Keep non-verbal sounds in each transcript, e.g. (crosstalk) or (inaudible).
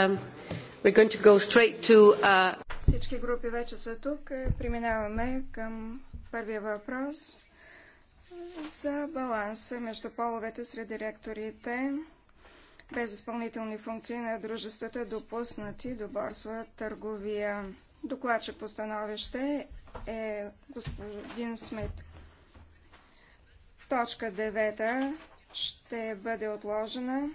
Um, uh, Всички групи вече са тук. Преминаваме към първия въпрос за баланса между половете сред директорите без изпълнителни функции на дружествата, допуснати до борсова търговия. Докладче по становище е господин Смит. Точка 9 ще бъде отложена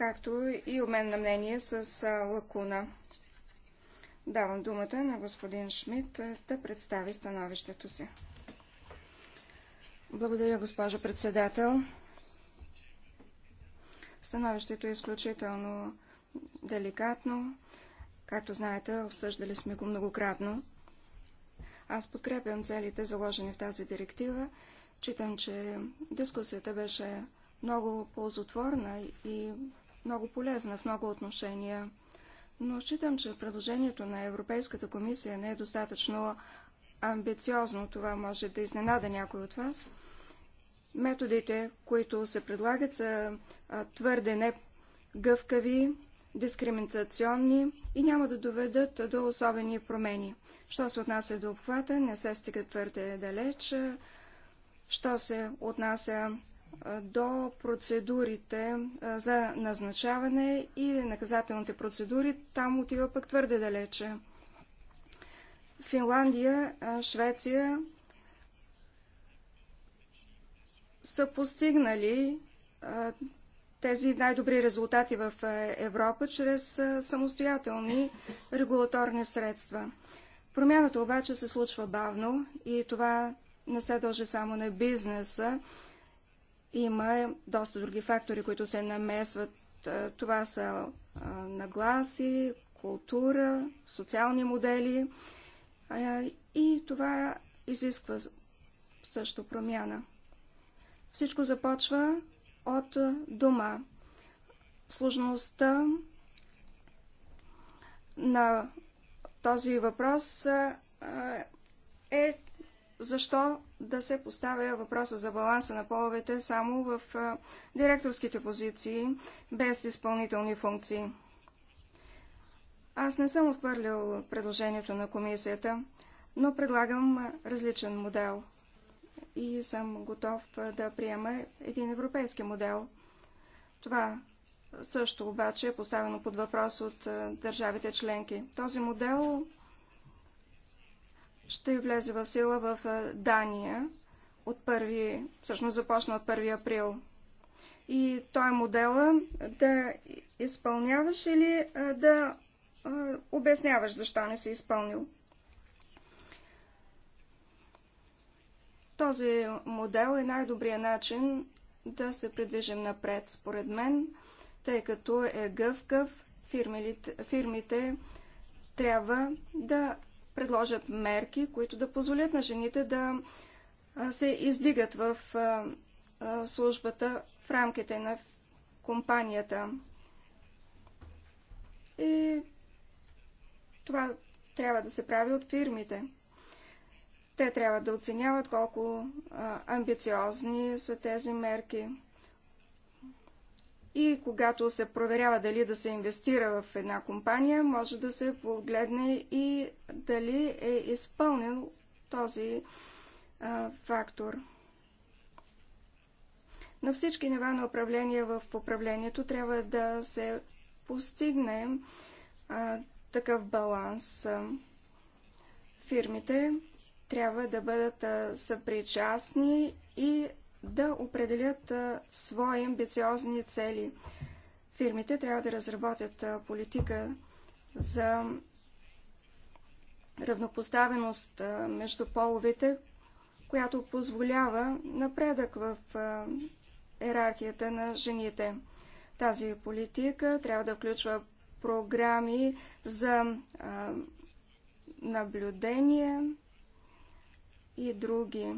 както и обмен на мнение с Лакуна. Давам думата на господин Шмидт да представи становището си. Благодаря, госпожо председател. Становището е изключително деликатно. Както знаете, обсъждали сме го многократно. Аз подкрепям целите, заложени в тази директива. Читам, че дискусията беше много ползотворна и много полезна в много отношения. Но считам, че предложението на Европейската комисия не е достатъчно амбициозно. Това може да изненада някой от вас. Методите, които се предлагат, са твърде не гъвкави, дискриминационни и няма да доведат до особени промени. Що се отнася до обхвата, не се стига твърде далеч. Що се отнася до процедурите за назначаване и наказателните процедури, там отива пък твърде далече. Финландия, Швеция са постигнали тези най-добри резултати в Европа чрез самостоятелни регулаторни средства. Промяната обаче се случва бавно и това не се дължи само на бизнеса, има доста други фактори, които се намесват. Е, това са е, нагласи, култура, социални модели е, и това изисква също промяна. Всичко започва от дома. Сложността на този въпрос е защо да се поставя въпроса за баланса на половете само в директорските позиции, без изпълнителни функции. Аз не съм отхвърлил предложението на комисията, но предлагам различен модел и съм готов да приема един европейски модел. Това също обаче е поставено под въпрос от държавите членки. Този модел ще влезе в сила в Дания от първи, всъщност започна от 1 април. И той е модела да изпълняваш или да обясняваш защо не си изпълнил. Този модел е най-добрият начин да се придвижим напред, според мен, тъй като е гъвкав, фирмите, фирмите трябва да предложат мерки, които да позволят на жените да се издигат в службата в рамките на компанията. И това трябва да се прави от фирмите. Те трябва да оценяват колко амбициозни са тези мерки. И когато се проверява дали да се инвестира в една компания, може да се погледне и дали е изпълнен този а, фактор. На всички нива на управление в управлението трябва да се постигне а, такъв баланс. Фирмите трябва да бъдат съпричастни и да определят свои амбициозни цели. Фирмите трябва да разработят политика за равнопоставеност между половете, която позволява напредък в иерархията на жените. Тази политика трябва да включва програми за наблюдение и други.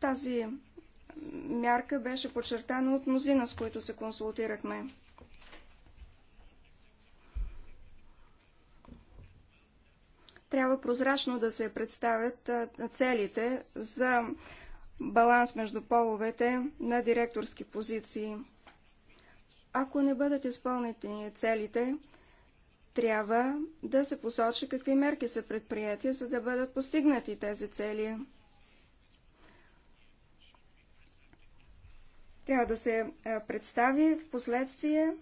Тази мярка беше подчертана от мнозина, с които се консултирахме. Трябва прозрачно да се представят целите за баланс между половете на директорски позиции. Ако не бъдат изпълнени целите, трябва да се посочи какви мерки са предприятия, за да бъдат постигнати тези цели. Трябва да се представи в последствие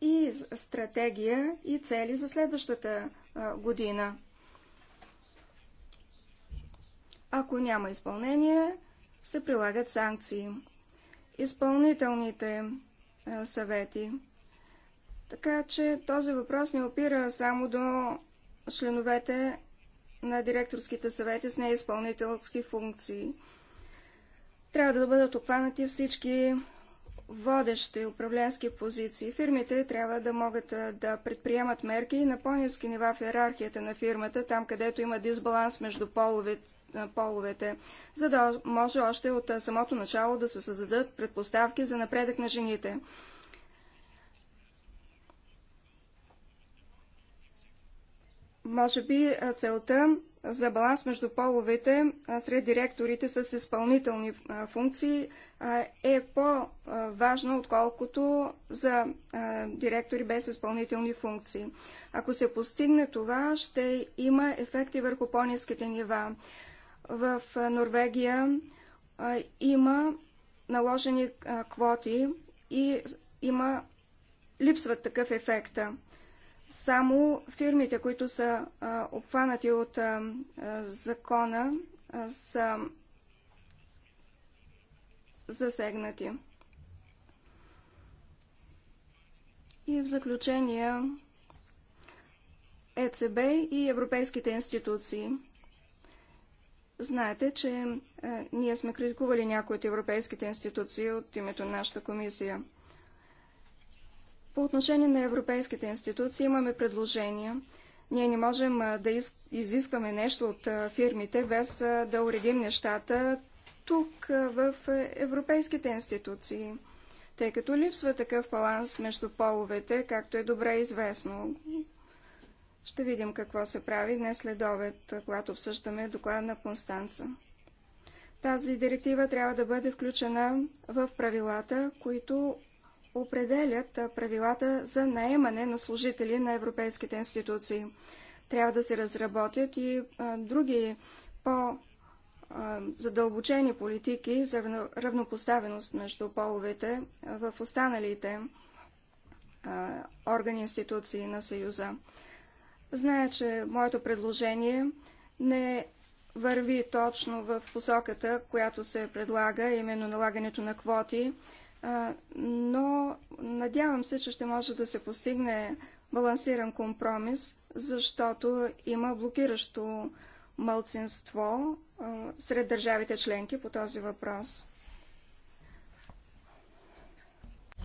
и стратегия и цели за следващата година. Ако няма изпълнение, се прилагат санкции. Изпълнителните съвети. Така че този въпрос не опира само до членовете на директорските съвети с неизпълнителски функции. Трябва да бъдат обхванати всички водещи управленски позиции. Фирмите трябва да могат да предприемат мерки на по-низки нива в иерархията на фирмата, там където има дисбаланс между половите, половете, за да може още от самото начало да се създадат предпоставки за напредък на жените. Може би целта за баланс между половете сред директорите с изпълнителни функции е по-важна, отколкото за директори без изпълнителни функции. Ако се постигне това, ще има ефекти върху по-низките нива. В Норвегия има наложени квоти и има липсват такъв ефекта. Само фирмите, които са а, обхванати от а, закона, а, са засегнати. И в заключение ЕЦБ и европейските институции. Знаете, че а, ние сме критикували някои от европейските институции от името на нашата комисия. По отношение на европейските институции имаме предложения. Ние не можем да изискваме нещо от фирмите, без да уредим нещата тук, в европейските институции, тъй като липсва такъв баланс между половете, както е добре известно. Ще видим какво се прави днес след обед, когато обсъждаме доклад на Констанца. Тази директива трябва да бъде включена в правилата, които определят правилата за наемане на служители на европейските институции. Трябва да се разработят и други по-задълбочени политики за равнопоставеност между половете в останалите органи и институции на Съюза. Зная, че моето предложение не върви точно в посоката, която се предлага, именно налагането на квоти, но надявам се, че ще може да се постигне балансиран компромис, защото има блокиращо мълцинство сред държавите членки по този въпрос.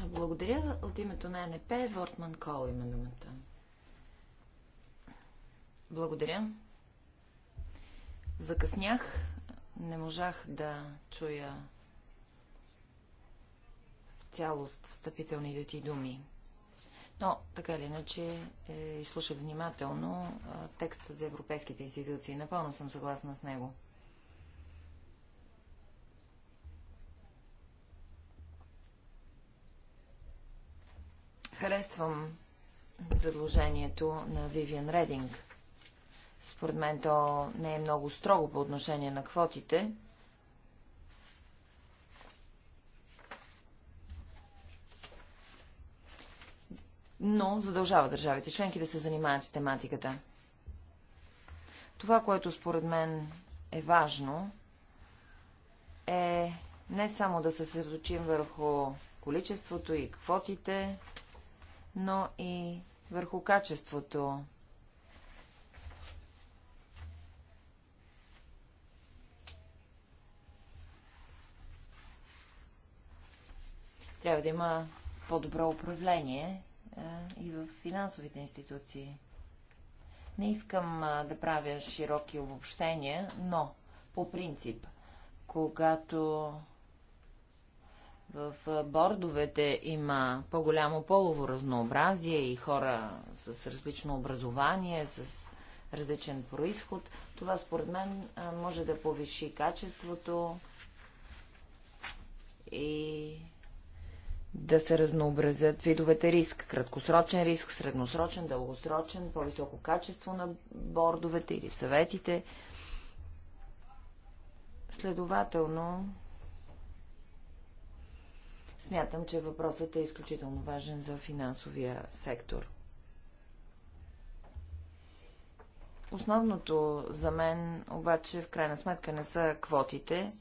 Благодаря. От името на НП Вортман Кол има думата. Благодаря. Закъснях. Не можах да чуя цялост встъпителните ти думи. Но, така или иначе, е, изслушах внимателно е, текста за европейските институции. Напълно съм съгласна с него. Харесвам предложението на Вивиан Рединг. Според мен то не е много строго по отношение на квотите – но задължава държавите членки да се занимаят с тематиката. Това, което според мен е важно, е не само да се съсредоточим върху количеството и квотите, но и върху качеството. Трябва да има по-добро управление и в финансовите институции. Не искам да правя широки обобщения, но по принцип, когато в бордовете има по-голямо полово разнообразие и хора с различно образование, с различен происход, това според мен може да повиши качеството и да се разнообразят видовете риск. Краткосрочен риск, средносрочен, дългосрочен, по-високо качество на бордовете или съветите. Следователно, смятам, че въпросът е изключително важен за финансовия сектор. Основното за мен обаче в крайна сметка не са квотите,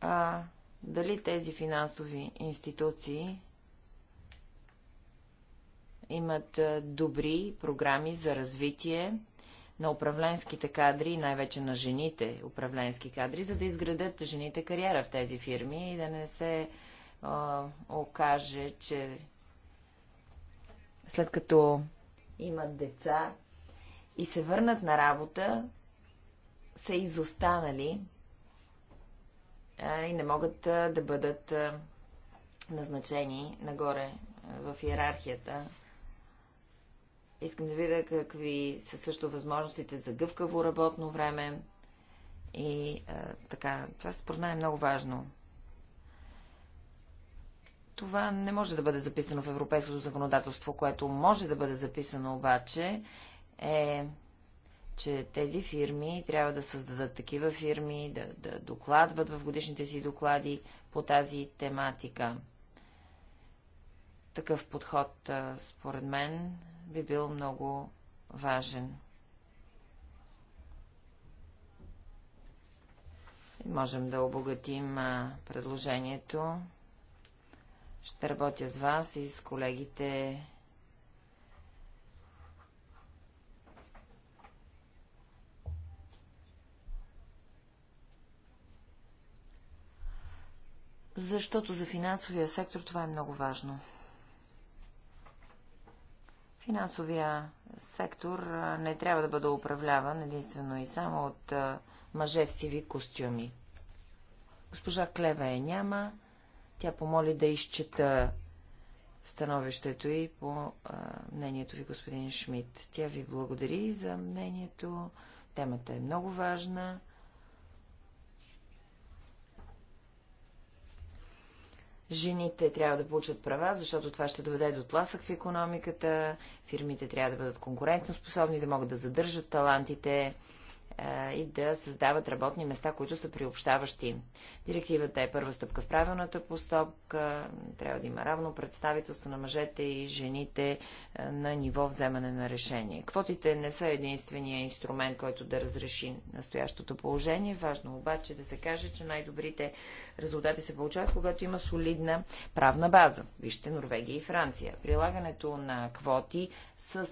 а дали тези финансови институции имат добри програми за развитие на управленските кадри, най-вече на жените управленски кадри, за да изградят жените кариера в тези фирми и да не се а, окаже, че след като имат деца и се върнат на работа, са изостанали и не могат да бъдат назначени нагоре в иерархията. Искам да видя какви са също възможностите за гъвкаво работно време и а, така. Това според мен е много важно. Това не може да бъде записано в европейското законодателство, което може да бъде записано обаче е че тези фирми трябва да създадат такива фирми, да, да докладват в годишните си доклади по тази тематика. Такъв подход, според мен, би бил много важен. Можем да обогатим предложението. Ще работя с вас и с колегите защото за финансовия сектор това е много важно. Финансовия сектор не трябва да бъде управляван единствено и само от мъже в сиви костюми. Госпожа Клева е няма. Тя помоли да изчета становището и по а, мнението ви, господин Шмидт. Тя ви благодари за мнението. Темата е много важна. Жените трябва да получат права, защото това ще доведе до тласък в економиката, фирмите трябва да бъдат конкурентно способни, да могат да задържат талантите, и да създават работни места, които са приобщаващи. Директивата е първа стъпка в правилната постъпка. Трябва да има равно представителство на мъжете и жените на ниво вземане на решение. Квотите не са единствения инструмент, който да разреши настоящото положение. Важно обаче да се каже, че най-добрите резултати се получават, когато има солидна правна база. Вижте Норвегия и Франция. Прилагането на квоти с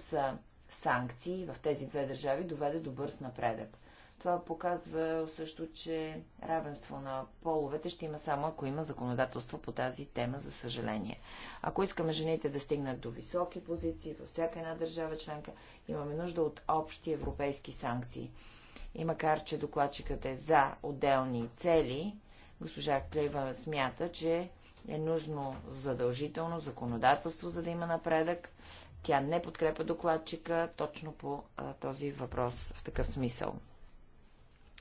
санкции в тези две държави доведе до бърз напредък. Това показва също, че равенство на половете ще има само ако има законодателство по тази тема, за съжаление. Ако искаме жените да стигнат до високи позиции във всяка една държава членка, имаме нужда от общи европейски санкции. И макар, че докладчикът е за отделни цели, госпожа Клейва смята, че е нужно задължително законодателство, за да има напредък. Тя не подкрепа докладчика точно по а, този въпрос в такъв смисъл.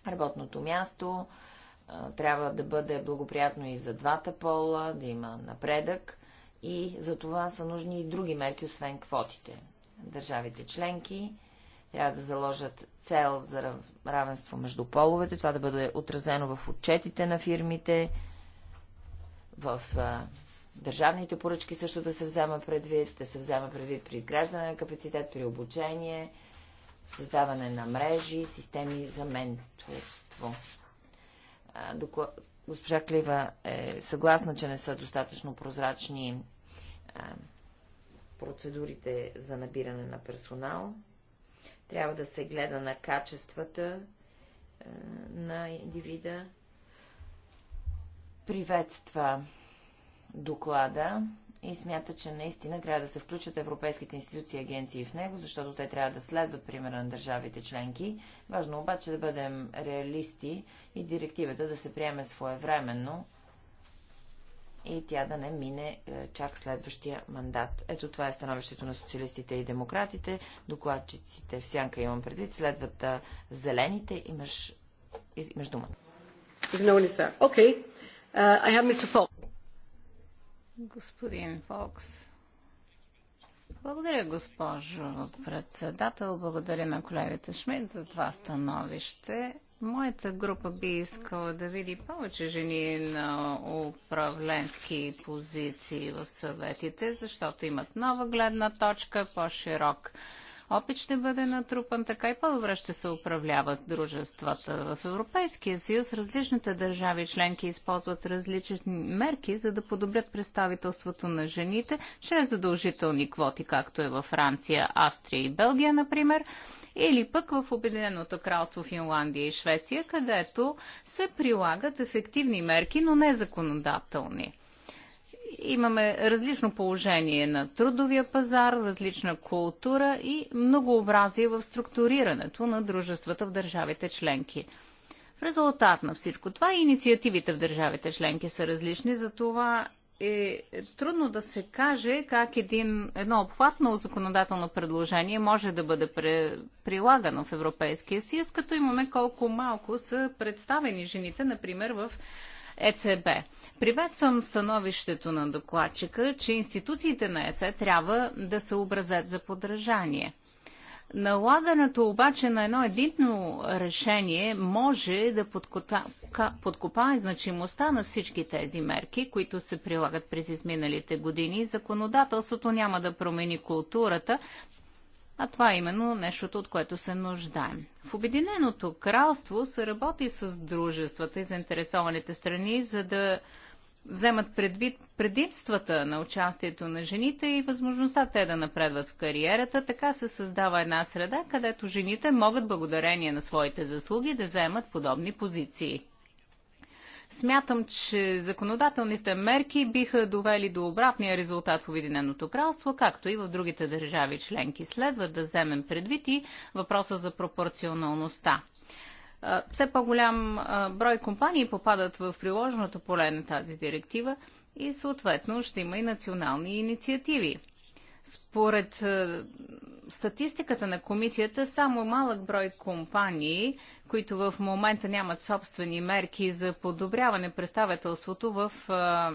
Работното място а, трябва да бъде благоприятно и за двата пола, да има напредък и за това са нужни и други мерки, освен квотите. Държавите членки трябва да заложат цел за равенство между половете, това да бъде отразено в отчетите на фирмите, в а, държавните поръчки също да се взема предвид, да се взема предвид при изграждане на капацитет, при обучение, създаване на мрежи, системи за менторство. А, Госпожа Клива е съгласна, че не са достатъчно прозрачни а, процедурите за набиране на персонал. Трябва да се гледа на качествата а, на индивида приветства доклада и смята, че наистина трябва да се включат европейските институции и агенции в него, защото те трябва да следват примера на държавите членки. Важно обаче да бъдем реалисти и директивата да се приеме своевременно и тя да не мине е, чак следващия мандат. Ето това е становището на социалистите и демократите. Докладчиците в сянка имам предвид. Следват е, зелените. Имаш, имаш дума. Окей. Okay. Uh, Господин Фокс. Благодаря, госпожо председател. Благодаря на колегата Шмидт за това становище. Моята група би искала да види повече жени на управленски позиции в съветите, защото имат нова гледна точка, по-широк опит ще бъде натрупан, така и по-добре ще се управляват дружествата. В Европейския съюз различните държави членки използват различни мерки, за да подобрят представителството на жените чрез задължителни квоти, както е във Франция, Австрия и Белгия, например, или пък в Обединеното кралство Финландия и Швеция, където се прилагат ефективни мерки, но не законодателни. Имаме различно положение на трудовия пазар, различна култура и многообразие в структурирането на дружествата в държавите членки. В резултат на всичко това инициативите в държавите членки са различни, затова е трудно да се каже как един, едно обхватно законодателно предложение може да бъде пре, прилагано в Европейския съюз, като имаме колко малко са представени жените, например, в ЕЦБ. Приветствам становището на докладчика, че институциите на ЕСЕ трябва да се образят за подражание. Налагането обаче на едно единно решение може да подкопае значимостта на всички тези мерки, които се прилагат през изминалите години. Законодателството няма да промени културата, а това е именно нещото, от което се нуждаем. В Обединеното кралство се работи с дружествата и заинтересованите страни, за да вземат предвид предимствата на участието на жените и възможността те да напредват в кариерата. Така се създава една среда, където жените могат благодарение на своите заслуги да вземат подобни позиции. Смятам, че законодателните мерки биха довели до обратния резултат в Обединеното кралство, както и в другите държави членки. Следва да вземем предвид и въпроса за пропорционалността. Все по-голям брой компании попадат в приложеното поле на тази директива и съответно ще има и национални инициативи. Според статистиката на комисията, само малък брой компании които в момента нямат собствени мерки за подобряване представителството в а,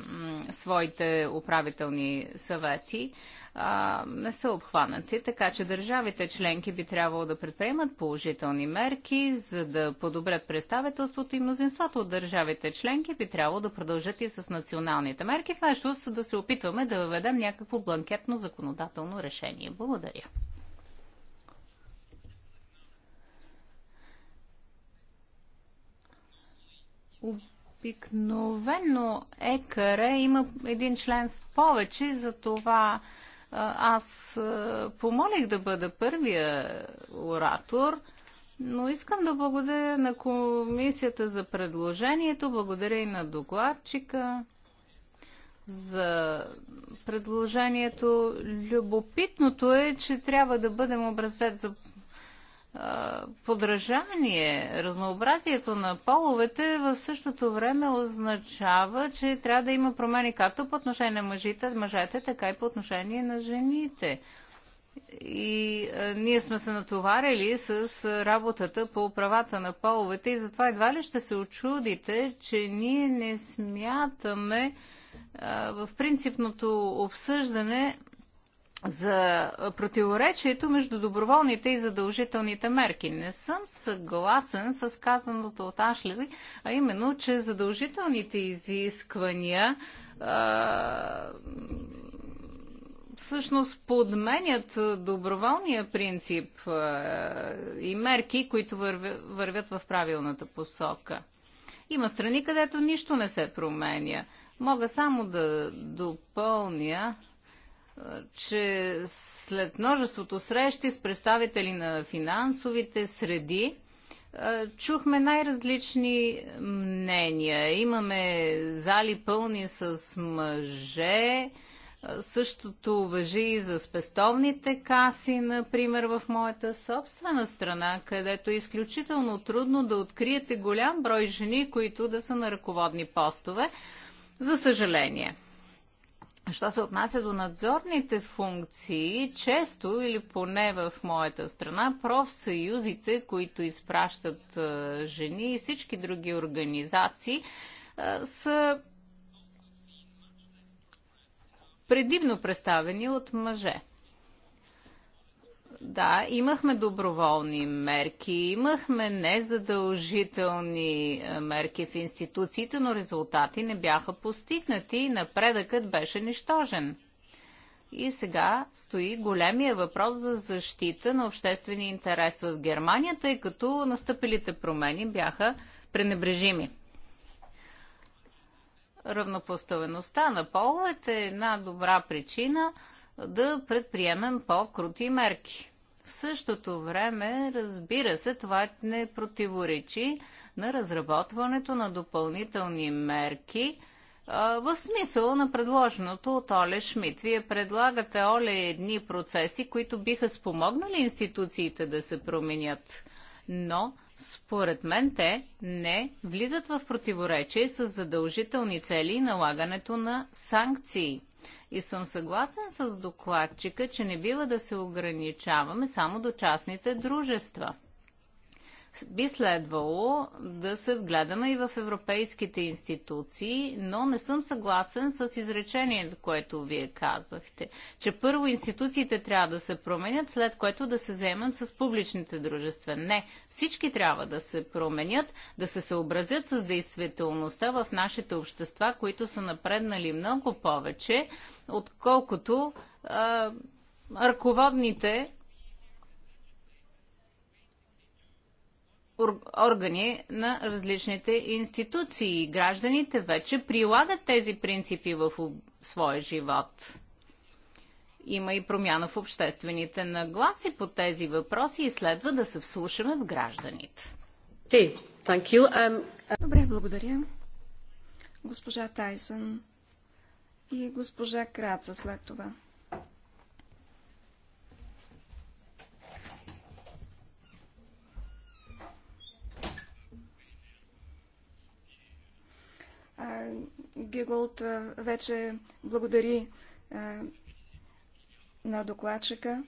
своите управителни съвети, а, не са обхванати. Така че държавите членки би трябвало да предприемат положителни мерки, за да подобрят представителството и мнозинството от държавите членки би трябвало да продължат и с националните мерки, вместо да се опитваме да въведем някакво бланкетно законодателно решение. Благодаря. Обикновено ЕКР има един член в повече, затова аз помолих да бъда първия оратор. Но искам да благодаря на комисията за предложението, благодаря и на докладчика за предложението. Любопитното е, че трябва да бъдем образец за подражание, разнообразието на половете в същото време означава, че трябва да има промени както по отношение на мъжите, мъжете, така и по отношение на жените. И а, ние сме се натоварили с работата по правата на половете и затова едва ли ще се очудите, че ние не смятаме а, в принципното обсъждане за противоречието между доброволните и задължителните мерки. Не съм съгласен с казаното от Ашли, а именно, че задължителните изисквания а, всъщност подменят доброволния принцип а, и мерки, които вървят, вървят в правилната посока. Има страни, където нищо не се променя. Мога само да допълня че след множеството срещи с представители на финансовите среди, чухме най-различни мнения. Имаме зали пълни с мъже, Същото въжи и за спестовните каси, например, в моята собствена страна, където е изключително трудно да откриете голям брой жени, които да са на ръководни постове, за съжаление. Що се отнася до надзорните функции, често или поне в моята страна, профсъюзите, които изпращат жени и всички други организации, са предимно представени от мъже. Да, имахме доброволни мерки, имахме незадължителни е, мерки в институциите, но резултати не бяха постигнати и напредъкът беше нищожен. И сега стои големия въпрос за защита на обществени интерес в Германия, тъй като настъпилите промени бяха пренебрежими. Равнопоставеността на половете е една добра причина да предприемем по-крути мерки. В същото време, разбира се, това не противоречи на разработването на допълнителни мерки а, в смисъл на предложеното от Оле Шмидт. Вие предлагате Оле едни процеси, които биха спомогнали институциите да се променят, но според мен те не влизат в противоречие с задължителни цели и налагането на санкции. И съм съгласен с докладчика, че не бива да се ограничаваме само до частните дружества – би следвало да се вгледаме и в европейските институции, но не съм съгласен с изречението, което вие казахте, че първо институциите трябва да се променят, след което да се вземем с публичните дружества. Не, всички трябва да се променят, да се съобразят с действителността в нашите общества, които са напреднали много повече, отколкото а, ръководните органи на различните институции. Гражданите вече прилагат тези принципи в своя живот. Има и промяна в обществените нагласи по тези въпроси и следва да се вслушаме в гражданите. Hey, thank you. Um... Uh, Добре, благодаря. Госпожа Тайсън и госпожа Краца след това. Гиголт вече благодари на докладчика.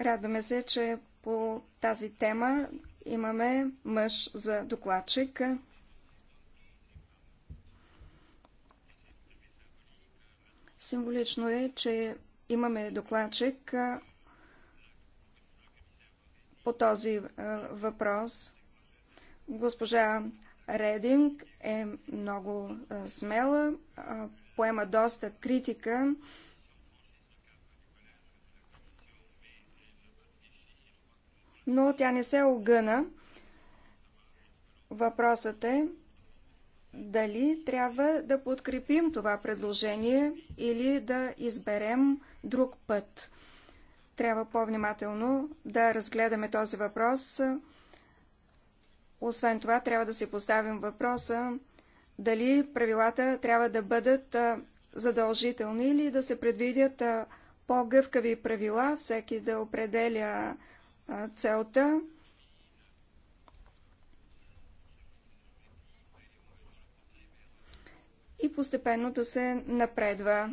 Радваме се, че по тази тема имаме мъж за докладчик. Символично е, че имаме докладчик по този въпрос. Госпожа Рединг е много смела, поема доста критика. Но тя не се огъна. Въпросът е дали трябва да подкрепим това предложение или да изберем друг път. Трябва по-внимателно да разгледаме този въпрос освен това, трябва да си поставим въпроса дали правилата трябва да бъдат задължителни или да се предвидят по-гъвкави правила, всеки да определя целта. и постепенно да се напредва.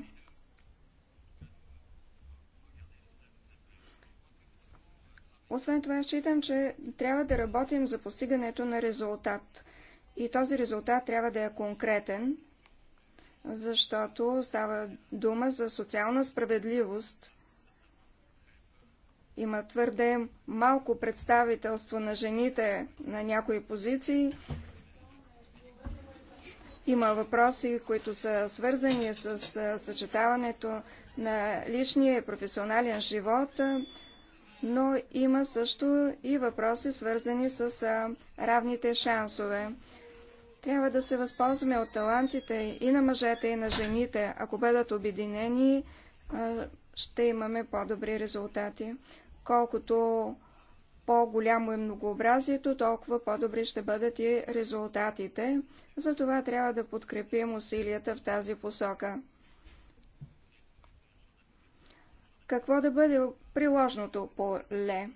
Освен това, считам, че трябва да работим за постигането на резултат. И този резултат трябва да е конкретен, защото става дума за социална справедливост. Има твърде малко представителство на жените на някои позиции. Има въпроси, които са свързани с съчетаването на личния и професионален живот, но има също и въпроси, свързани с равните шансове. Трябва да се възползваме от талантите и на мъжете, и на жените. Ако бъдат обединени, ще имаме по-добри резултати. Колкото по-голямо е многообразието, толкова по-добри ще бъдат и резултатите. Затова трябва да подкрепим усилията в тази посока. какво да бъде приложното поле.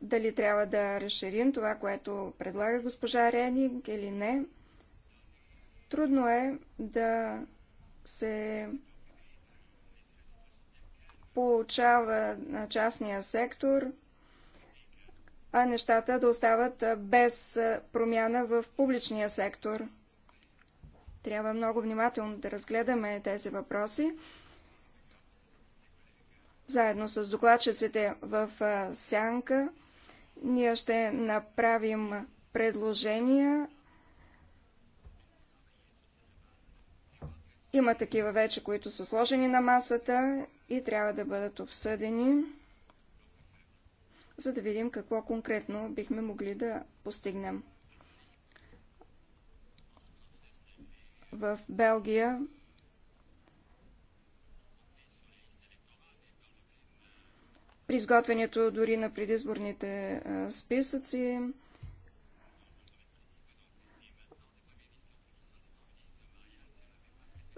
Дали трябва да разширим това, което предлага госпожа Ренинг или не. Трудно е да се получава на частния сектор, а нещата да остават без промяна в публичния сектор. Трябва много внимателно да разгледаме тези въпроси. Заедно с докладчиците в Сянка ние ще направим предложения. Има такива вече, които са сложени на масата и трябва да бъдат обсъдени, за да видим какво конкретно бихме могли да постигнем. В Белгия при изготвянето дори на предизборните списъци.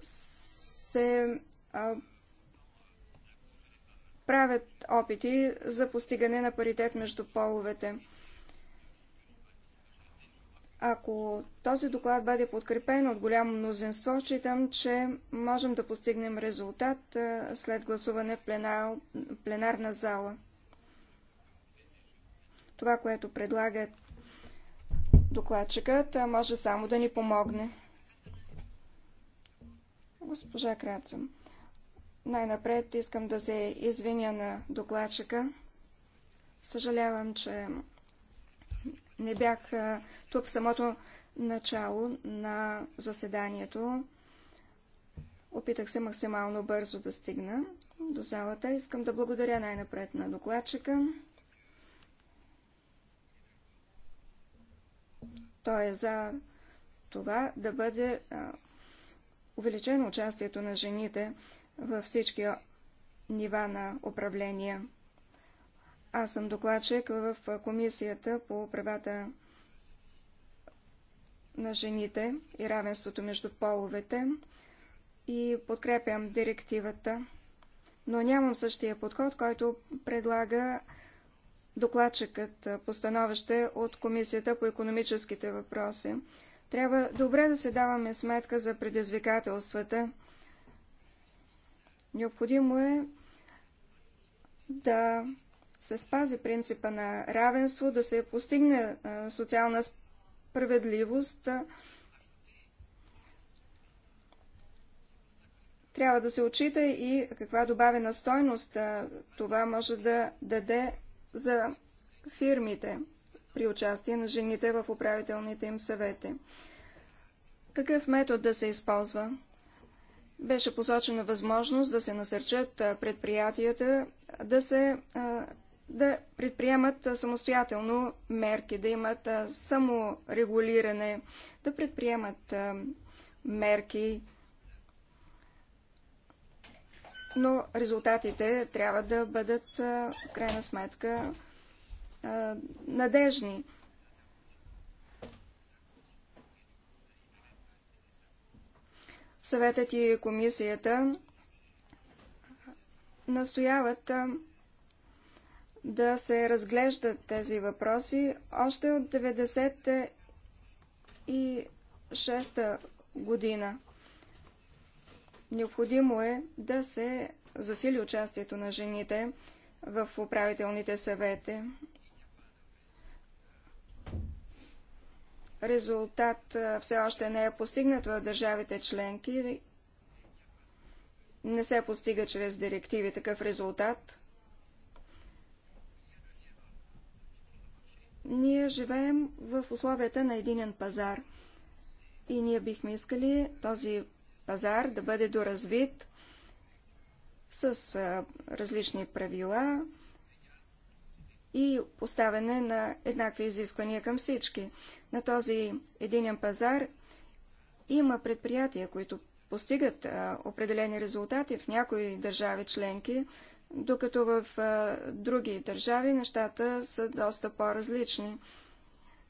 се а, правят опити за постигане на паритет между половете. Ако този доклад бъде подкрепен от голямо мнозинство, считам, че можем да постигнем резултат след гласуване в пленар... пленарна зала. Това, което предлага докладчикът, може само да ни помогне. Госпожа Крацам, най-напред искам да се извиня на докладчика. Съжалявам, че не бях тук в самото начало на заседанието. Опитах се максимално бързо да стигна до залата. Искам да благодаря най-напред на докладчика. Той е за това да бъде а, увеличено участието на жените във всички нива на управление. Аз съм докладчик в Комисията по правата на жените и равенството между половете и подкрепям директивата, но нямам същия подход, който предлага докладчикът по становище от Комисията по економическите въпроси. Трябва добре да се даваме сметка за предизвикателствата. Необходимо е да се спази принципа на равенство, да се постигне социална справедливост. Трябва да се отчита и каква добавена стойност това може да даде за фирмите при участие на жените в управителните им съвети. Какъв метод да се използва? Беше посочена възможност да се насърчат предприятията да се да предприемат самостоятелно мерки, да имат саморегулиране, да предприемат мерки, но резултатите трябва да бъдат в крайна сметка надежни. Съветът и комисията настояват да се разглеждат тези въпроси още от 96-та година. Необходимо е да се засили участието на жените в управителните съвети. Резултат все още не е постигнат в държавите членки. Не се постига чрез директиви такъв резултат. Ние живеем в условията на единен пазар и ние бихме искали този пазар да бъде доразвит с различни правила и поставяне на еднакви изисквания към всички. На този единен пазар има предприятия, които постигат определени резултати в някои държави членки, докато в а, други държави нещата са доста по-различни.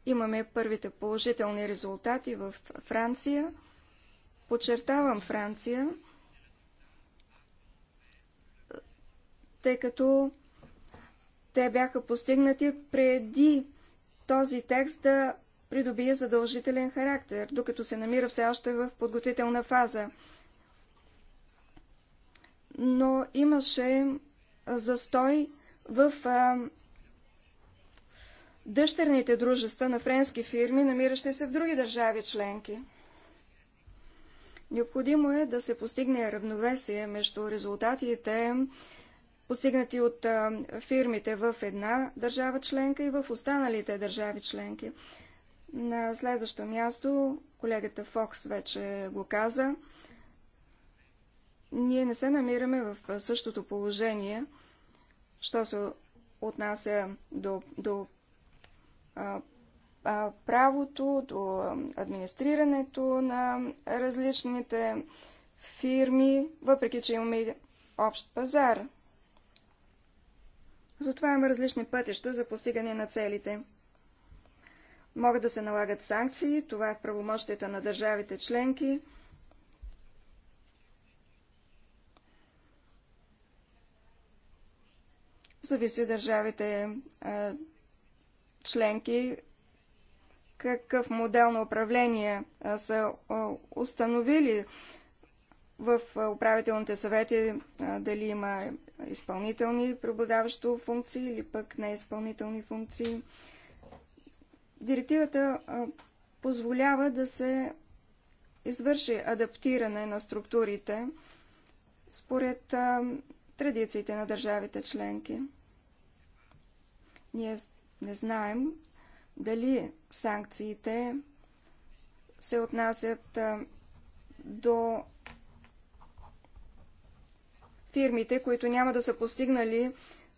Имаме първите положителни резултати в Франция. Подчертавам Франция, тъй като те бяха постигнати преди този текст да придобие задължителен характер, докато се намира все още в подготвителна фаза. Но имаше застой в дъщерните дружества на френски фирми, намиращи се в други държави членки. Необходимо е да се постигне равновесие между резултатите, постигнати от фирмите в една държава членка и в останалите държави членки. На следващо място, колегата Фокс вече го каза, ние не се намираме в същото положение, що се отнася до, до а, а, правото, до администрирането на различните фирми, въпреки че имаме общ пазар. Затова има различни пътища за постигане на целите. Могат да се налагат санкции, това е в правомощията на държавите членки – зависи държавите а, членки какъв модел на управление а, са а, установили в управителните съвети, дали има изпълнителни преобладаващо функции или пък неизпълнителни функции. Директивата позволява да се извърши адаптиране на структурите според традициите на държавите членки. Ние не знаем дали санкциите се отнасят до фирмите, които няма да са постигнали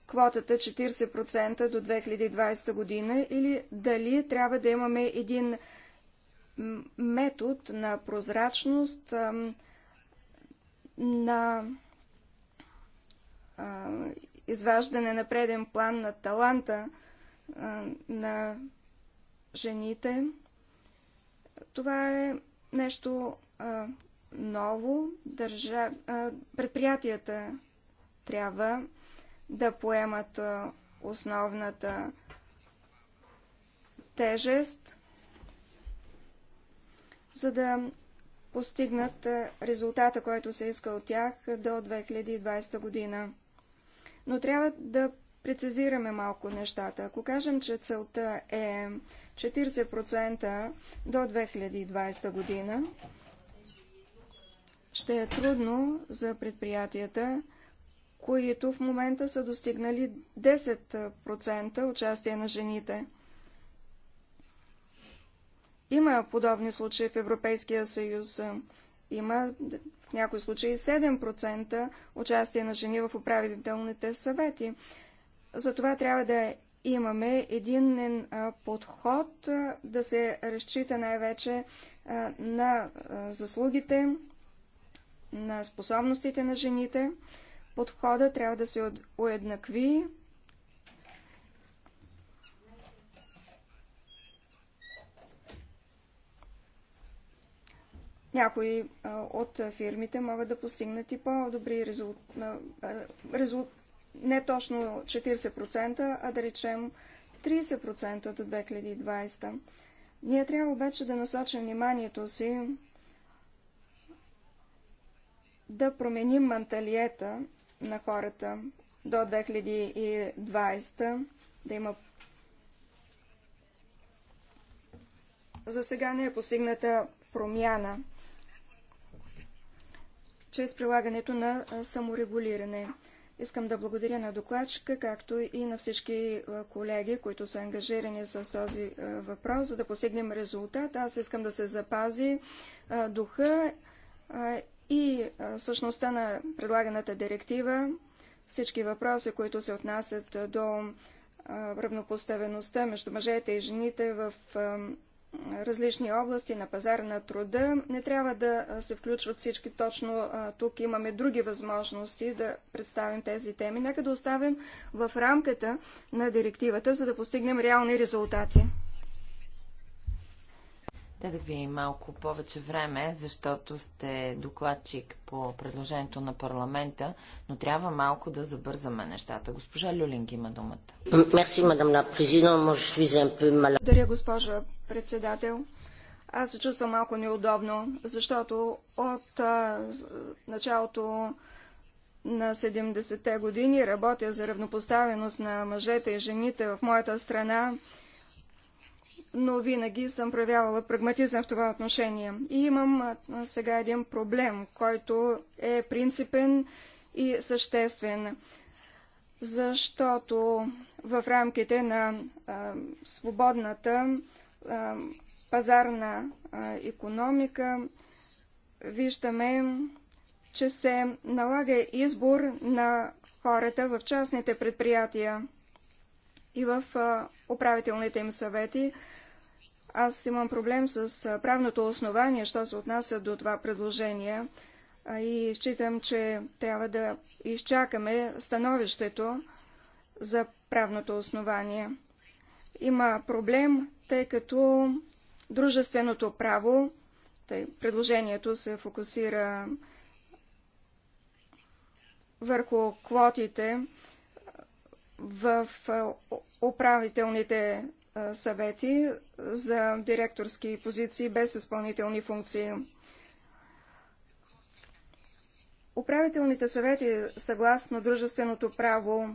квотата 40% до 2020 година или дали трябва да имаме един метод на прозрачност, на а, изваждане на преден план на таланта а, на жените. Това е нещо а, ново. Държав... А, предприятията трябва да поемат а, основната тежест, за да постигнат резултата, който се иска от тях до 2020 година но трябва да прецизираме малко нещата. Ако кажем, че целта е 40% до 2020 година, ще е трудно за предприятията, които в момента са достигнали 10% участие на жените. Има подобни случаи в Европейския съюз. Има в някои случаи 7% участие на жени в управителните съвети. Затова трябва да имаме един подход да се разчита най-вече на заслугите, на способностите на жените. Подхода трябва да се уеднакви Някои от фирмите могат да постигнат и по-добри резултати. Резул... Не точно 40%, а да речем 30% от 2020. Ние трябва обаче да насочим вниманието си да променим манталиета на хората до 2020, да има за сега не е постигната промяна чрез прилагането на саморегулиране. Искам да благодаря на докладчика, както и на всички колеги, които са ангажирани с този въпрос, за да постигнем резултат. Аз искам да се запази духа и същността на предлаганата директива. Всички въпроси, които се отнасят до равнопоставеността между мъжете и жените в различни области на пазара на труда. Не трябва да се включват всички точно тук. Имаме други възможности да представим тези теми. Нека да оставим в рамката на директивата, за да постигнем реални резултати. Дадах ви малко повече време, защото сте докладчик по предложението на парламента, но трябва малко да забързаме нещата. Госпожа Люлинг има думата. Мерси, мадам ла Благодаря, госпожа председател. Аз се чувствам малко неудобно, защото от а, началото на 70-те години работя за равнопоставеност на мъжете и жените в моята страна но винаги съм проявявала прагматизъм в това отношение. И имам сега един проблем, който е принципен и съществен, защото в рамките на а, свободната а, пазарна а, економика виждаме, че се налага избор на хората в частните предприятия и в управителните им съвети. Аз имам проблем с правното основание, що се отнася до това предложение и считам, че трябва да изчакаме становището за правното основание. Има проблем, тъй като дружественото право, тъй предложението се фокусира върху квотите в управителните съвети за директорски позиции без изпълнителни функции. Управителните съвети, съгласно дружественото право,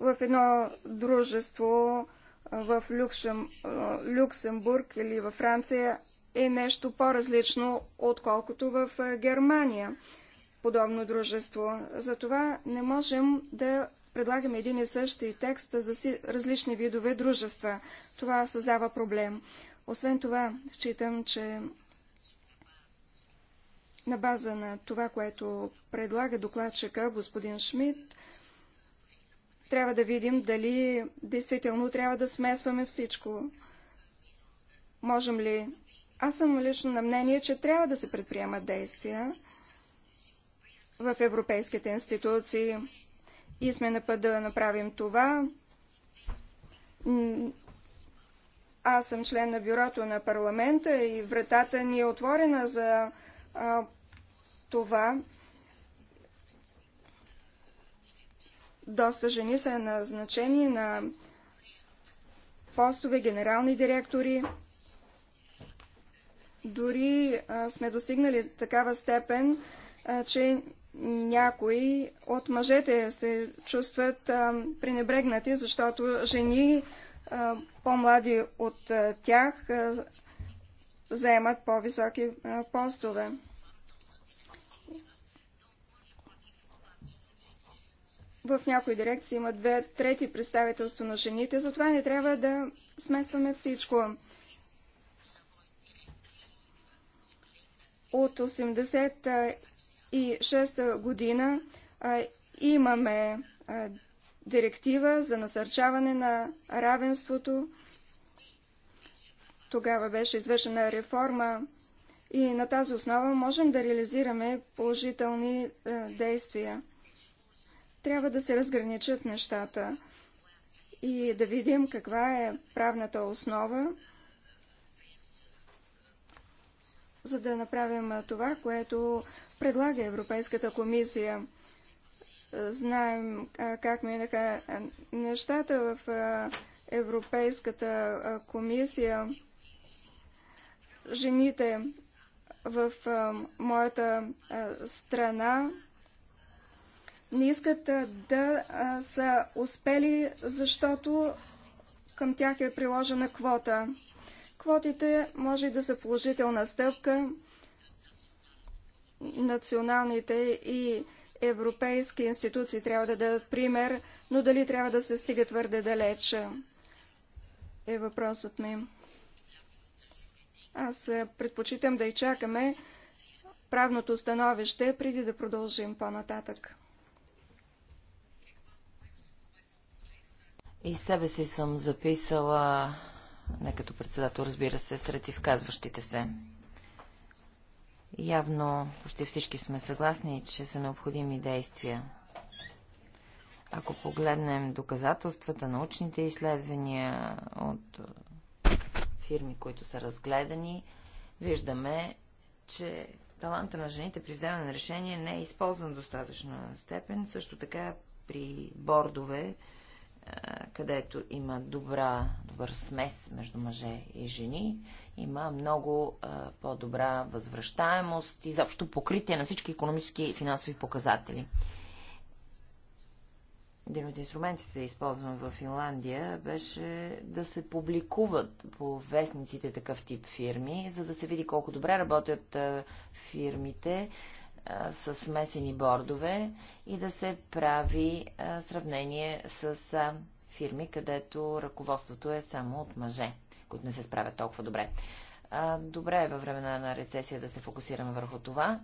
в едно дружество в Люксем, Люксембург или във Франция е нещо по-различно, отколкото в Германия подобно дружество. Затова не можем да предлагаме един и същи текст за различни видове дружества. Това създава проблем. Освен това, считам, че на база на това, което предлага докладчика господин Шмидт, трябва да видим дали действително трябва да смесваме всичко. Можем ли? Аз съм лично на мнение, че трябва да се предприемат действия в европейските институции и сме на път да направим това. Аз съм член на бюрото на парламента и вратата ни е отворена за а, това. Доста жени са назначени на постове, генерални директори. Дори а, сме достигнали такава степен, а, че някои от мъжете се чувстват а, пренебрегнати, защото жени по-млади от а, тях а, заемат по-високи постове. в някои дирекции има две трети представителство на жените, затова не трябва да смесваме всичко. От 80 2006 година имаме директива за насърчаване на равенството. Тогава беше извършена реформа и на тази основа можем да реализираме положителни а, действия. Трябва да се разграничат нещата и да видим каква е правната основа, за да направим това, което предлага Европейската комисия. Знаем как минаха нещата в Европейската комисия. Жените в моята страна не искат да са успели, защото към тях е приложена квота. Квотите може да са положителна стъпка, националните и европейски институции трябва да дадат пример, но дали трябва да се стига твърде далече е въпросът ми. Аз предпочитам да и чакаме правното становище, преди да продължим по-нататък. И себе си съм записала, не като председател, разбира се, сред изказващите се. Явно почти всички сме съгласни, че са необходими действия. Ако погледнем доказателствата, научните изследвания от е, фирми, които са разгледани, виждаме, че таланта на жените при вземане на решение не е използван в достатъчна степен. Също така при бордове, е, където има добра, добър смес между мъже и жени, има много по-добра възвръщаемост и заобщо покритие на всички економически и финансови показатели. Един от инструментите, използван в Финландия, беше да се публикуват по вестниците такъв тип фирми, за да се види колко добре работят фирмите с смесени бордове и да се прави сравнение с фирми, където ръководството е само от мъже които не се справят толкова добре. Добре е във времена на рецесия да се фокусираме върху това.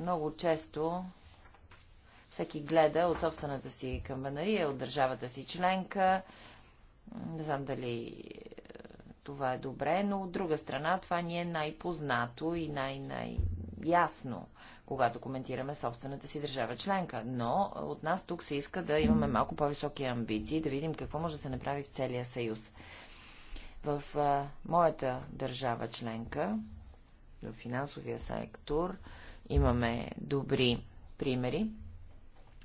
Много често всеки гледа от собствената си камбанария, от държавата си членка. Не знам дали е, това е добре, но от друга страна това ни е най-познато и най-най-ясно, когато коментираме собствената си държава членка. Но от нас тук се иска да имаме малко по-високи амбиции, да видим какво може да се направи в целия съюз. В а, моята държава членка, в финансовия сектор, имаме добри примери.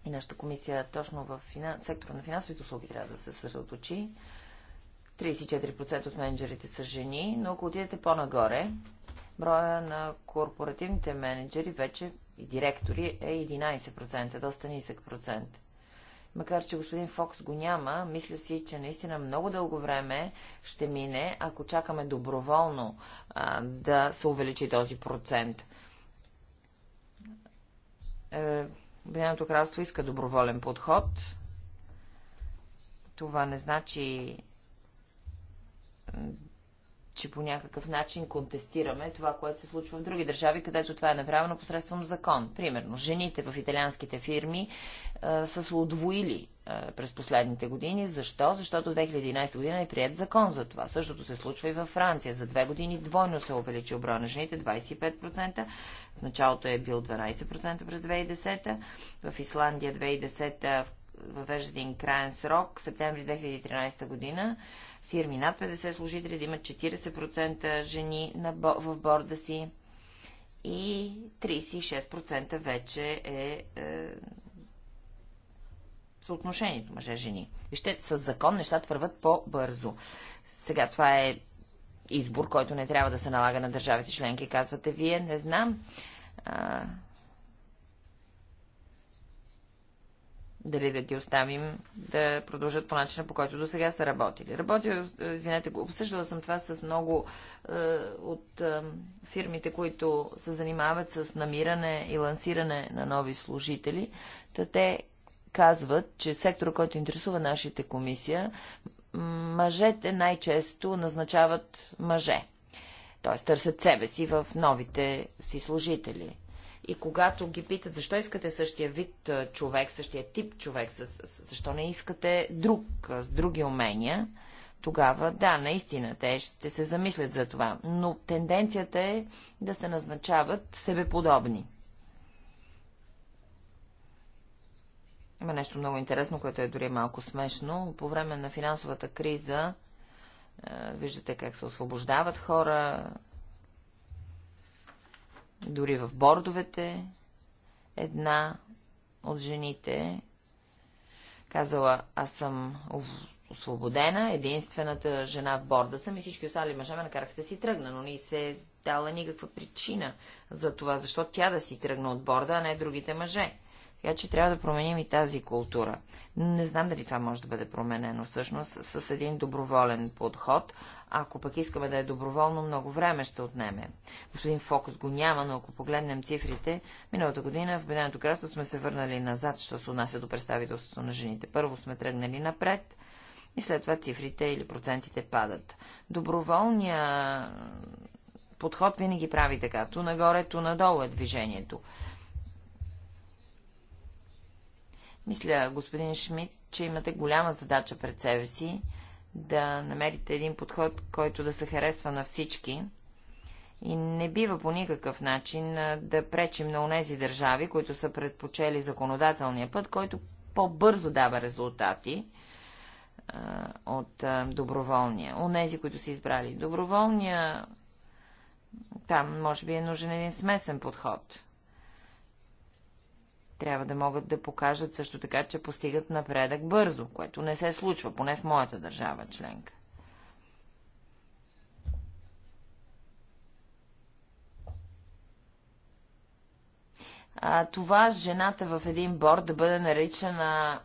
И нашата комисия точно в финан... сектора на финансовите услуги трябва да се съсредоточи. 34% от менеджерите са жени, но ако отидете по-нагоре, броя на корпоративните менеджери вече и директори е 11%, доста нисък процент макар че господин Фокс го няма, мисля си, че наистина много дълго време ще мине, ако чакаме доброволно а, да се увеличи този процент. Е, Обединеното кралство иска доброволен подход. Това не значи че по някакъв начин контестираме това, което се случва в други държави, където това е направено посредством закон. Примерно, жените в италианските фирми а, е, са се удвоили а, е, през последните години. Защо? Защото в 2011 година е прият закон за това. Същото се случва и във Франция. За две години двойно се увеличи оброя на жените 25%. В началото е бил 12% през 2010. В Исландия 2010 въвежда един крайен срок, септември 2013 година, фирми над 50 служители да имат 40% жени на, в борда си и 36% вече е, е съотношението мъже-жени. Вижте, с закон нещата върват по-бързо. Сега това е избор, който не трябва да се налага на държавите членки, казвате вие. Не знам. А, дали да ги оставим да продължат по начина, по който до сега са работили. Работил, извинете, обсъждала съм това с много е, от е, фирмите, които се занимават с намиране и лансиране на нови служители. Та те казват, че сектора, който интересува нашите комисия, мъжете най-често назначават мъже. Т.е. търсят себе си в новите си служители. И когато ги питат защо искате същия вид човек, същия тип човек, защо не искате друг, с други умения, тогава да, наистина те ще се замислят за това. Но тенденцията е да се назначават себеподобни. Има нещо много интересно, което е дори малко смешно. По време на финансовата криза виждате как се освобождават хора, дори в бордовете една от жените казала, аз съм освободена, единствената жена в борда съм и всички останали мъже ме накараха да си тръгна, но не се е дала никаква причина за това, защо тя да си тръгна от борда, а не другите мъже. Така че трябва да променим и тази култура. Не знам дали това може да бъде променено всъщност с един доброволен подход. Ако пък искаме да е доброволно, много време ще отнеме. Господин Фокус го няма, но ако погледнем цифрите, миналата година в Обединеното кралство сме се върнали назад, що се отнася до представителството на жените. Първо сме тръгнали напред, и след това цифрите или процентите падат. Доброволния подход винаги прави така. Ту нагоре, ту надолу е движението. Мисля, господин Шмидт, че имате голяма задача пред себе си да намерите един подход, който да се харесва на всички. И не бива по никакъв начин да пречим на онези държави, които са предпочели законодателния път, който по-бързо дава резултати а, от а, доброволния. Онези, които са избрали доброволния, там може би е нужен един смесен подход. Трябва да могат да покажат също така, че постигат напредък бързо, което не се случва, поне в моята държава членка. а, това жената в един борд да бъде наричана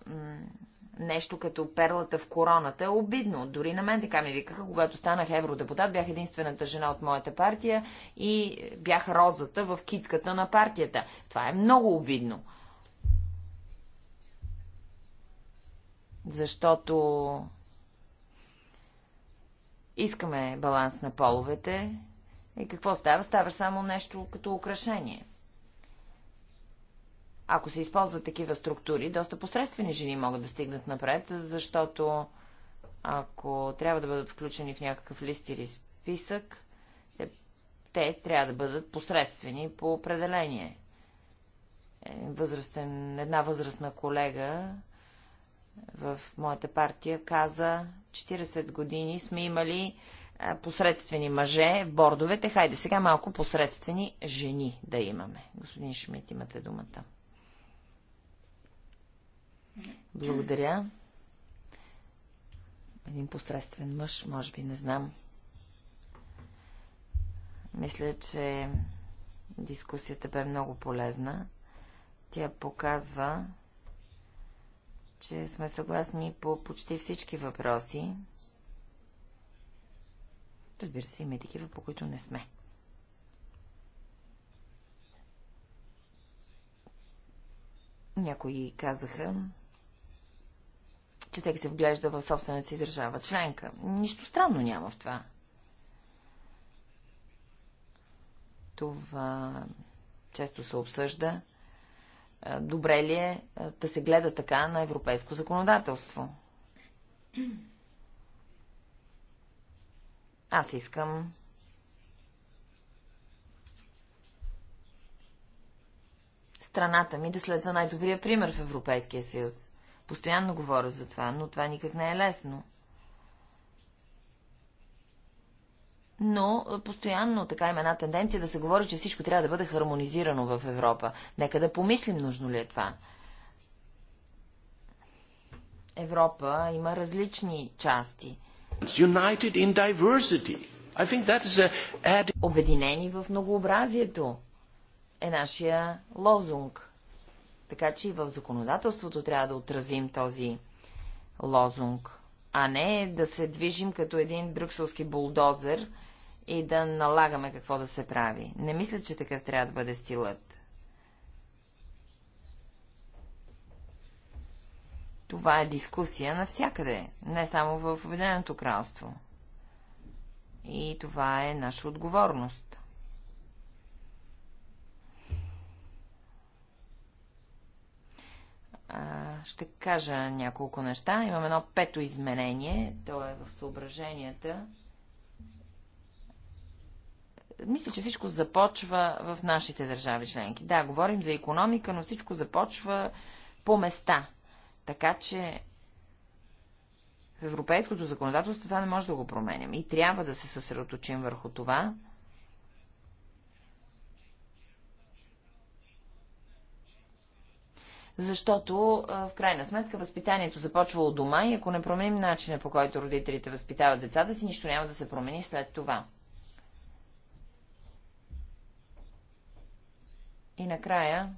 нещо като перлата в короната е обидно. Дори на мен така ми викаха, когато станах евродепутат, бях единствената жена от моята партия и бях розата в китката на партията. Това е много обидно. защото искаме баланс на половете. И какво става? Става само нещо като украшение. Ако се използват такива структури, доста посредствени жени могат да стигнат напред, защото ако трябва да бъдат включени в някакъв лист или списък, те, те трябва да бъдат посредствени по определение. Е, възрастен, една възрастна колега в моята партия каза, 40 години сме имали посредствени мъже в бордовете. Хайде сега малко посредствени жени да имаме. Господин Шмидт, имате думата. Благодаря. Един посредствен мъж, може би, не знам. Мисля, че дискусията бе много полезна. Тя показва, че сме съгласни по почти всички въпроси. Разбира се, има и такива, по които не сме. Някои казаха, че всеки се вглежда в собствената си държава членка. Нищо странно няма в това. Това често се обсъжда. Е, добре ли е, е да се гледа така на европейско законодателство. Аз искам страната ми да следва най-добрия пример в Европейския съюз. Постоянно говоря за това, но това никак не е лесно. но постоянно така има една тенденция да се говори, че всичко трябва да бъде хармонизирано в Европа. Нека да помислим, нужно ли е това. Европа има различни части. ad... Обединени в многообразието е нашия лозунг. Така че и в законодателството трябва да отразим този лозунг, а не да се движим като един брюкселски булдозер – и да налагаме какво да се прави. Не мисля, че такъв трябва да бъде стилът. Това е дискусия навсякъде, не само в Обединеното кралство. И това е наша отговорност. ще кажа няколко неща. Имам едно пето изменение. То е в съображенията мисля, че всичко започва в нашите държави членки. Да, говорим за економика, но всичко започва по места. Така че в европейското законодателство това не може да го променим. И трябва да се съсредоточим върху това. Защото в крайна сметка възпитанието започва от дома и ако не променим начина по който родителите възпитават децата си, нищо няма да се промени след това. И накрая,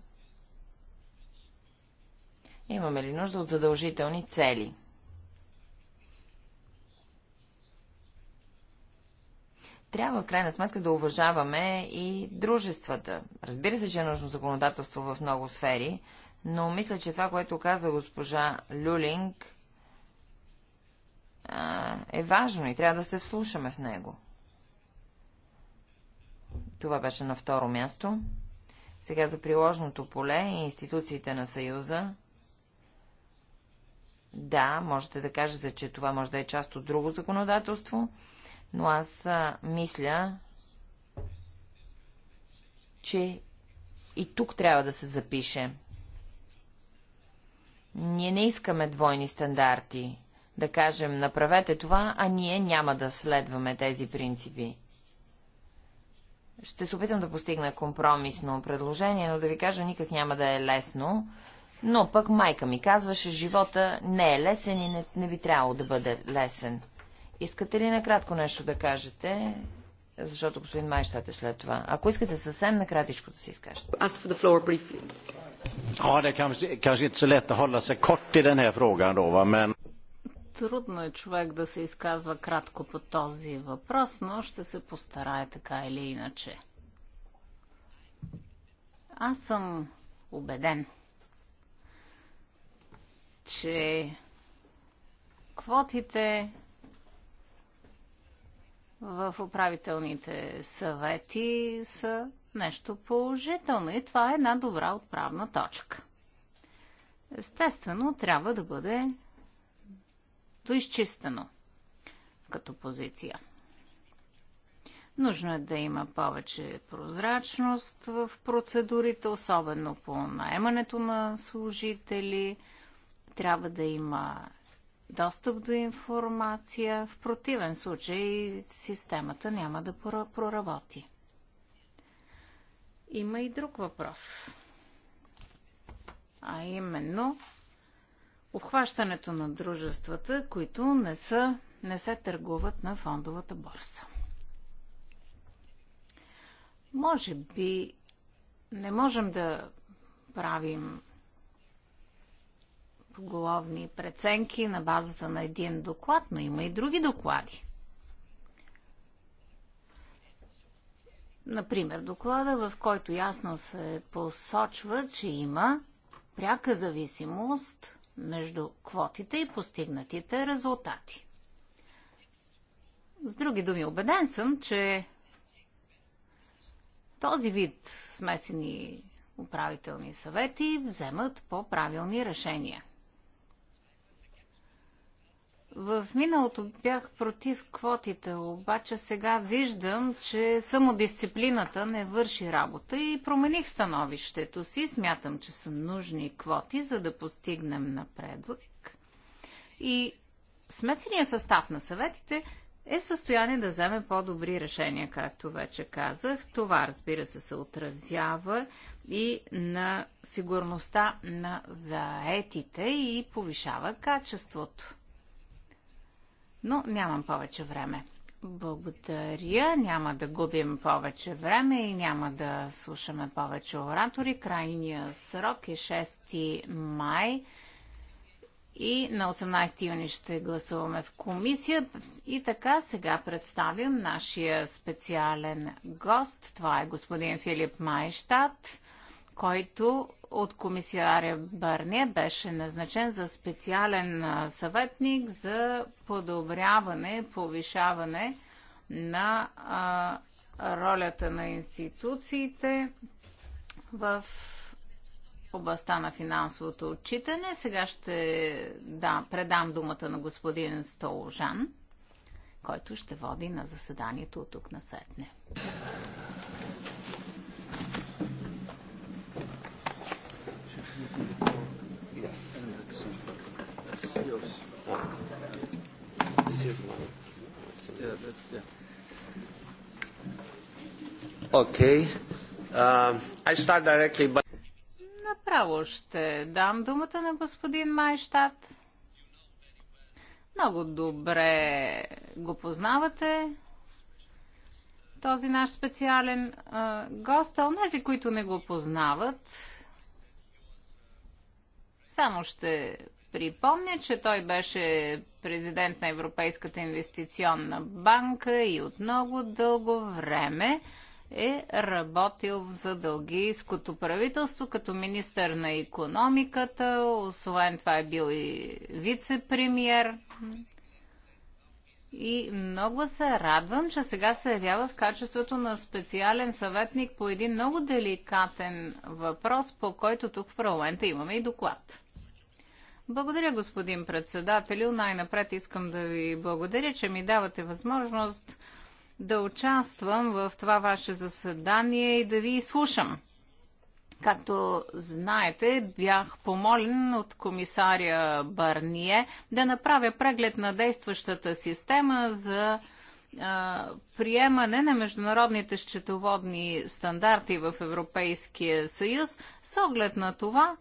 имаме ли нужда от задължителни цели? трябва в крайна сметка да уважаваме и дружествата. Разбира се, че е нужно законодателство в много сфери, но мисля, че това, което каза госпожа Люлинг, е важно и трябва да се вслушаме в него. Това беше на второ място. Сега за приложното поле и институциите на Съюза. Да, можете да кажете, че това може да е част от друго законодателство, но аз а, мисля, че и тук трябва да се запише. Ние не искаме двойни стандарти. Да кажем, направете това, а ние няма да следваме тези принципи. Ще се опитам да постигна компромисно предложение, но да ви кажа, никак няма да е лесно. Но пък майка ми казваше, живота не е лесен и не, не би трябвало да бъде лесен. Искате ли накратко нещо да кажете? Защото господин Майщат е след това. Ако искате съвсем накратичко да се изкажете. Ja, det kanske, kanske inte så lätt att hålla sig kort i den här frågan då, va? men Трудно е човек да се изказва кратко по този въпрос, но ще се постарая така или иначе. Аз съм убеден, че квотите в управителните съвети са нещо положително и това е една добра отправна точка. Естествено, трябва да бъде абсолютно изчистено като позиция. Нужно е да има повече прозрачност в процедурите, особено по наемането на служители. Трябва да има достъп до информация. В противен случай системата няма да проработи. Има и друг въпрос. А именно обхващането на дружествата, които не, са, не се търгуват на фондовата борса. Може би не можем да правим поголовни преценки на базата на един доклад, но има и други доклади. Например, доклада, в който ясно се посочва, че има пряка зависимост между квотите и постигнатите резултати. С други думи, убеден съм, че този вид смесени управителни съвети вземат по-правилни решения. В миналото бях против квотите, обаче сега виждам, че самодисциплината не върши работа и промених становището си. Смятам, че са нужни квоти, за да постигнем напредък. И смесения състав на съветите е в състояние да вземе по-добри решения, както вече казах. Това, разбира се, се отразява и на сигурността на заетите и повишава качеството но нямам повече време. Благодаря. Няма да губим повече време и няма да слушаме повече оратори. Крайният срок е 6 май и на 18 юни ще гласуваме в комисия. И така сега представим нашия специален гост. Това е господин Филип Майштад, който от комисиаря Барне беше назначен за специален съветник за подобряване, повишаване на а, ролята на институциите в областта на финансовото отчитане. Сега ще да, предам думата на господин Столжан, който ще води на заседанието от тук на сетне. Okay. Uh, I start directly by... Направо ще дам думата на господин Майштад. Много добре го познавате, този наш специален гост. А онези, които не го познават, само ще припомня, че той беше президент на Европейската инвестиционна банка и от много дълго време е работил за бългийското правителство като министър на економиката, освен това е бил и вице-премьер. И много се радвам, че сега се явява в качеството на специален съветник по един много деликатен въпрос, по който тук в парламента имаме и доклад. Благодаря, господин председателю. Най-напред искам да ви благодаря, че ми давате възможност да участвам в това ваше заседание и да ви изслушам. Както знаете, бях помолен от комисаря Барние да направя преглед на действащата система за а, приемане на международните счетоводни стандарти в Европейския съюз с оглед на това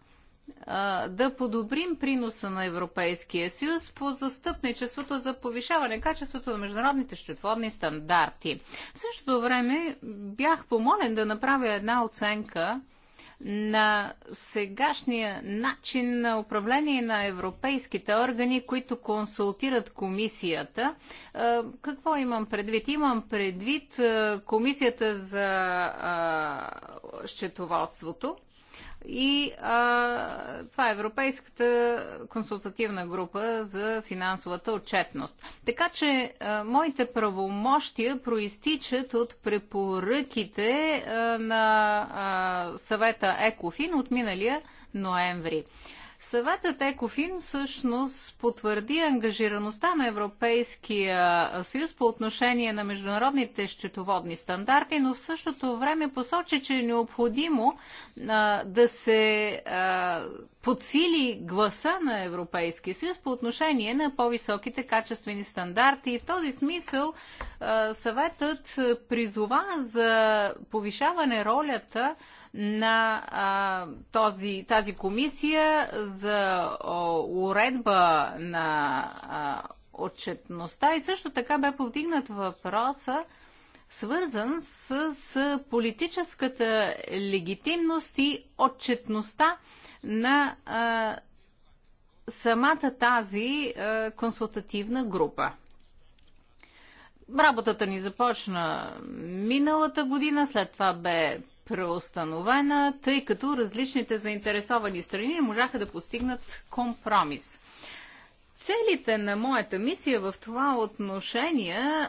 да подобрим приноса на Европейския съюз по застъпничеството за повишаване качеството на международните счетоводни стандарти. В същото време бях помолен да направя една оценка на сегашния начин на управление на европейските органи, които консултират комисията. Какво имам предвид? Имам предвид комисията за счетоводството, и а, това е Европейската консултативна група за финансовата отчетност. Така че а, моите правомощия проистичат от препоръките а, на а, съвета ЕКОФИН от миналия ноември. Съветът Екофин всъщност потвърди ангажираността на Европейския съюз по отношение на международните счетоводни стандарти, но в същото време посочи, че е необходимо а, да се а, подсили гласа на Европейския съюз по отношение на по-високите качествени стандарти. И в този смисъл а, съветът призова за повишаване ролята на а, този, тази комисия за о, уредба на а, отчетността и също така бе повдигнат въпроса, свързан с, с политическата легитимност и отчетността на а, самата тази а, консултативна група. Работата ни започна миналата година, след това бе преустановена, тъй като различните заинтересовани страни не можаха да постигнат компромис. Целите на моята мисия в това отношение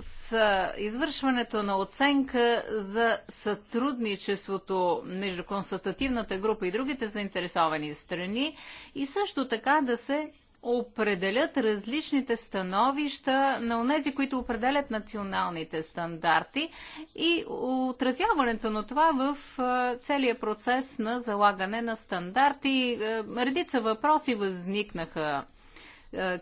с извършването на оценка за сътрудничеството между консултативната група и другите заинтересовани страни и също така да се определят различните становища на онези, които определят националните стандарти и отразяването на това в целия процес на залагане на стандарти. Редица въпроси възникнаха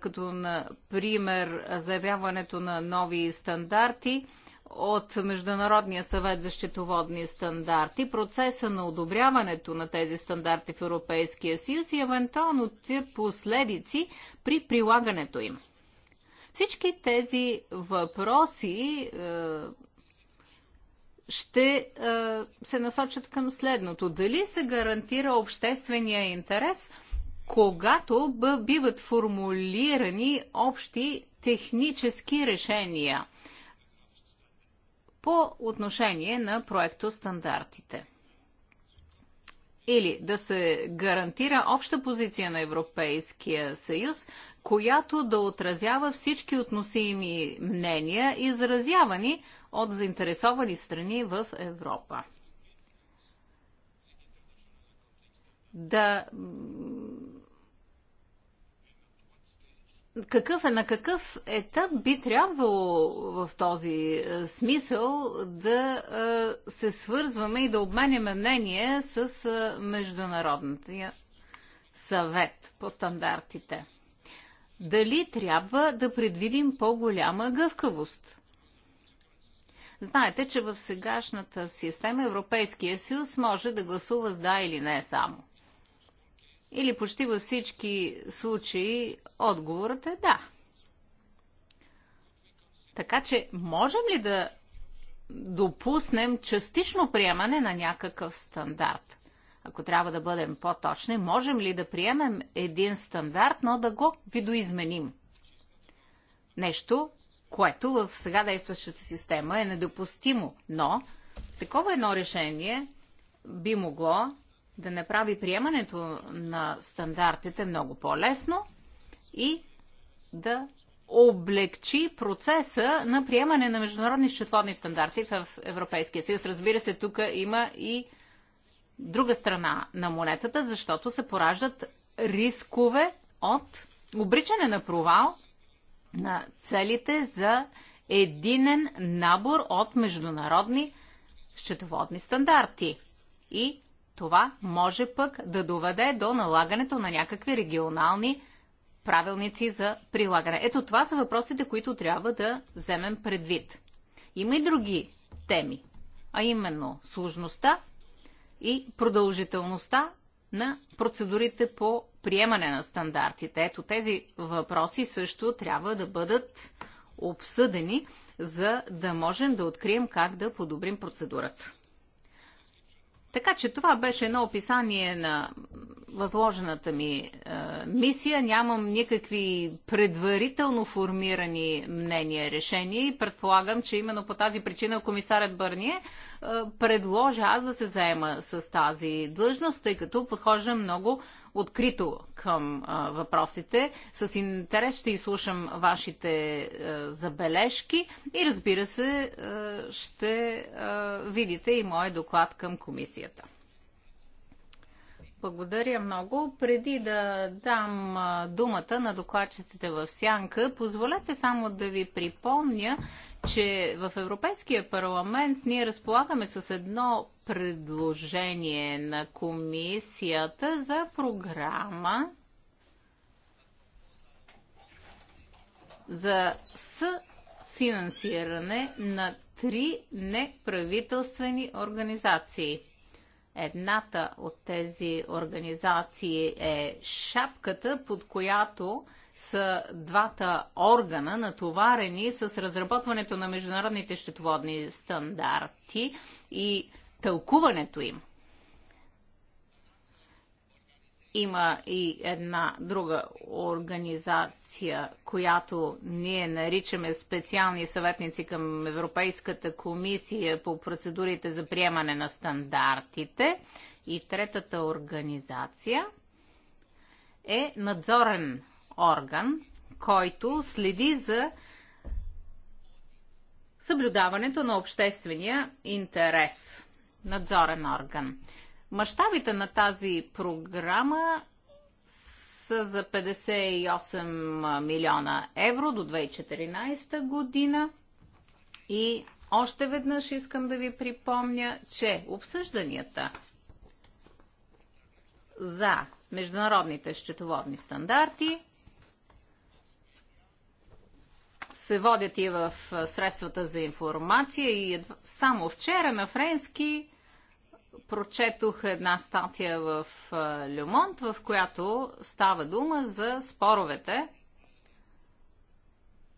като, например, заявяването на нови стандарти – от Международния съвет за счетоводни стандарти, процеса на одобряването на тези стандарти в Европейския съюз и евентуално последици при прилагането им. Всички тези въпроси е, ще е, се насочат към следното. Дали се гарантира обществения интерес, когато биват формулирани общи технически решения – по отношение на проектостандартите. Или да се гарантира обща позиция на Европейския съюз, която да отразява всички относими мнения, изразявани от заинтересовани страни в Европа. Да какъв е, на какъв етап би трябвало в този е, смисъл да е, се свързваме и да обменяме мнение с е, Международния съвет по стандартите? Дали трябва да предвидим по-голяма гъвкавост? Знаете, че в сегашната система Европейския съюз може да гласува с да или не само или почти във всички случаи отговорът е да. Така че можем ли да допуснем частично приемане на някакъв стандарт? Ако трябва да бъдем по-точни, можем ли да приемем един стандарт, но да го видоизменим? Нещо, което в сега действащата система е недопустимо, но такова едно решение би могло да направи приемането на стандартите много по-лесно и да облегчи процеса на приемане на международни счетоводни стандарти в Европейския съюз. Разбира се, тук има и друга страна на монетата, защото се пораждат рискове от обричане на провал на целите за единен набор от международни счетоводни стандарти и това може пък да доведе до налагането на някакви регионални правилници за прилагане. Ето това са въпросите, които трябва да вземем предвид. Има и други теми, а именно сложността и продължителността на процедурите по приемане на стандартите. Ето тези въпроси също трябва да бъдат обсъдени, за да можем да открием как да подобрим процедурата. Така че това беше едно описание на възложената ми а, е, мисия. Нямам никакви предварително формирани мнения, решения и предполагам, че именно по тази причина комисарят Бърние а, е, предложи аз да се заема с тази длъжност, тъй като подхожда много открито към а, е, въпросите. С интерес ще изслушам вашите а, забележки и разбира се а, ще а, видите и моят доклад към комисията. Благодаря много. Преди да дам думата на докладчиците в Сянка, позволете само да ви припомня, че в Европейския парламент ние разполагаме с едно предложение на комисията за програма за съфинансиране на три неправителствени организации – Едната от тези организации е шапката, под която са двата органа, натоварени с разработването на международните щетоводни стандарти и тълкуването им – има и една друга организация, която ние наричаме специални съветници към Европейската комисия по процедурите за приемане на стандартите. И третата организация е надзорен орган, който следи за съблюдаването на обществения интерес. Надзорен орган. Мащабите на тази програма са за 58 милиона евро до 2014 година и още веднъж искам да ви припомня, че обсъжданията за международните счетоводни стандарти се водят и в средствата за информация и едва... само вчера на френски прочетох една статия в Люмонт, в която става дума за споровете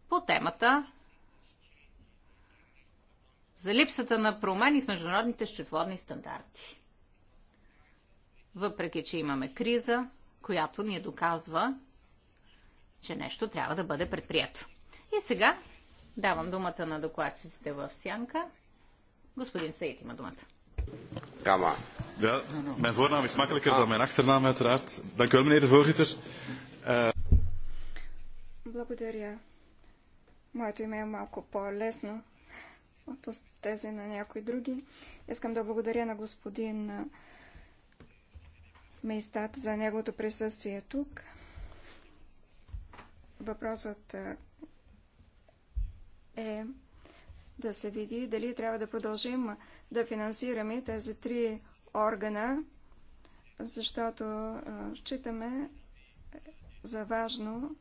по темата за липсата на промени в международните счетоводни стандарти. Въпреки, че имаме криза, която ни е доказва, че нещо трябва да бъде предприето. И сега давам думата на докладчиците в Сянка. Господин Саид има думата. Kama. Ja, mijn voornaam is makkelijker dan mijn achternaam uiteraard. Dank u wel, meneer de voorzitter. Eh, благодаря. Моето име е малко по-лесно от тези на някои други. Искам да благодаря на господин Мейстат за неговото присъствие тук. Въпросът е да се види дали трябва да продължим да финансираме тези три органа, защото считаме за важно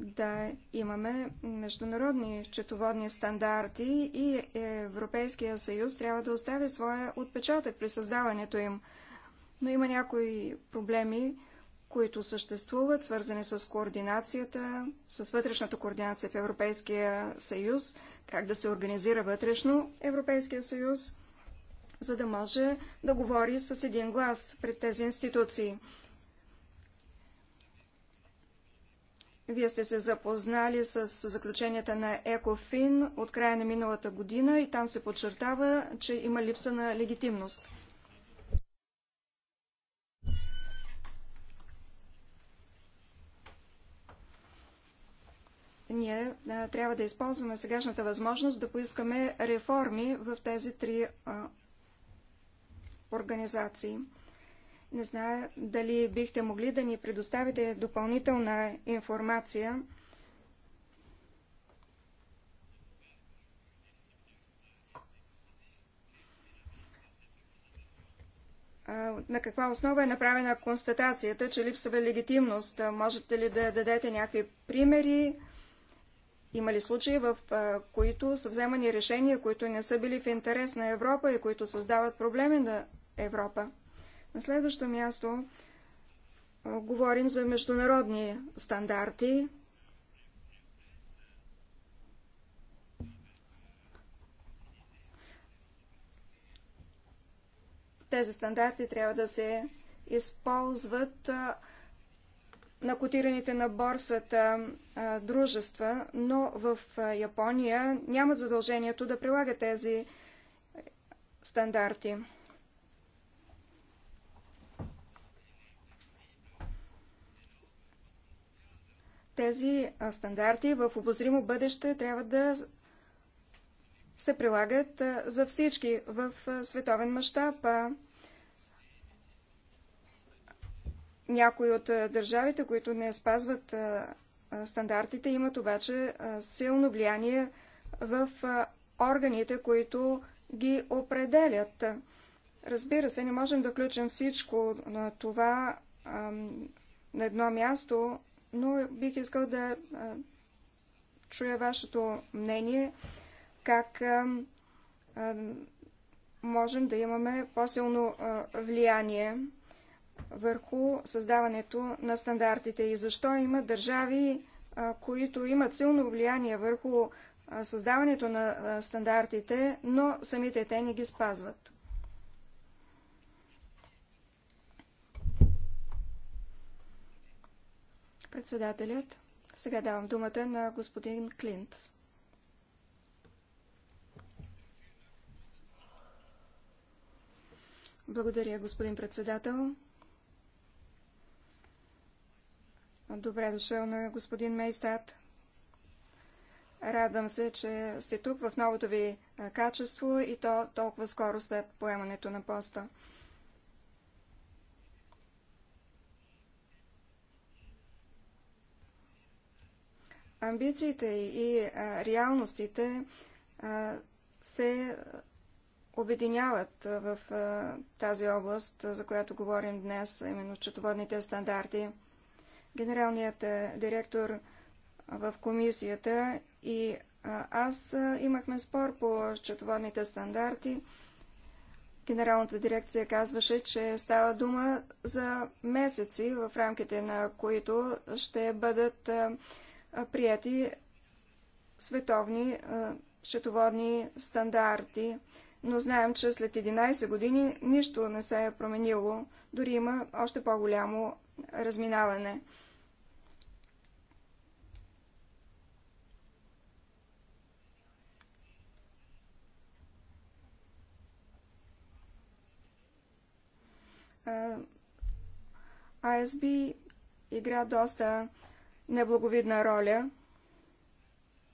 да имаме международни счетоводни стандарти и Европейския съюз трябва да остави своя отпечатък при създаването им. Но има някои проблеми, които съществуват, свързани с координацията, с вътрешната координация в Европейския съюз как да се организира вътрешно Европейския съюз, за да може да говори с един глас пред тези институции. Вие сте се запознали с заключенията на ЕКОФИН от края на миналата година и там се подчертава, че има липса на легитимност. ние трябва да използваме сегашната възможност да поискаме реформи в тези три организации. Не знае дали бихте могли да ни предоставите допълнителна информация. на каква основа е направена констатацията, че липсва легитимност? Можете ли да дадете някакви примери? Има ли случаи, в които са вземани решения, които не са били в интерес на Европа и които създават проблеми на Европа? На следващо място говорим за международни стандарти. Тези стандарти трябва да се използват на котираните на борсата а, дружества, но в Япония нямат задължението да прилагат тези стандарти. Тези стандарти в обозримо бъдеще трябва да се прилагат за всички в световен мащаб. Някои от е, държавите, които не спазват е, е, стандартите, имат обаче силно влияние в органите, които ги определят. Разбира се, не можем да включим всичко на това на едно място, но бих искал да чуя вашето мнение, как можем да имаме по-силно влияние върху създаването на стандартите и защо има държави, които имат силно влияние върху създаването на стандартите, но самите те не ги спазват. Председателят. Сега давам думата на господин Клинц. Благодаря, господин председател. Добре дошъл на господин Мейстат. Радвам се, че сте тук в новото ви качество и то толкова скоро след поемането на поста. Амбициите и реалностите се обединяват в тази област, за която говорим днес, именно четоводните стандарти – Генералният е, директор в комисията и аз имахме спор по счетоводните стандарти. Генералната дирекция казваше, че става дума за месеци, в рамките на които ще бъдат прияти световни счетоводни стандарти. Но знаем, че след 11 години нищо не се е променило, дори има още по-голямо разминаване. ISB е, игра доста неблаговидна роля.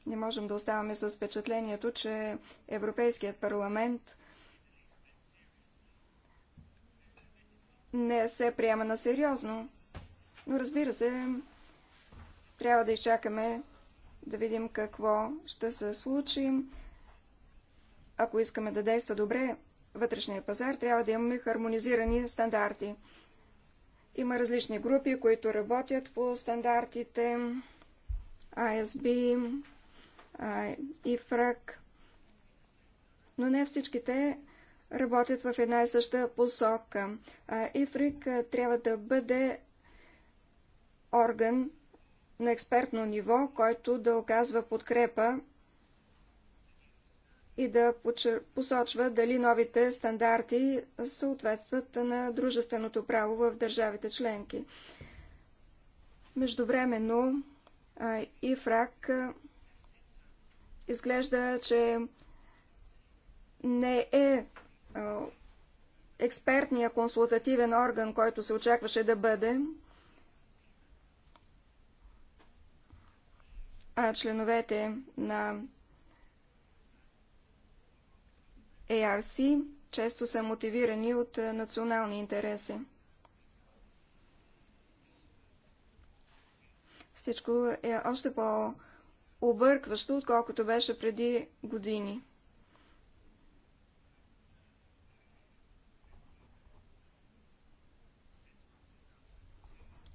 Не можем да оставаме с впечатлението, че Европейският парламент не се приема на сериозно. Но разбира се, трябва да изчакаме да видим какво ще се случи. Ако искаме да действа добре вътрешния пазар, трябва да имаме хармонизирани стандарти. Има различни групи, които работят по стандартите ISB, ИФРАК, но не всичките работят в една и съща посока. ИФРИК трябва да бъде орган на експертно ниво, който да оказва подкрепа и да посочва дали новите стандарти съответстват на дружественото право в държавите членки. Междувременно ИФРАК изглежда, че не е експертния консултативен орган, който се очакваше да бъде, а членовете на ARC често са мотивирани от национални интереси. Всичко е още по-объркващо, отколкото беше преди години.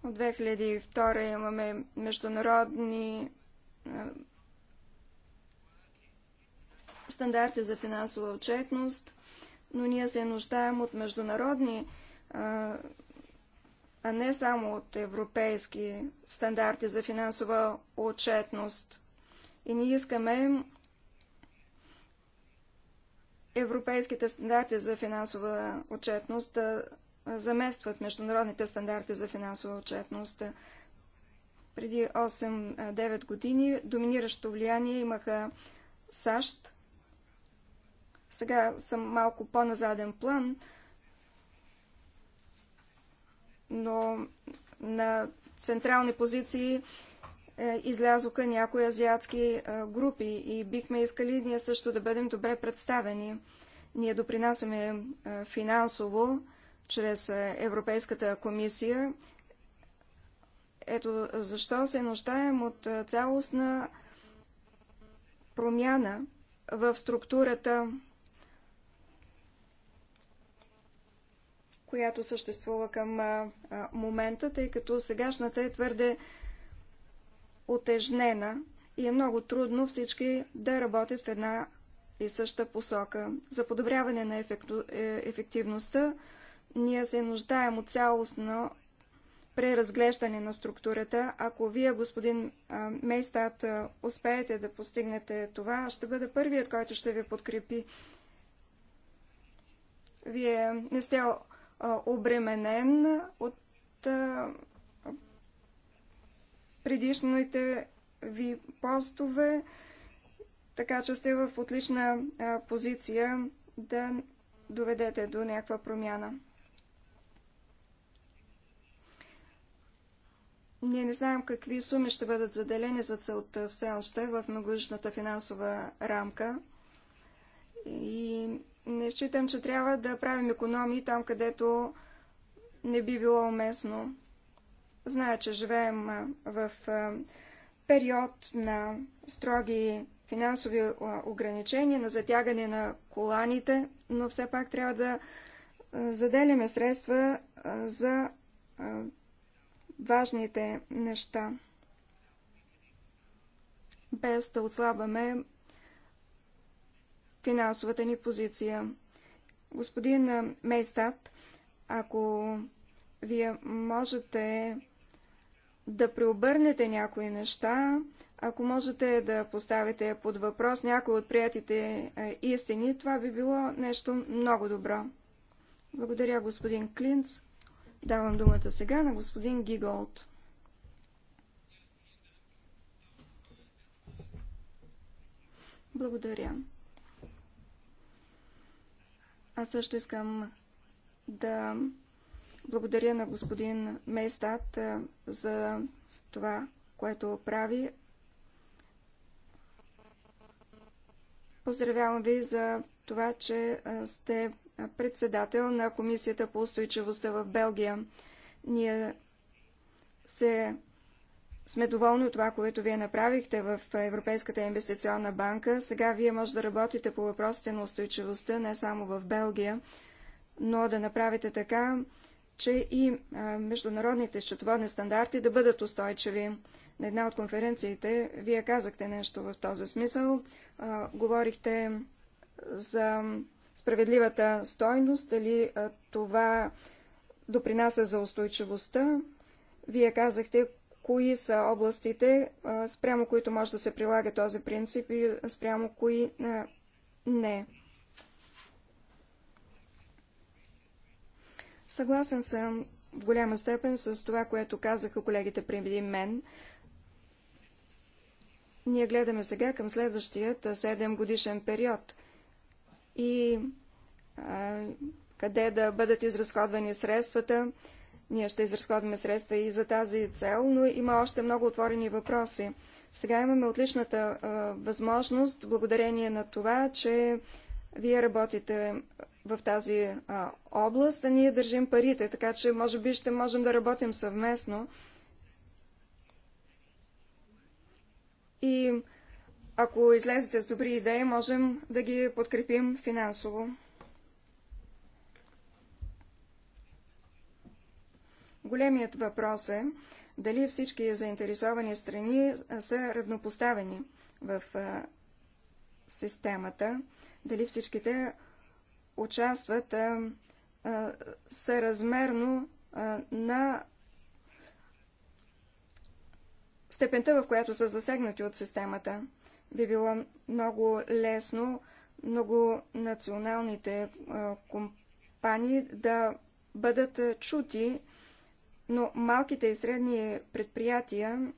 От 2002 имаме международни стандарти за финансова отчетност, но ние се нуждаем от международни, а не само от европейски стандарти за финансова отчетност. И ние искаме европейските стандарти за финансова отчетност да заместват международните стандарти за финансова отчетност. Преди 8-9 години доминиращо влияние имаха САЩ, сега съм малко по-назаден план, но на централни позиции е, излязоха някои азиатски е, групи и бихме искали ние също да бъдем добре представени. Ние допринасяме е, финансово чрез е, Европейската комисия. Ето защо се нуждаем от е, цялостна промяна в структурата която съществува към а, а, момента, тъй като сегашната е твърде отежнена и е много трудно всички да работят в една и съща посока. За подобряване на ефекту... Е, ефективността ние се нуждаем от цялостно преразглеждане на структурата. Ако вие, господин Мейстат, успеете да постигнете това, ще бъда първият, който ще ви подкрепи. Вие не сте обременен от предишните ви постове, така че сте в отлична позиция да доведете до някаква промяна. Ние не знаем какви суми ще бъдат заделени за целта все още в многогодишната финансова рамка. И не считам, че трябва да правим економии там, където не би било уместно. Зная, че живеем в период на строги финансови ограничения, на затягане на коланите, но все пак трябва да заделяме средства за важните неща, без да отслабваме финансовата ни позиция. Господин Мейстат, ако вие можете да преобърнете някои неща, ако можете да поставите под въпрос някои от приятите истини, това би било нещо много добро. Благодаря, господин Клинц. Давам думата сега на господин Гиголд. Благодаря. Аз също искам да благодаря на господин Мейстат за това, което прави. Поздравявам ви за това, че сте председател на Комисията по устойчивостта в Белгия. Ние се сме доволни от това, което вие направихте в Европейската инвестиционна банка. Сега вие може да работите по въпросите на устойчивостта не само в Белгия, но да направите така, че и международните счетоводни стандарти да бъдат устойчиви. На една от конференциите вие казахте нещо в този смисъл. говорихте за справедливата стойност, дали това допринася за устойчивостта. Вие казахте кои са областите, спрямо които може да се прилага този принцип и спрямо кои не. Съгласен съм в голяма степен с това, което казаха колегите преди мен. Ние гледаме сега към следващият 7 годишен период и а, къде да бъдат изразходвани средствата, ние ще изразходваме средства и за тази цел, но има още много отворени въпроси. Сега имаме отличната а, възможност, благодарение на това, че вие работите в тази а, област, а ние държим парите, така че може би ще можем да работим съвместно. И ако излезете с добри идеи, можем да ги подкрепим финансово. Големият въпрос е дали всички заинтересовани страни са равнопоставени в системата, дали всичките участват съразмерно на степента, в която са засегнати от системата. Би било много лесно много националните компании да бъдат чути но малките и средни предприятия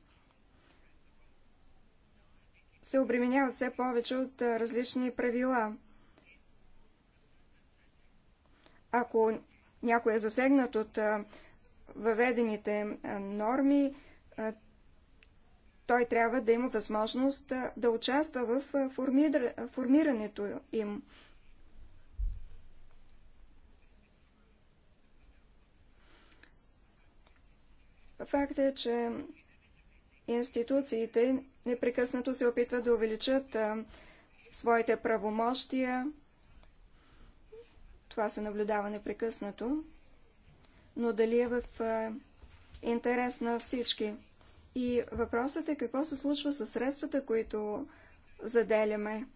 се обременяват все повече от различни правила. Ако някой е засегнат от въведените норми, той трябва да има възможност да участва в формирането им. Факт е, че институциите непрекъснато се опитват да увеличат а, своите правомощия. Това се наблюдава непрекъснато. Но дали е в а, интерес на всички? И въпросът е какво се случва с средствата, които заделяме.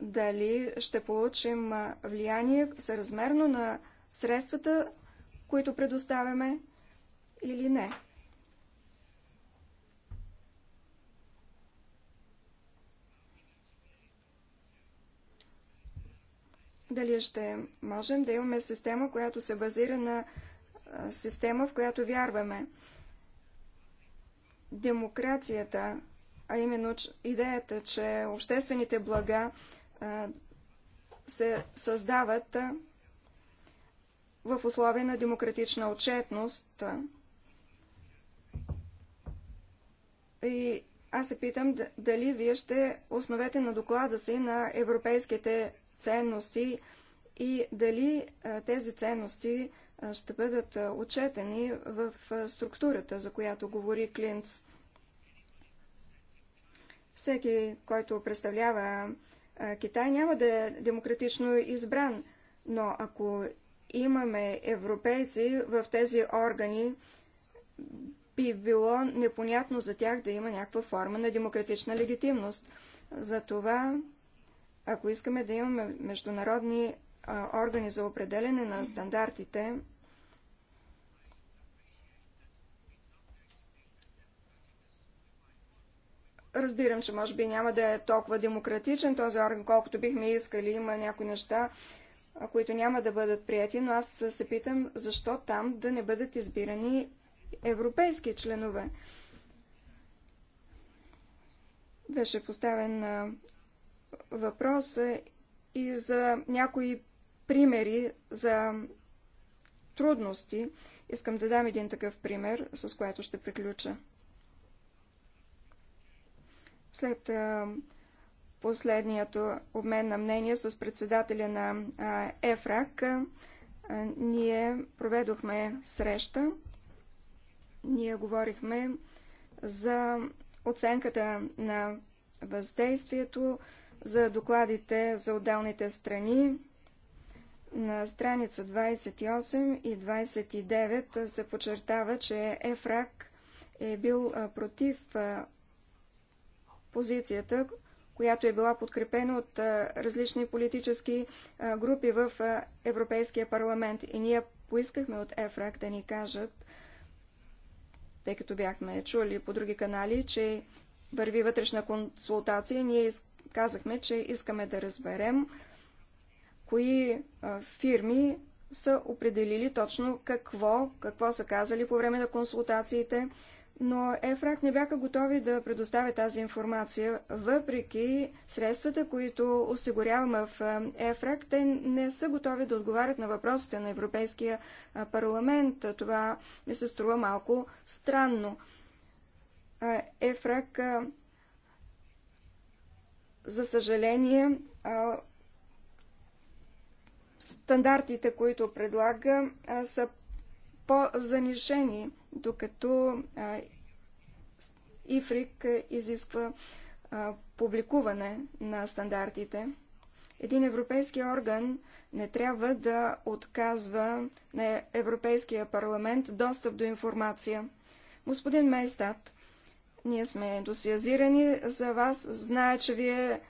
Дали ще получим влияние съразмерно на средствата, които предоставяме, или не. Дали ще можем да имаме система, която се базира на система, в която вярваме. Демокрацията, а именно идеята, че обществените блага се създават в условия на демократична отчетност, И аз се питам дали вие ще основете на доклада си на европейските ценности и дали тези ценности ще бъдат отчетени в структурата, за която говори Клинц. Всеки, който представлява Китай, няма да е демократично избран, но ако имаме европейци в тези органи, би било непонятно за тях да има някаква форма на демократична легитимност. Затова, ако искаме да имаме международни а, органи за определене на стандартите, разбирам, че може би няма да е толкова демократичен този орган, колкото бихме искали. Има някои неща, които няма да бъдат прияти, но аз се питам защо там да не бъдат избирани европейски членове. Беше поставен въпрос и за някои примери за трудности. Искам да дам един такъв пример, с което ще приключа. След последният обмен на мнение с председателя на ЕФРАК, ние проведохме среща ние говорихме за оценката на въздействието, за докладите за отделните страни. На страница 28 и 29 се подчертава, че Ефрак е бил против позицията, която е била подкрепена от различни политически групи в Европейския парламент. И ние поискахме от Ефрак да ни кажат тъй като бяхме чули по други канали, че върви вътрешна консултация. Ние казахме, че искаме да разберем кои фирми са определили точно какво, какво са казали по време на консултациите, но ЕФРАК не бяха готови да предоставя тази информация. Въпреки средствата, които осигуряваме в ЕФРАК, те не са готови да отговарят на въпросите на Европейския парламент. Това ми се струва малко странно. ЕФРАК, за съжаление, стандартите, които предлага, са по-занижени, докато ИФРИК изисква публикуване на стандартите. Един европейски орган не трябва да отказва на Европейския парламент достъп до информация. Господин Мейстат, ние сме ентусиазирани за вас. Зная, че вие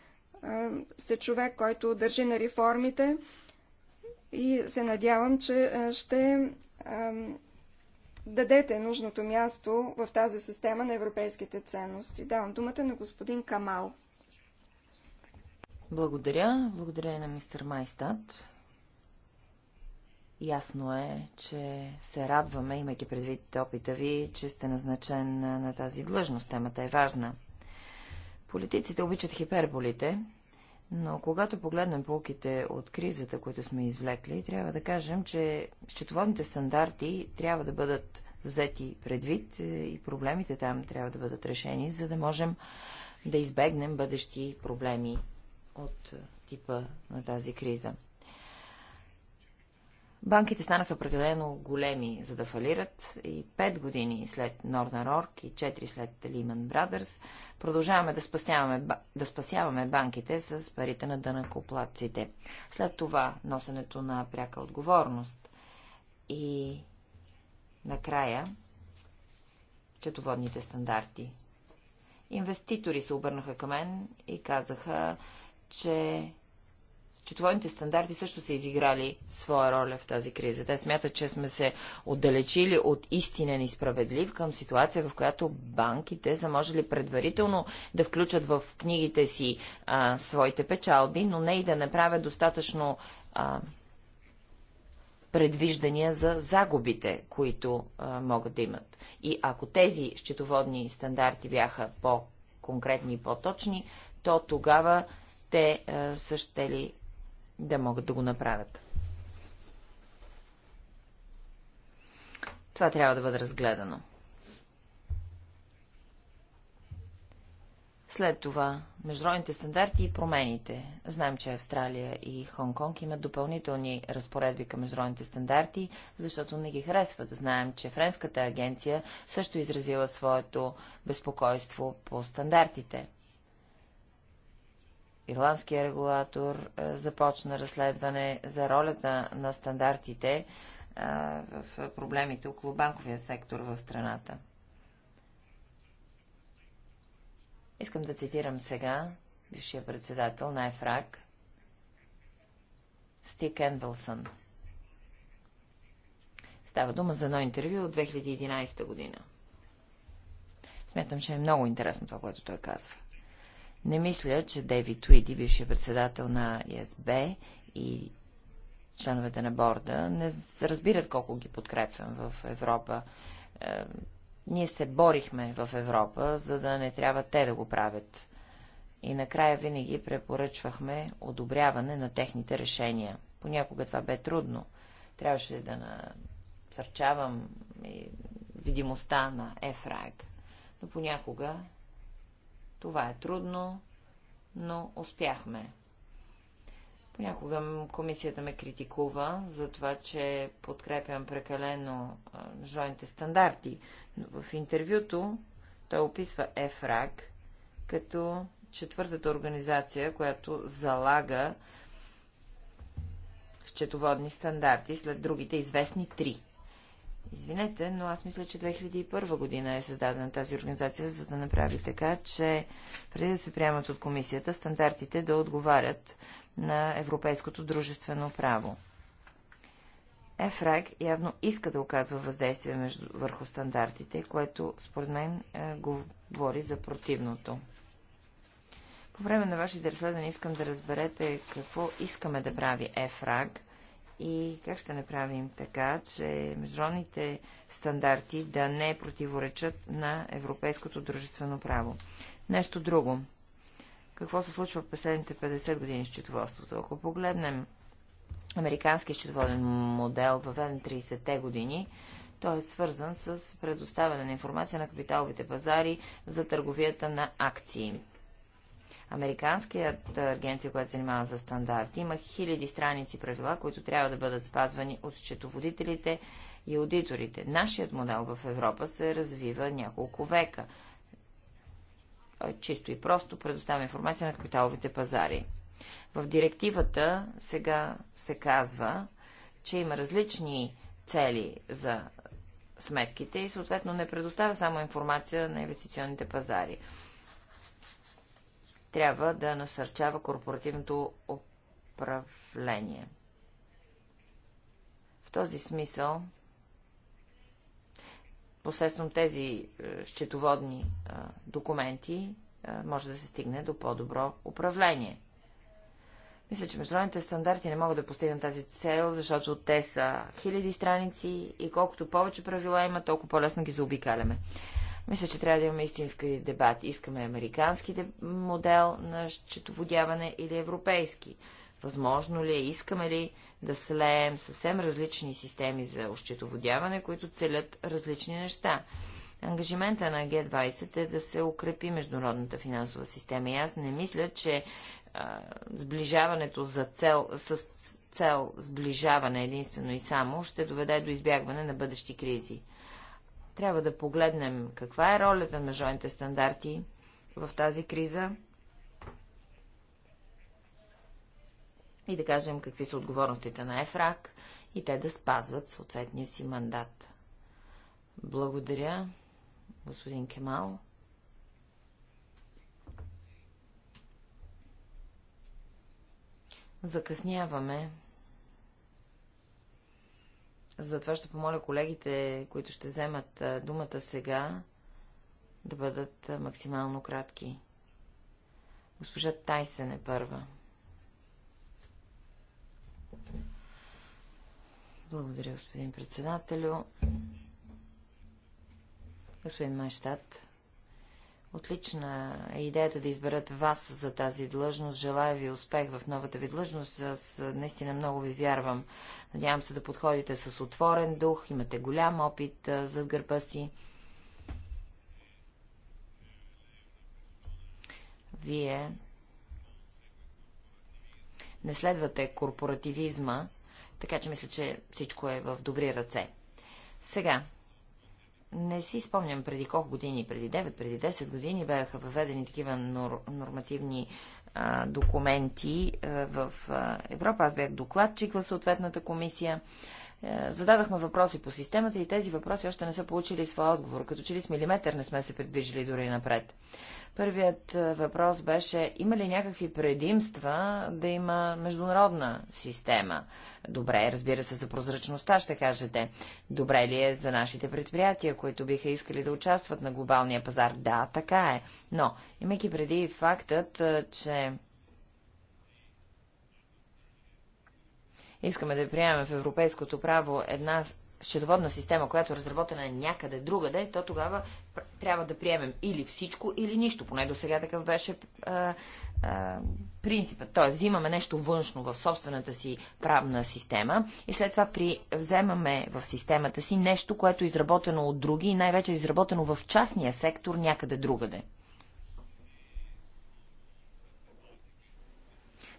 а, сте човек, който държи на реформите и се надявам, че ще дадете нужното място в тази система на европейските ценности. Давам думата на господин Камал. Благодаря. Благодаря и на мистер Майстат. Ясно е, че се радваме, имайки предвид опита ви, че сте назначен на тази длъжност. Темата е важна. Политиците обичат хиперболите, но когато погледнем полките от кризата, които сме извлекли, трябва да кажем, че счетоводните стандарти трябва да бъдат взети предвид е, и проблемите там трябва да бъдат решени, за да можем да избегнем бъдещи проблеми от е, типа на тази криза. Банките станаха определено големи, за да фалират и 5 години след Northern Rock и 4 след Lehman Brothers продължаваме да спасяваме, да спасяваме банките с парите на дънакоплатците. След това носенето на пряка отговорност и накрая четоводните стандарти. Инвеститори се обърнаха към мен и казаха, че Четоводните стандарти също са изиграли своя роля в тази криза. Те смятат, че сме се отдалечили от истинен и справедлив към ситуация, в която банките са можели предварително да включат в книгите си а, своите печалби, но не и да не правят достатъчно а, предвиждания за загубите, които а, могат да имат. И ако тези счетоводни стандарти бяха по-конкретни и по-точни, то тогава те а, са щели да могат да го направят. Това трябва да бъде разгледано. След това, международните стандарти и промените. Знаем, че Австралия и Хонг-Конг имат допълнителни разпоредби към международните стандарти, защото не ги харесват. Знаем, че Френската агенция също изразила своето безпокойство по стандартите ирландския регулатор е, започна разследване за ролята на стандартите е, в проблемите около банковия сектор в страната. Искам да цитирам сега бившия председател на ЕФРАК, Стик Енвелсън. Става дума за едно интервю от 2011 година. Смятам, че е много интересно това, което той казва. Не мисля, че Дейвид Туиди, бившия председател на ИСБ и членовете на борда, не разбират колко ги подкрепям в Европа. Е, ние се борихме в Европа, за да не трябва те да го правят. И накрая винаги препоръчвахме одобряване на техните решения. Понякога това бе трудно. Трябваше да насърчавам видимостта на ЕФРАГ. Но понякога това е трудно, но успяхме. Понякога комисията ме критикува за това, че подкрепям прекалено международните стандарти. Но в интервюто той описва ЕФРАК като четвъртата организация, която залага счетоводни стандарти след другите известни три. Извинете, но аз мисля, че 2001 година е създадена тази организация, за да направи така, че преди да се приемат от комисията, стандартите да отговарят на европейското дружествено право. ЕФРАГ явно иска да оказва въздействие между, върху стандартите, което според мен е, говори за противното. По време на вашите разследвания искам да разберете какво искаме да прави ЕФРАГ – и как ще направим така, че международните стандарти да не противоречат на европейското дружествено право. Нещо друго. Какво се случва в последните 50 години с счетоводството? Ако погледнем американския счетоводен модел, въведен 30-те години, той е свързан с предоставяне на информация на капиталовите пазари за търговията на акции. Американският агенция, която се занимава за стандарти, има хиляди страници правила, които трябва да бъдат спазвани от счетоводителите и аудиторите. Нашият модел в Европа се развива няколко века. чисто и просто предоставя информация на капиталовите пазари. В директивата сега се казва, че има различни цели за сметките и съответно не предоставя само информация на инвестиционните пазари трябва да насърчава корпоративното управление. В този смисъл, посредством тези е, счетоводни е, документи, е, може да се стигне до по-добро управление. Мисля, че международните стандарти не могат да постигнат тази цел, защото те са хиляди страници и колкото повече правила има, толкова по-лесно ги заобикаляме. Мисля, че трябва да имаме истински дебат. Искаме американски модел на счетоводяване или европейски. Възможно ли е, искаме ли да слеем съвсем различни системи за ощетоводяване, които целят различни неща. Ангажимента на Г-20 е да се укрепи международната финансова система. И аз не мисля, че а, сближаването за цел, с цел сближаване единствено и само ще доведе до избягване на бъдещи кризи. Трябва да погледнем каква е ролята на международните стандарти в тази криза и да кажем какви са отговорностите на ЕФРАК и те да спазват съответния си мандат. Благодаря, господин Кемал. Закъсняваме. Затова ще помоля колегите, които ще вземат думата сега, да бъдат максимално кратки. Госпожа Тайсен е първа. Благодаря, господин председателю. Господин Майштадт, Отлична е идеята да изберат вас за тази длъжност. Желая ви успех в новата ви длъжност. Аз наистина много ви вярвам. Надявам се да подходите с отворен дух. Имате голям опит зад гърба си. Вие не следвате корпоративизма, така че мисля, че всичко е в добри ръце. Сега, не си спомням преди колко години, преди 9, преди 10 години бяха въведени такива нор, нормативни а, документи а, в а, Европа. Аз бях докладчик в съответната комисия. Е, зададахме въпроси по системата и тези въпроси още не са получили своя отговор. Като че ли с милиметър не сме се придвижили дори напред. Първият е, въпрос беше, има ли някакви предимства да има международна система? Добре, разбира се, за прозрачността ще кажете. Добре ли е за нашите предприятия, които биха искали да участват на глобалния пазар? Да, така е. Но, имайки преди фактът, е, че искаме да приемем в европейското право една счетоводна система, която е разработена някъде другаде, то тогава трябва да приемем или всичко, или нищо. Поне до сега такъв беше а, а, принципът. Тоест, взимаме нещо външно в собствената си правна система и след това при, вземаме в системата си нещо, което е изработено от други и най-вече е изработено в частния сектор някъде другаде.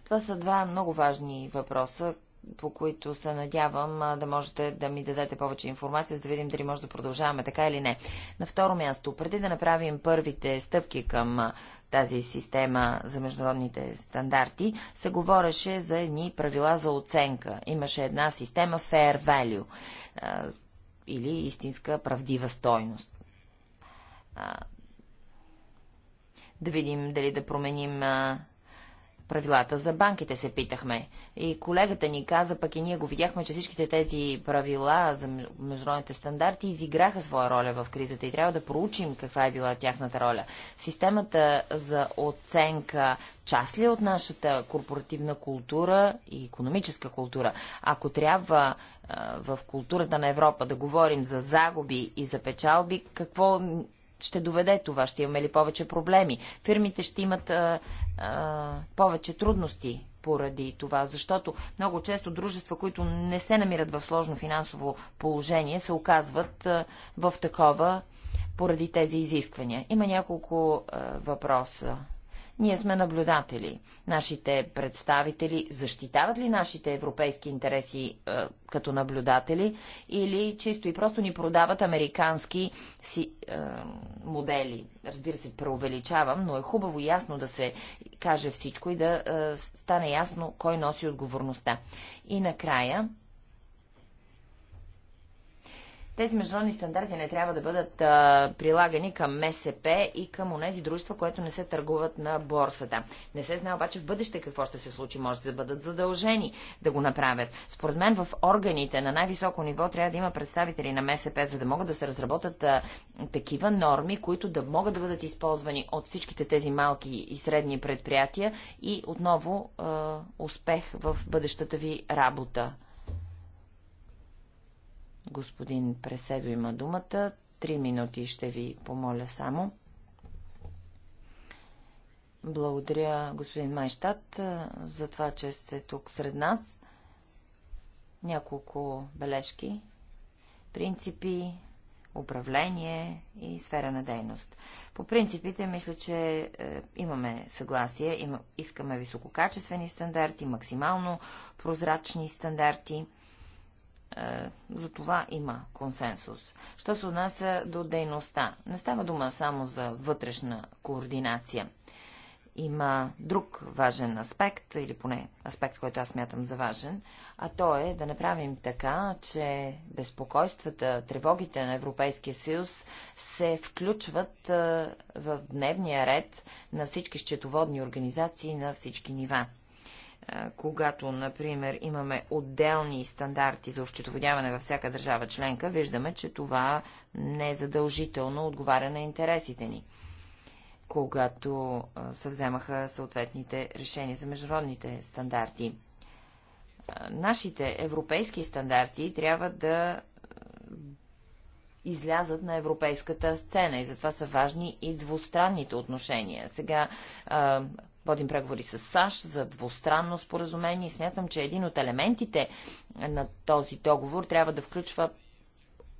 Това са два много важни въпроса, по които се надявам да можете да ми дадете повече информация, за да видим дали може да продължаваме така или не. На второ място, преди да направим първите стъпки към тази система за международните стандарти, се говореше за едни правила за оценка. Имаше една система Fair Value или истинска правдива стойност да видим дали да променим правилата за банките се питахме. И колегата ни каза, пък и ние го видяхме, че всичките тези правила за международните стандарти изиграха своя роля в кризата и трябва да проучим каква е била тяхната роля. Системата за оценка част ли е от нашата корпоративна култура и економическа култура? Ако трябва в културата на Европа да говорим за загуби и за печалби, какво ще доведе това? Ще имаме ли повече проблеми? Фирмите ще имат а, а, повече трудности поради това, защото много често дружества, които не се намират в сложно финансово положение, се оказват а, в такова поради тези изисквания. Има няколко а, въпроса ние сме наблюдатели. Нашите представители защитават ли нашите европейски интереси е, като наблюдатели или чисто и просто ни продават американски си, е, модели? Разбира се, преувеличавам, но е хубаво ясно да се каже всичко и да е, стане ясно кой носи отговорността. И накрая, тези международни стандарти не трябва да бъдат а, прилагани към МСП и към онези дружества, които не се търгуват на борсата. Не се знае обаче в бъдеще какво ще се случи. Може да бъдат задължени да го направят. Според мен в органите на най-високо ниво трябва да има представители на МСП, за да могат да се разработят а, такива норми, които да могат да бъдат използвани от всичките тези малки и средни предприятия и отново а, успех в бъдещата ви работа. Господин Преседо има думата. Три минути ще ви помоля само. Благодаря, господин Майштат, за това, че сте тук сред нас. Няколко бележки, принципи, управление и сфера на дейност. По принципите, мисля, че е, имаме съгласие, има, искаме висококачествени стандарти, максимално прозрачни стандарти – е, за това има консенсус. Що се отнася до дейността? Не става дума само за вътрешна координация. Има друг важен аспект, или поне аспект, който аз мятам за важен, а то е да направим така, че безпокойствата, тревогите на Европейския съюз се включват е, в дневния ред на всички счетоводни организации на всички нива когато, например, имаме отделни стандарти за ощетоводяване във всяка държава членка, виждаме, че това не е задължително отговаря на интересите ни, когато се вземаха съответните решения за международните стандарти. Нашите европейски стандарти трябва да излязат на европейската сцена и затова са важни и двустранните отношения. Сега Водим преговори с САЩ за двустранно споразумение и смятам, че един от елементите на този договор трябва да включва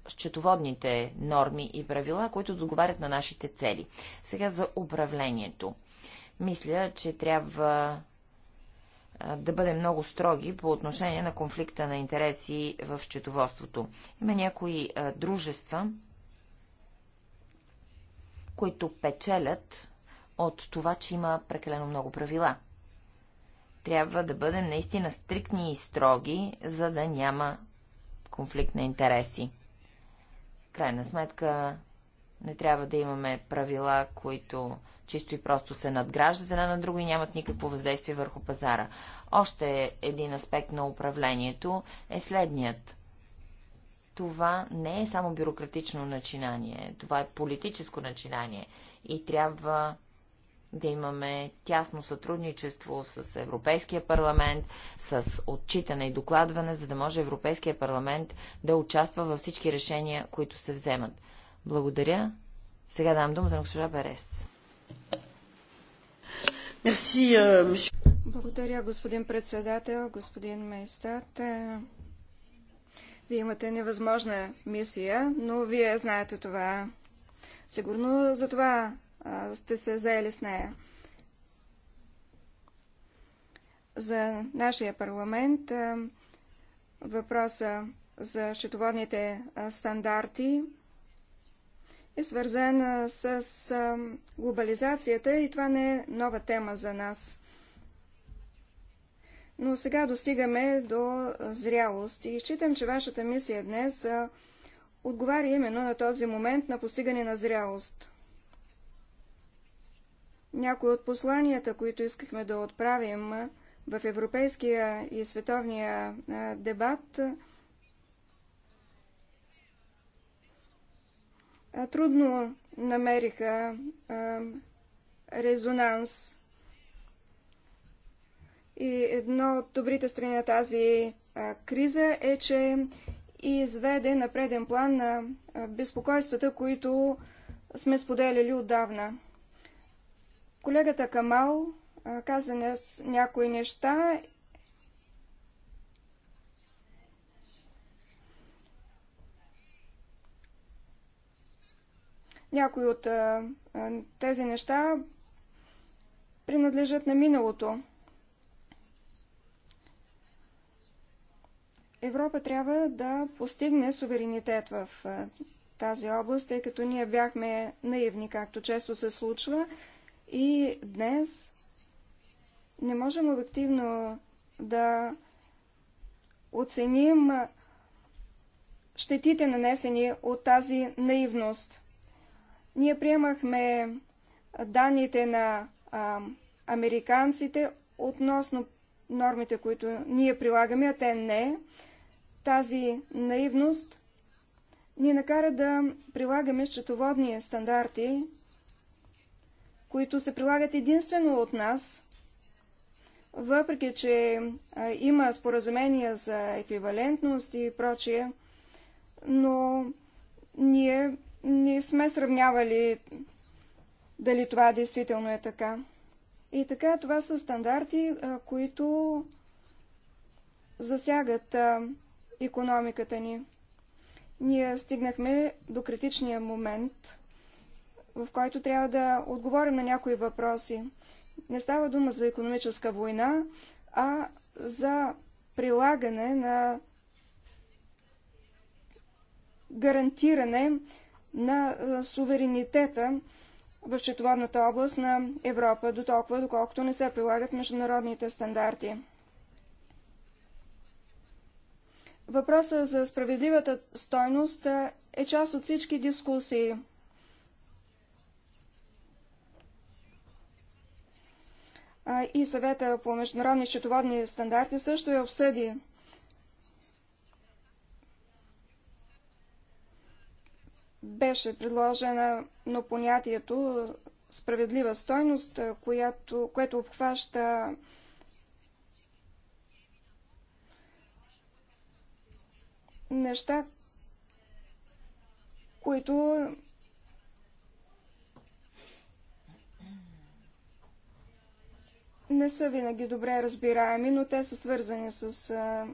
счетоводните норми и правила, които договарят на нашите цели. Сега за управлението. Мисля, че трябва да бъдем много строги по отношение на конфликта на интереси в счетоводството. Има някои дружества, които печелят от това, че има прекалено много правила. Трябва да бъдем наистина стриктни и строги, за да няма конфликт на интереси. Крайна сметка, не трябва да имаме правила, които чисто и просто се надграждат една на друга и нямат никакво въздействие върху пазара. Още един аспект на управлението е следният. Това не е само бюрократично начинание, това е политическо начинание и трябва да имаме тясно сътрудничество с Европейския парламент, с отчитане и докладване, за да може Европейския парламент да участва във всички решения, които се вземат. Благодаря. Сега давам думата на госпожа Берес. Е, Благодаря, господин председател, господин Мейстат. Е, вие имате невъзможна мисия, но вие знаете това. Сигурно за това сте се заели с нея. За нашия парламент въпроса за счетоводните стандарти е свързан с глобализацията и това не е нова тема за нас. Но сега достигаме до зрялост и считам, че вашата мисия днес отговаря именно на този момент на постигане на зрялост. Някои от посланията, които искахме да отправим в европейския и световния дебат, трудно намериха резонанс. И едно от добрите страни на тази криза е, че изведе на преден план на безпокойствата, които сме споделяли отдавна. Колегата Камал каза някои неща Някои от а, тези неща принадлежат на миналото. Европа трябва да постигне суверенитет в а, тази област, тъй като ние бяхме наивни, както често се случва. И днес не можем обективно да оценим щетите нанесени от тази наивност. Ние приемахме данните на а, американците относно нормите, които ние прилагаме, а те не. Тази наивност ни накара да прилагаме счетоводни стандарти, които се прилагат единствено от нас, въпреки че а, има споразумения за еквивалентност и прочие, но ние не сме сравнявали дали това действително е така. И така, това са стандарти, а, които засягат а, економиката ни. Ние стигнахме до критичния момент – в който трябва да отговорим на някои въпроси. Не става дума за економическа война, а за прилагане на гарантиране на суверенитета в счетоводната област на Европа, до толкова, доколкото не се прилагат международните стандарти. Въпросът за справедливата стойност е част от всички дискусии – и съвета по международни счетоводни стандарти също я обсъди. Беше предложено понятието справедлива стойност, която, което обхваща неща, които не са винаги добре разбираеми, но те са свързани с а,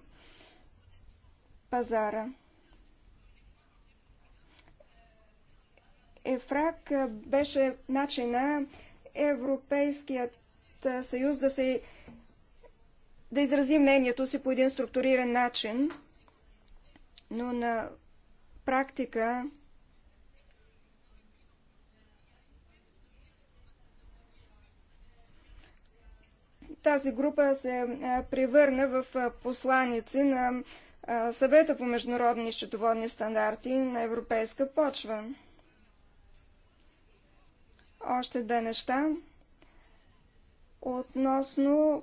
пазара. Ефрак беше начина Европейският съюз да се да изрази мнението си по един структуриран начин, но на практика Тази група се превърна в посланици на съвета по международни счетоводни стандарти на европейска почва. Още две неща относно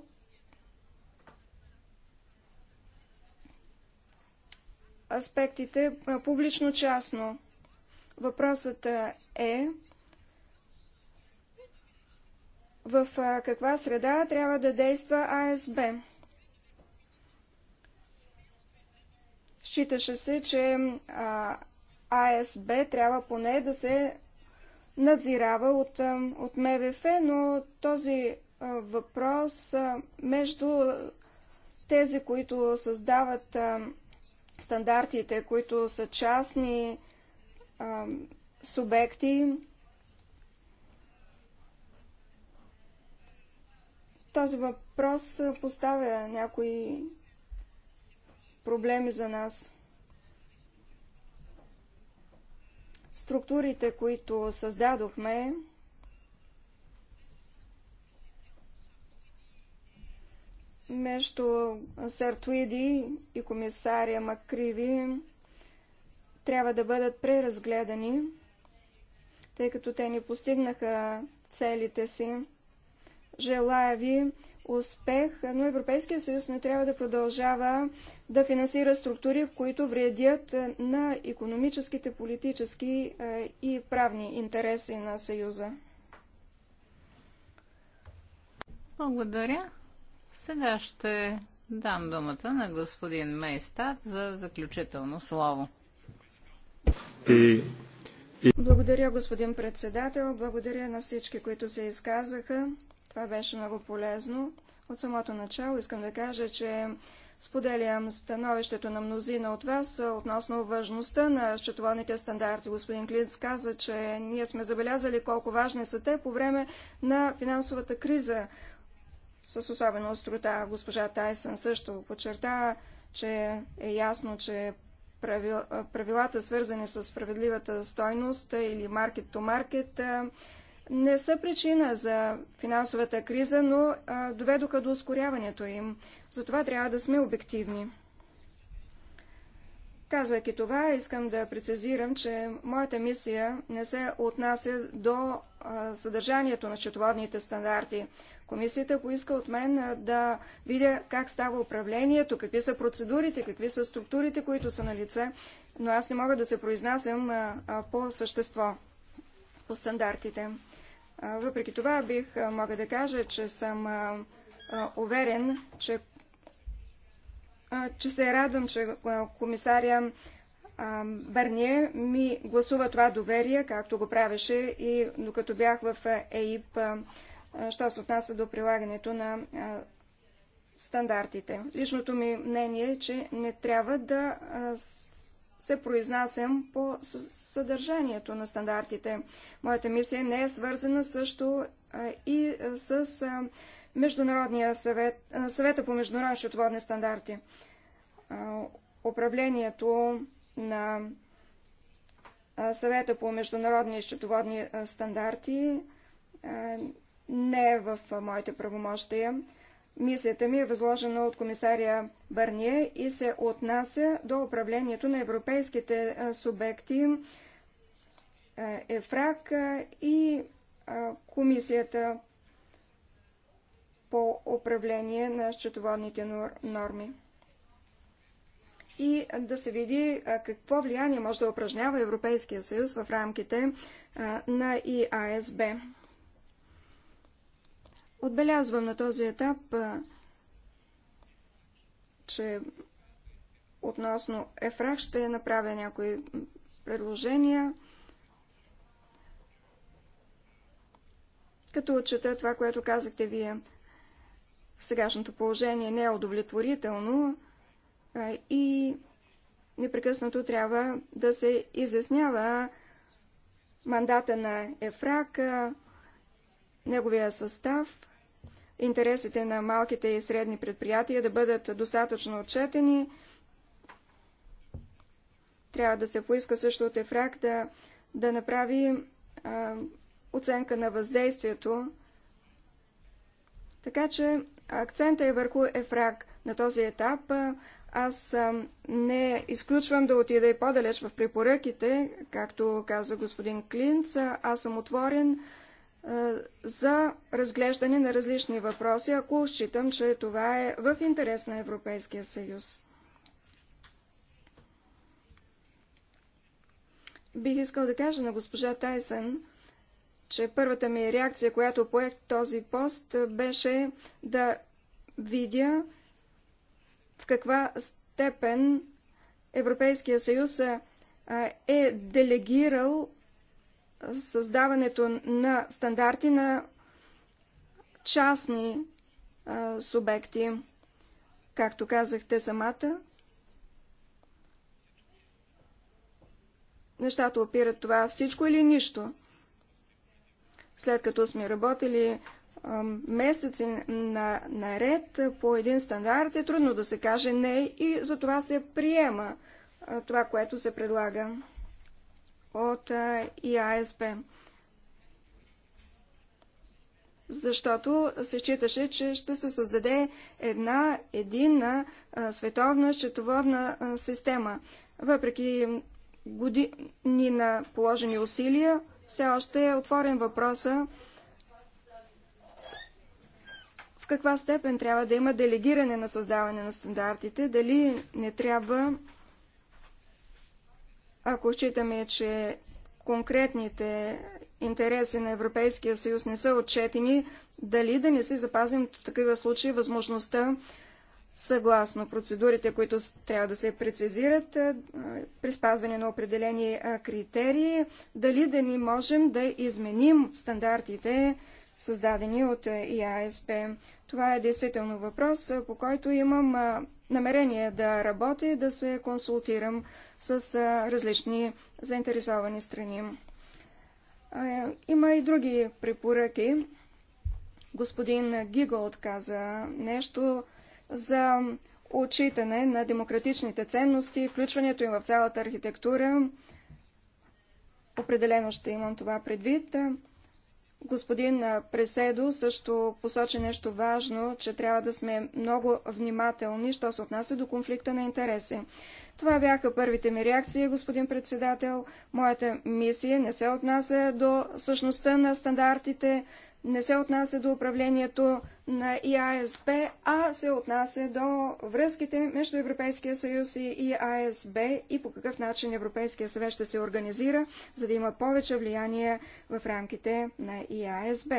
аспектите публично-частно. Въпросът е в каква среда трябва да действа АСБ. Считаше се, че АСБ трябва поне да се надзирава от, от МВФ, но този въпрос между тези, които създават стандартите, които са частни субекти, Този въпрос поставя някои проблеми за нас. Структурите, които създадохме, между Сартуиди и комисария Макриви трябва да бъдат преразгледани, тъй като те не постигнаха целите си. Желая ви успех, но Европейския съюз не трябва да продължава да финансира структури, които вредят на економическите, политически е, и правни интереси на Съюза. Благодаря. Сега ще дам думата на господин Мейстат за заключително слово. И, и... Благодаря, господин председател. Благодаря на всички, които се изказаха. Това беше много полезно. От самото начало искам да кажа, че споделям становището на мнозина от вас относно важността на счетоводните стандарти. Господин Клинц каза, че ние сме забелязали колко важни са те по време на финансовата криза. С особена острота госпожа Тайсън също подчерта, че е ясно, че правилата, свързани с справедливата стойност или маркет-то-маркет, маркет то маркет не са причина за финансовата криза, но а, доведоха до ускоряването им. Затова трябва да сме обективни. Казвайки това, искам да прецизирам, че моята мисия не се отнася до а, съдържанието на счетоводните стандарти. Комисията поиска от мен да видя как става управлението, какви са процедурите, какви са структурите, които са на лице, но аз не мога да се произнасям а, а, по същество, по стандартите. Въпреки това бих мога да кажа, че съм уверен, че, че се радвам, че комисаря Барние ми гласува това доверие, както го правеше и докато бях в ЕИП, що се отнася до прилагането на стандартите. Личното ми мнение е, че не трябва да се произнасям по съдържанието на стандартите. Моята мисия не е свързана също и с Международния съвет, съвета по международни счетоводни стандарти. Управлението на съвета по международни счетоводни стандарти не е в моите правомощия. Мисията ми е възложена от комисаря Бърние и се отнася до управлението на европейските субекти ЕФРАК и комисията по управление на счетоводните норми. И да се види какво влияние може да упражнява Европейския съюз в рамките на ИАСБ. Отбелязвам на този етап, че относно Ефрах ще направя някои предложения, като отчета това, което казахте вие. Сегашното положение не е удовлетворително и непрекъснато трябва да се изяснява мандата на Ефрака, неговия състав интересите на малките и средни предприятия да бъдат достатъчно отчетени. Трябва да се поиска също от ЕФРАК да, да направи а, оценка на въздействието. Така че акцента е върху ЕФРАК. На този етап аз не изключвам да отида и по-далеч в препоръките, както каза господин Клинц. Аз съм отворен за разглеждане на различни въпроси, ако считам, че това е в интерес на Европейския съюз. Бих искал да кажа на госпожа Тайсън, че първата ми реакция, която поех този пост, беше да видя в каква степен Европейския съюз е делегирал създаването на стандарти на частни а, субекти. Както казахте самата, нещата опират това всичко или нищо. След като сме работили а, месеци на, наред по един стандарт, е трудно да се каже не и затова се приема а, това, което се предлага от ИАСП. Защото се считаше, че ще се създаде една единна световна счетоводна система. Въпреки години на положени усилия, все още е отворен въпроса в каква степен трябва да има делегиране на създаване на стандартите, дали не трябва ако считаме, че конкретните интереси на Европейския съюз не са отчетени, дали да не си запазим в такива случаи възможността съгласно процедурите, които трябва да се прецизират е, при спазване на определени е, критерии, дали да ни можем да изменим стандартите, създадени от е, ИАСП. Това е действително въпрос, по който имам намерение да работя и да се консултирам с различни заинтересовани страни. Има и други препоръки. Господин Гигол отказа нещо за отчитане на демократичните ценности, включването им в цялата архитектура. Определено ще имам това предвид. Господин Преседо също посочи нещо важно, че трябва да сме много внимателни, що се отнася до конфликта на интереси. Това бяха първите ми реакции, господин председател. Моята мисия не се отнася до същността на стандартите, не се отнася до управлението на ИАСБ, а се отнася до връзките между Европейския съюз и ИАСБ и по какъв начин Европейския съвет ще се организира, за да има повече влияние в рамките на ИАСБ.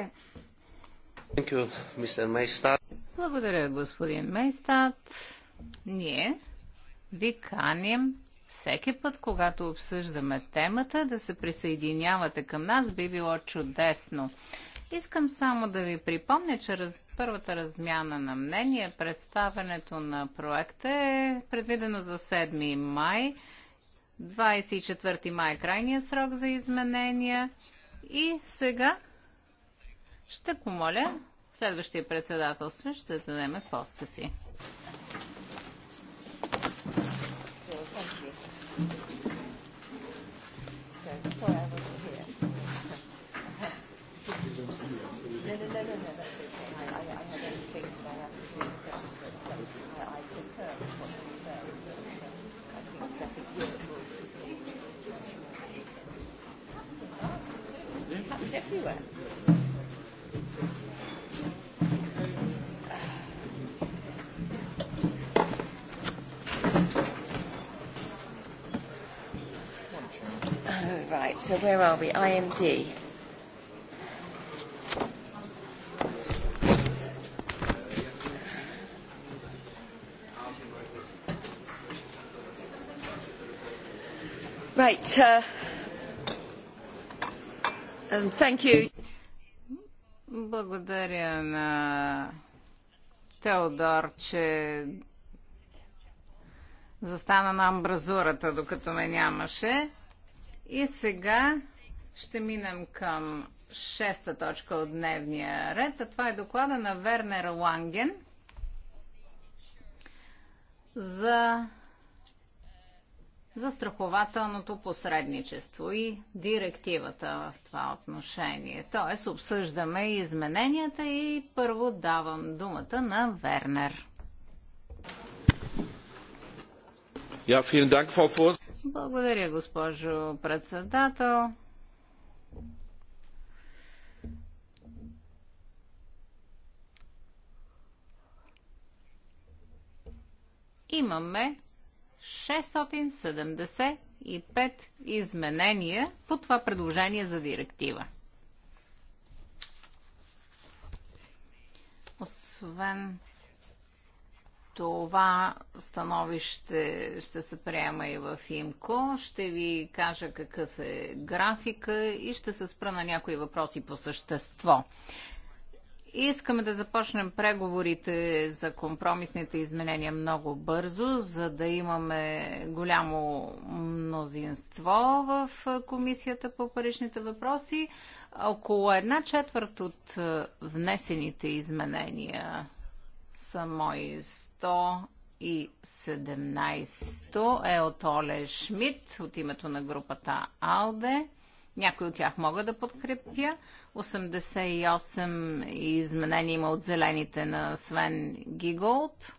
Благодаря, господин Мейстат. Ние ви каним всеки път, когато обсъждаме темата, да се присъединявате към нас би било чудесно. Искам само да ви припомня, че раз... първата размяна на мнение, представенето на проекта е предвидено за 7 май. 24 май е крайния срок за изменения. И сега ще помоля следващия председателство, ще заеме поста си. everywhere. Oh, right, so where are we? IMD. Right, uh, благодаря на Теодор, че застана на амбразурата, докато ме нямаше. И сега ще минем към шеста точка от дневния ред, а това е доклада на Вернер Ланген за за страхователното посредничество и директивата в това отношение. Тоест обсъждаме измененията и първо давам думата на Вернер. Благодаря, госпожо председател. Имаме 675 изменения по това предложение за директива. Освен това становище ще се приема и в ИМКО. Ще ви кажа какъв е графика и ще се спра на някои въпроси по същество. Искаме да започнем преговорите за компромисните изменения много бързо, за да имаме голямо мнозинство в Комисията по паричните въпроси. Около една четвърт от внесените изменения са мои 117 е от Оле Шмидт от името на групата АЛДЕ. Някои от тях мога да подкрепя. 88 изменения има от зелените на Свен Гиголд.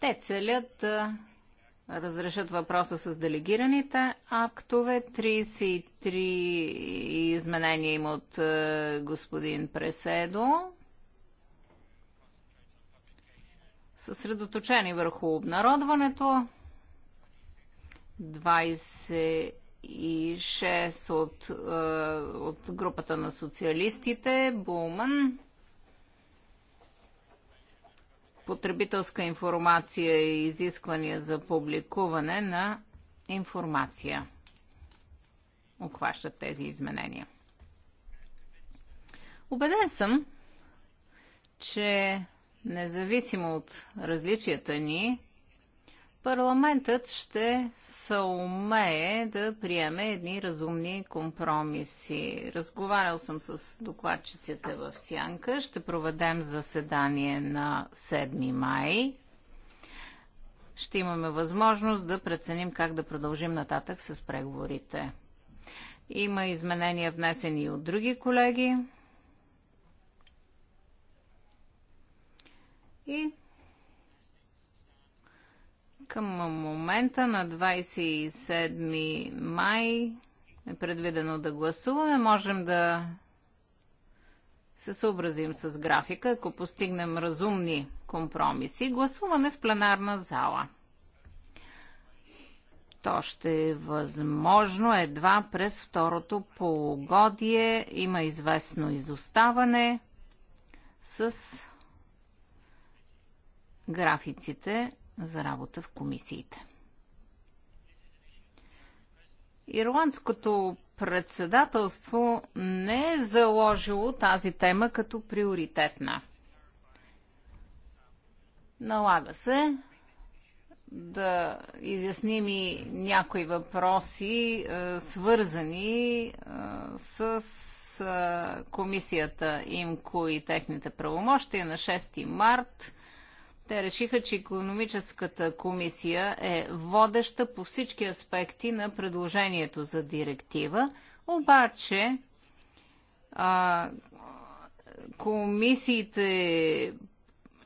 Те целят да разрешат въпроса с делегираните актове. 33 изменения има от е, господин Преседо. съсредоточени върху обнародването. 26 от, е, от групата на социалистите, Булман. Потребителска информация и изисквания за публикуване на информация. Обхващат тези изменения. Обеден съм, че Независимо от различията ни, парламентът ще се умее да приеме едни разумни компромиси. Разговарял съм с докладчиците в Сянка. Ще проведем заседание на 7 май. Ще имаме възможност да преценим как да продължим нататък с преговорите. Има изменения внесени и от други колеги. И към момента на 27 май е предвидено да гласуваме. Можем да се съобразим с графика, ако постигнем разумни компромиси. Гласуване в пленарна зала. То ще е възможно едва през второто полугодие. Има известно изоставане с графиците за работа в комисиите. Ирландското председателство не е заложило тази тема като приоритетна. Налага се да изясним и някои въпроси, е, свързани е, с е, комисията ИМКО и техните правомощия на 6 март те решиха, че економическата комисия е водеща по всички аспекти на предложението за директива, обаче а, комисиите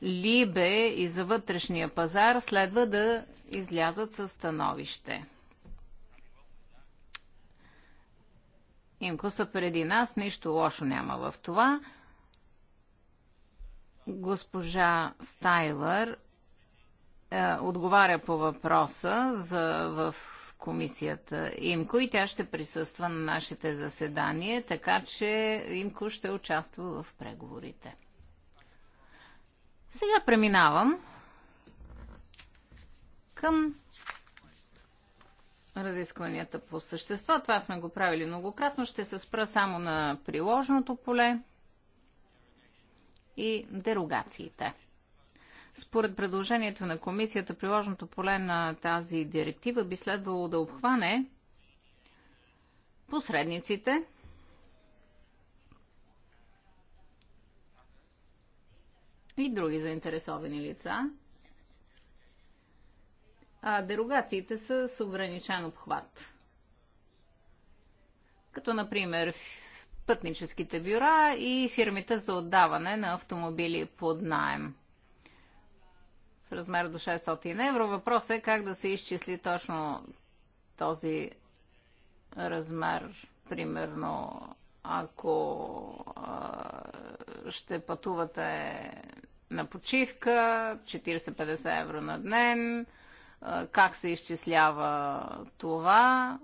Либе и за вътрешния пазар следва да излязат със становище. Имко са преди нас, нищо лошо няма в това. Госпожа Стайлър е, отговаря по въпроса за, в комисията ИМКО и тя ще присъства на нашите заседания, така че ИМКО ще участва в преговорите. Сега преминавам към разискванията по същество. Това сме го правили многократно. Ще се спра само на приложното поле и дерогациите. Според предложението на комисията, приложното поле на тази директива би следвало да обхване посредниците, и други заинтересовани лица. А дерогациите са с ограничен обхват. Като, например, пътническите бюра и фирмите за отдаване на автомобили под найем в размер до 600 евро. Въпросът е как да се изчисли точно този размер. Примерно, ако а, ще пътувате на почивка, 40-50 евро на ден, а, как се изчислява това?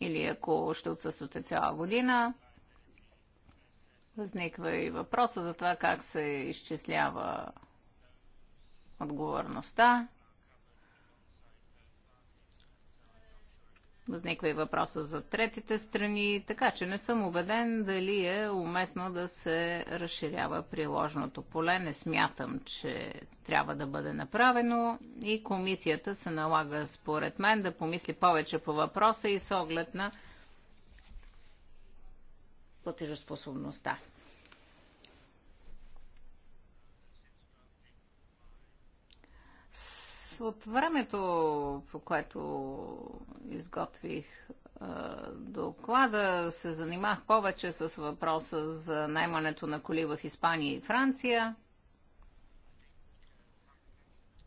или ако ще отсъствате цяла година. Възниква и въпроса за това как се изчислява отговорността. Възниква и въпроса за третите страни, така че не съм убеден дали е уместно да се разширява приложното поле. Не смятам, че трябва да бъде направено и комисията се налага, според мен, да помисли повече по въпроса и с оглед на платежоспособността. от времето, по което изготвих доклада, се занимах повече с въпроса за наймането на коли в Испания и Франция.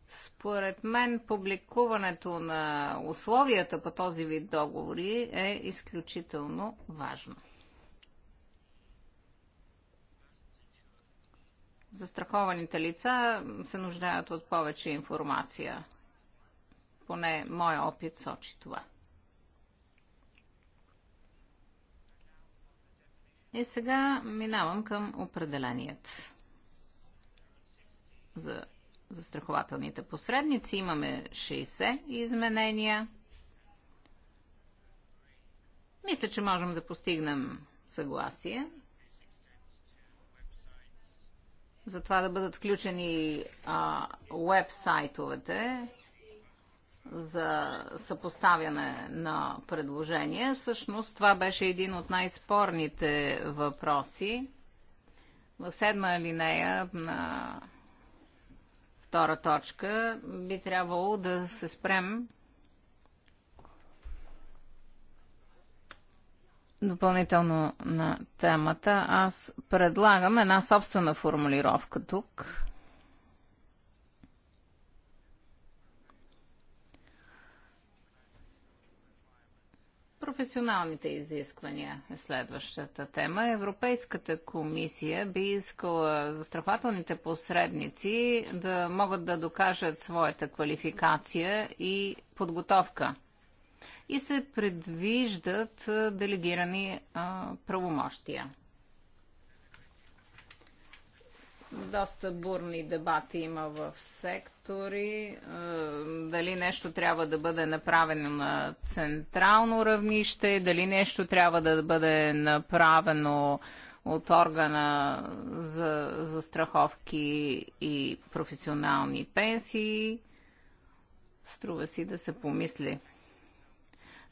Според мен публикуването на условията по този вид договори е изключително важно. застрахованите лица се нуждаят от повече информация. Поне моя опит сочи това. И сега минавам към определеният за застрахователните посредници. Имаме 60 изменения. Мисля, че можем да постигнем съгласие. за това да бъдат включени уебсайтовете за съпоставяне на предложения. Всъщност това беше един от най-спорните въпроси. В седма линея на втора точка би трябвало да се спрем допълнително на темата, аз предлагам една собствена формулировка тук. Професионалните изисквания е следващата тема. Европейската комисия би искала застрахователните посредници да могат да докажат своята квалификация и подготовка – и се предвиждат делегирани правомощия. Доста бурни дебати има в сектори. Дали нещо трябва да бъде направено на централно равнище, дали нещо трябва да бъде направено от органа за, за страховки и професионални пенсии. Струва си да се помисли.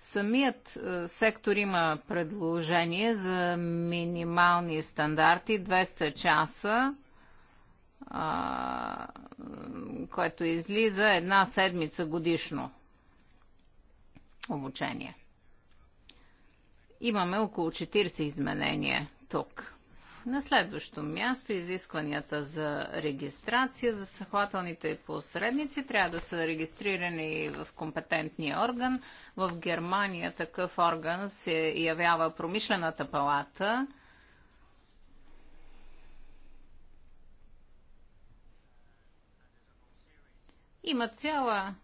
Самият е, сектор има предложение за минимални стандарти 200 часа, което излиза една седмица годишно обучение. Имаме около 40 изменения тук. На следващо място изискванията за регистрация за съхвателните посредници трябва да са регистрирани в компетентния орган. В Германия такъв орган се явява промишлената палата. Има цяла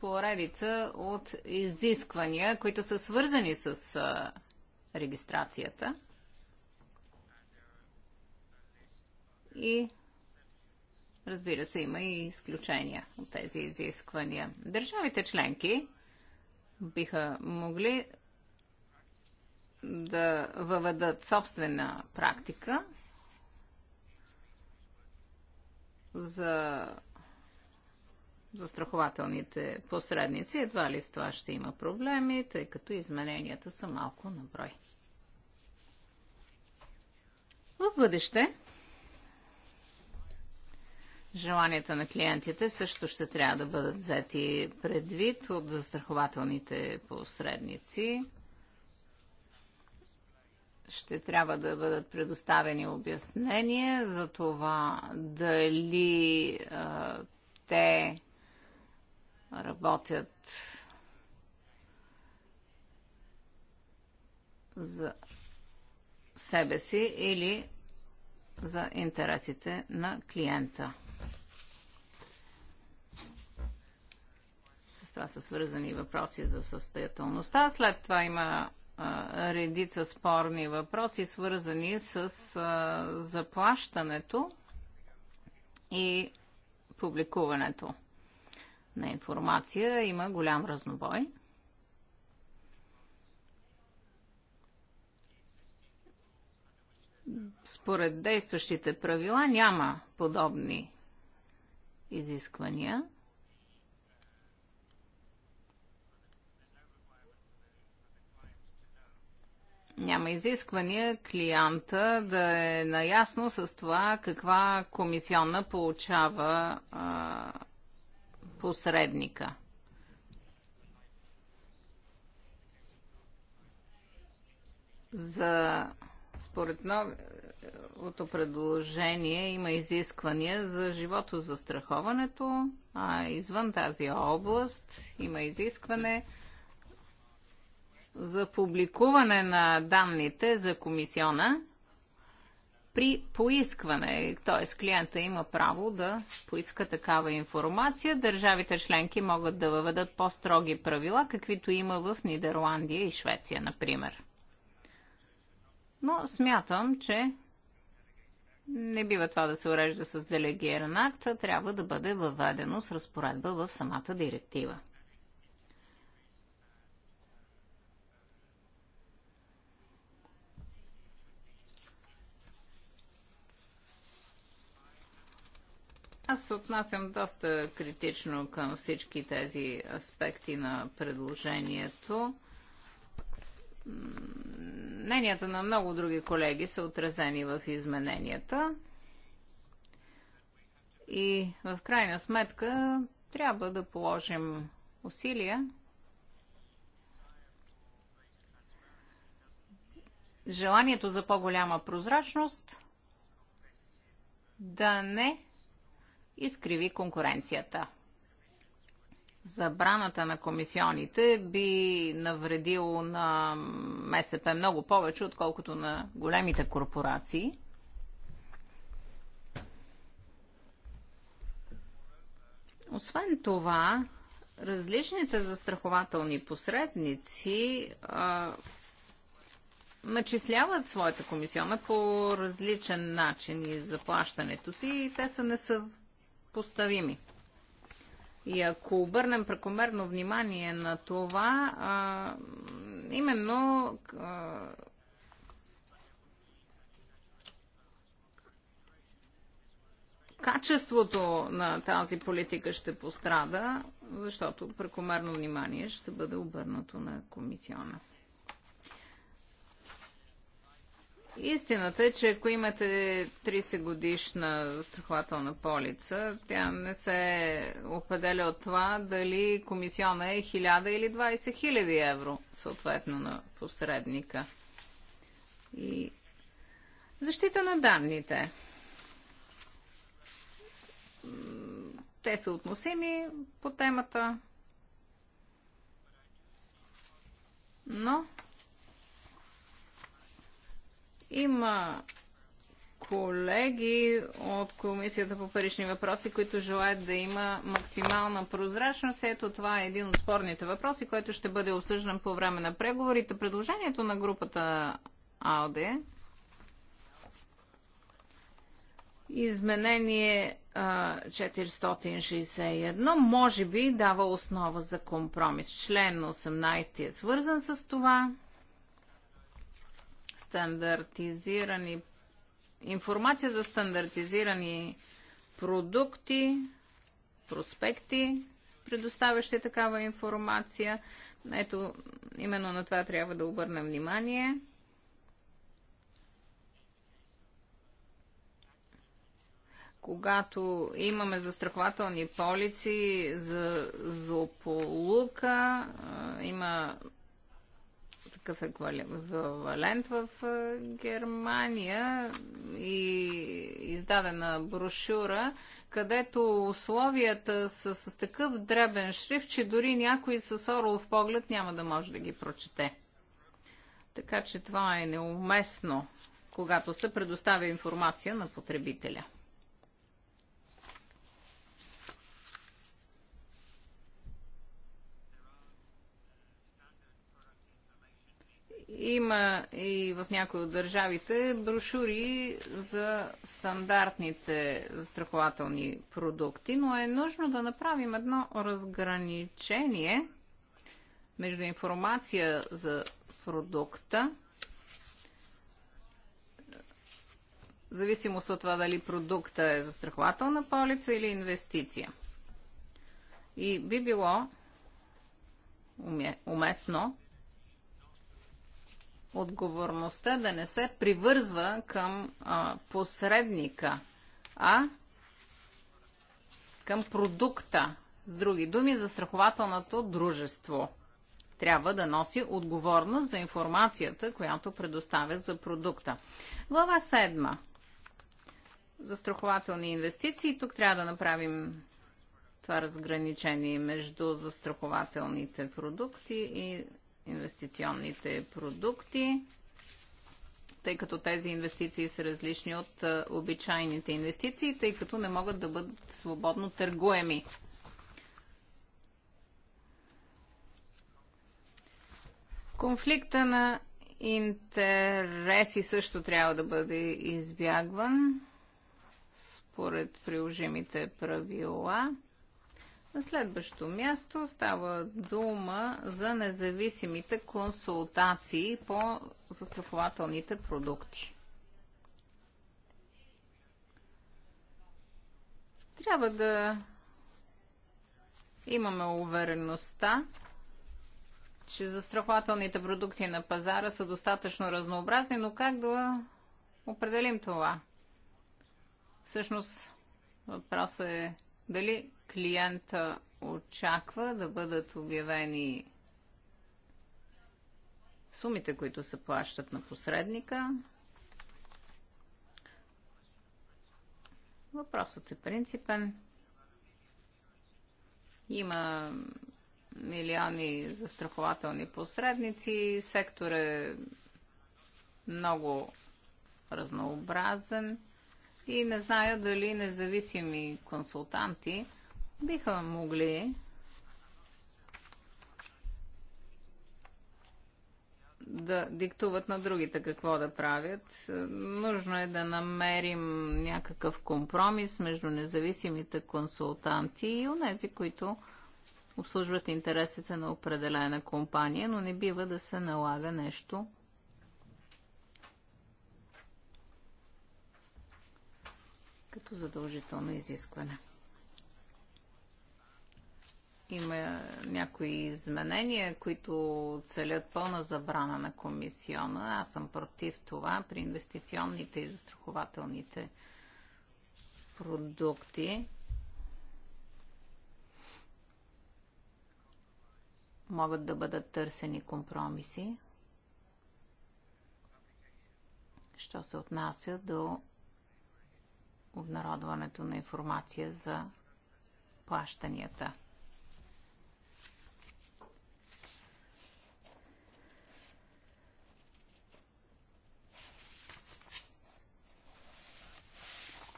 поредица от изисквания, които са свързани с регистрацията. И разбира се, има и изключения от тези изисквания. Държавите членки биха могли да въведат собствена практика за застрахователните посредници. Едва ли с това ще има проблеми, тъй като измененията са малко на брой. В бъдеще Желанията на клиентите също ще трябва да бъдат взети предвид от застрахователните посредници. Ще трябва да бъдат предоставени обяснения за това дали а, те работят за себе си или за интересите на клиента. това са свързани въпроси за състоятелността. След това има а, редица спорни въпроси, свързани с а, заплащането и публикуването на информация. Има голям разнобой. Според действащите правила няма подобни изисквания. няма изисквания клиента да е наясно с това каква комисионна получава а, посредника. За според новото предложение има изисквания за живото застраховането, а извън тази област има изискване за публикуване на данните за комисиона при поискване, т.е. клиента има право да поиска такава информация. Държавите членки могат да въведат по-строги правила, каквито има в Нидерландия и Швеция, например. Но смятам, че не бива това да се урежда с делегиран акт, а трябва да бъде въведено с разпоредба в самата директива. Аз се отнасям доста критично към всички тези аспекти на предложението. Мненията на много други колеги са отразени в измененията. И в крайна сметка трябва да положим усилия желанието за по-голяма прозрачност да не изкриви конкуренцията. Забраната на комисионите би навредило на МСП много повече, отколкото на големите корпорации. Освен това, различните застрахователни посредници а, начисляват своята комисиона по различен начин и заплащането си и те са несъв съпоставими. И ако обърнем прекомерно внимание на това, а, именно а, качеството на тази политика ще пострада, защото прекомерно внимание ще бъде обърнато на комисиона. Истината е, че ако имате 30 годишна страхователна полица, тя не се определя от това дали комисиона е 1000 или 20 000 евро, съответно на посредника. И защита на данните. Те са относими по темата, но има колеги от Комисията по парични въпроси, които желаят да има максимална прозрачност. Ето това е един от спорните въпроси, който ще бъде обсъждан по време на преговорите. Предложението на групата АОДЕ изменение 461 може би дава основа за компромис. Член 18 е свързан с това стандартизирани информация за стандартизирани продукти, проспекти, предоставящи такава информация. Ето, именно на това трябва да обърнем внимание. Когато имаме застрахователни полици за злополука, има такъв еквивалент в Германия и издадена брошура, където условията са с такъв дребен шрифт, че дори някой с орлов поглед няма да може да ги прочете. Така че това е неуместно, когато се предоставя информация на потребителя. Има и в някои от държавите брошури за стандартните застрахователни продукти, но е нужно да направим едно разграничение между информация за продукта, в зависимост от това дали продукта е застрахователна полица или инвестиция. И би било уместно отговорността да не се привързва към а, посредника, а към продукта. С други думи, застрахователното дружество трябва да носи отговорност за информацията, която предоставя за продукта. Глава 7. Застрахователни инвестиции. Тук трябва да направим това разграничение между застрахователните продукти и инвестиционните продукти, тъй като тези инвестиции са различни от обичайните инвестиции, тъй като не могат да бъдат свободно търгуеми. Конфликта на интереси също трябва да бъде избягван според приложимите правила. На следващо място става дума за независимите консултации по застрахователните продукти. Трябва да имаме увереността, че застрахователните продукти на пазара са достатъчно разнообразни, но как да определим това? Всъщност въпросът е дали клиента очаква да бъдат обявени сумите, които се плащат на посредника. Въпросът е принципен. Има милиони застрахователни посредници. Сектор е много разнообразен и не зная дали независими консултанти – биха могли да диктуват на другите какво да правят. Нужно е да намерим някакъв компромис между независимите консултанти и онези, които обслужват интересите на определена компания, но не бива да се налага нещо като задължително изискване. Има някои изменения, които целят пълна забрана на комисиона. Аз съм против това при инвестиционните и застрахователните продукти. Могат да бъдат търсени компромиси. Що се отнася до обнародването на информация за плащанията.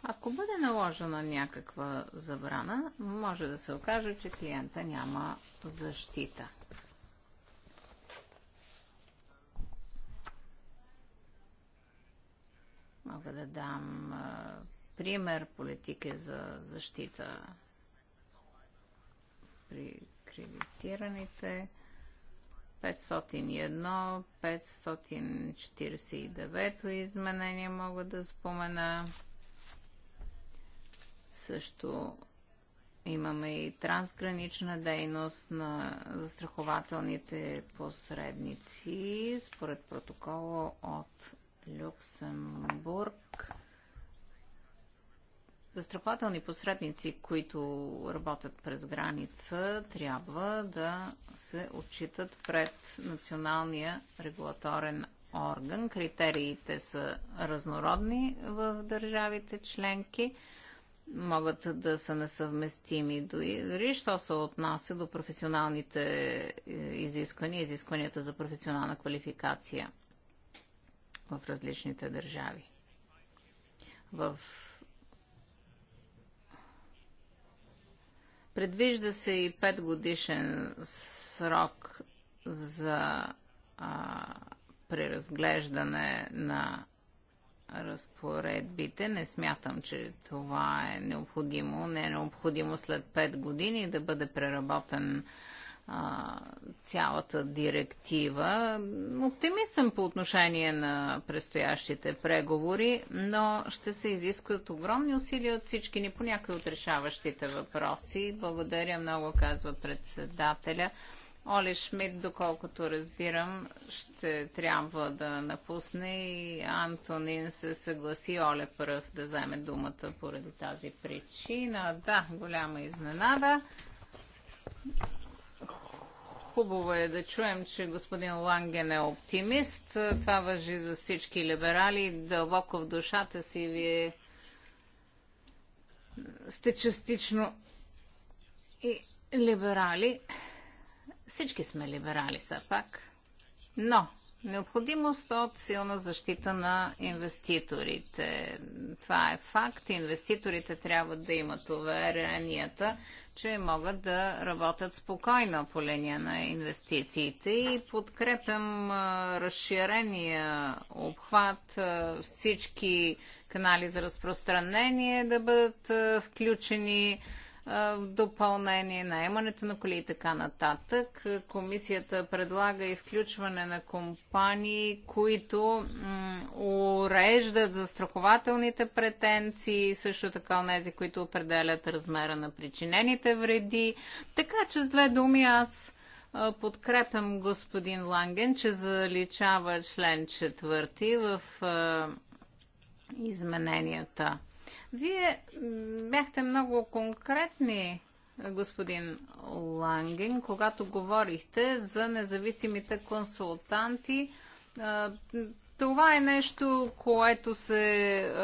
Ако бъде наложена някаква забрана, може да се окаже, че клиента няма защита. Мога да дам пример политики за защита при кредитираните 501, 549 изменение мога да спомена. Също имаме и трансгранична дейност на застрахователните посредници според протокола от Люксембург. Застрахователни посредници, които работят през граница, трябва да се отчитат пред националния регулаторен орган. Критериите са разнородни в държавите членки могат да са несъвместими. Дори що се отнася до професионалните е, изисквания, изискванията за професионална квалификация в различните държави. В... Предвижда се и 5 годишен срок за а, преразглеждане на разпоредбите. Не смятам, че това е необходимо. Не е необходимо след 5 години да бъде преработен а, цялата директива. Оптимист съм по отношение на предстоящите преговори, но ще се изискват огромни усилия от всички ни по някои от решаващите въпроси. Благодаря много, казва председателя. Оле Шмидт, доколкото разбирам, ще трябва да напусне и Антонин се съгласи Оле пръв да вземе думата поради тази причина. Да, голяма изненада. Хубаво е да чуем, че господин Ланген е оптимист. Това въжи за всички либерали. Дълбоко в душата си вие сте частично и либерали. Всички сме либерали все пак. Но необходимост от силна защита на инвеститорите. Това е факт. Инвеститорите трябва да имат уверенията, че могат да работят спокойно по линия на инвестициите и подкрепям разширения обхват всички канали за разпространение да бъдат включени в допълнение, наемането на коли и така нататък. Комисията предлага и включване на компании, които уреждат застрахователните претенции, също така нези, които определят размера на причинените вреди. Така че с две думи аз подкрепям господин Ланген, че заличава член четвърти в измененията вие бяхте много конкретни, господин Ланген, когато говорихте за независимите консултанти това е нещо, което се а,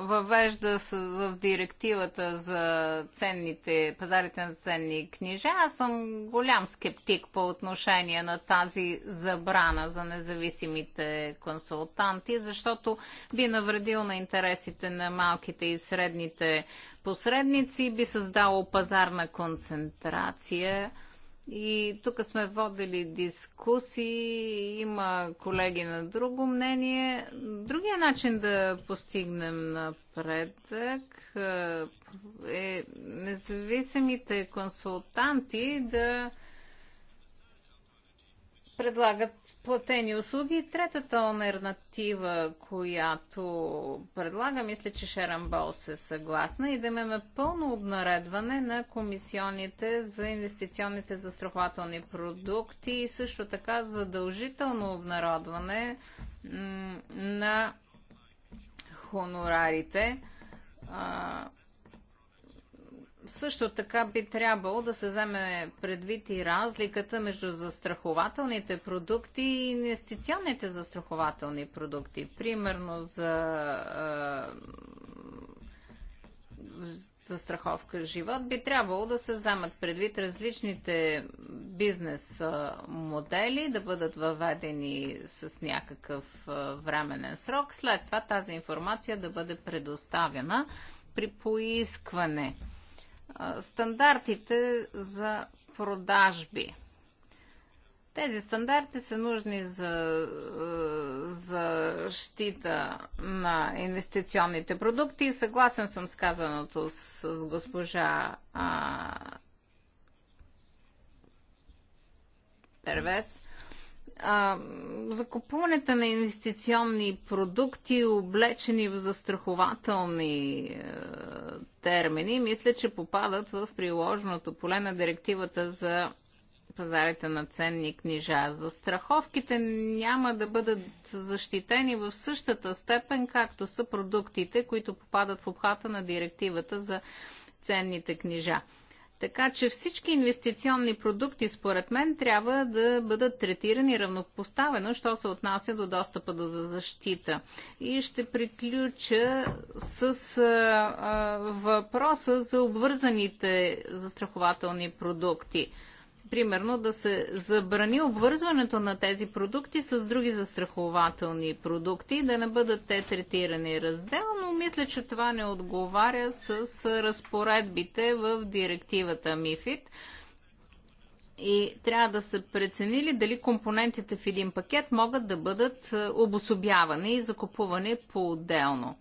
въвежда с, в директивата за ценните, пазарите на ценни книжа. Аз съм голям скептик по отношение на тази забрана за независимите консултанти, защото би навредил на интересите на малките и средните посредници, би създало пазарна концентрация и тук сме водили дискусии, има колеги на друго мнение. Другия начин да постигнем напредък е независимите консултанти да предлагат платени услуги. Третата альтернатива, която предлага, мисля, че Шеран Бол се съгласна и е да имаме пълно обнаредване на комисионите за инвестиционните застрахователни продукти и също така задължително обнародване на хонорарите. А, също така би трябвало да се вземе предвид и разликата между застрахователните продукти и инвестиционните застрахователни продукти. Примерно за застраховка живот би трябвало да се вземат предвид различните бизнес модели, да бъдат въведени с някакъв временен срок. След това тази информация да бъде предоставена при поискване стандартите за продажби. Тези стандарти са нужни за защита на инвестиционните продукти. Съгласен съм с казаното с, с госпожа Первес а, закупуването на инвестиционни продукти, облечени в застрахователни а, е, термини, мисля, че попадат в приложеното поле на директивата за пазарите на ценни книжа. Застраховките няма да бъдат защитени в същата степен, както са продуктите, които попадат в обхвата на директивата за ценните книжа. Така че всички инвестиционни продукти, според мен, трябва да бъдат третирани равнопоставено, що се отнася до достъпа до защита. И ще приключа с а, а, въпроса за обвързаните застрахователни продукти примерно да се забрани обвързването на тези продукти с други застрахователни продукти, да не бъдат те третирани разделно. Мисля, че това не отговаря с разпоредбите в директивата МИФИД. И трябва да се преценили дали компонентите в един пакет могат да бъдат е, обособявани и закупувани по-отделно.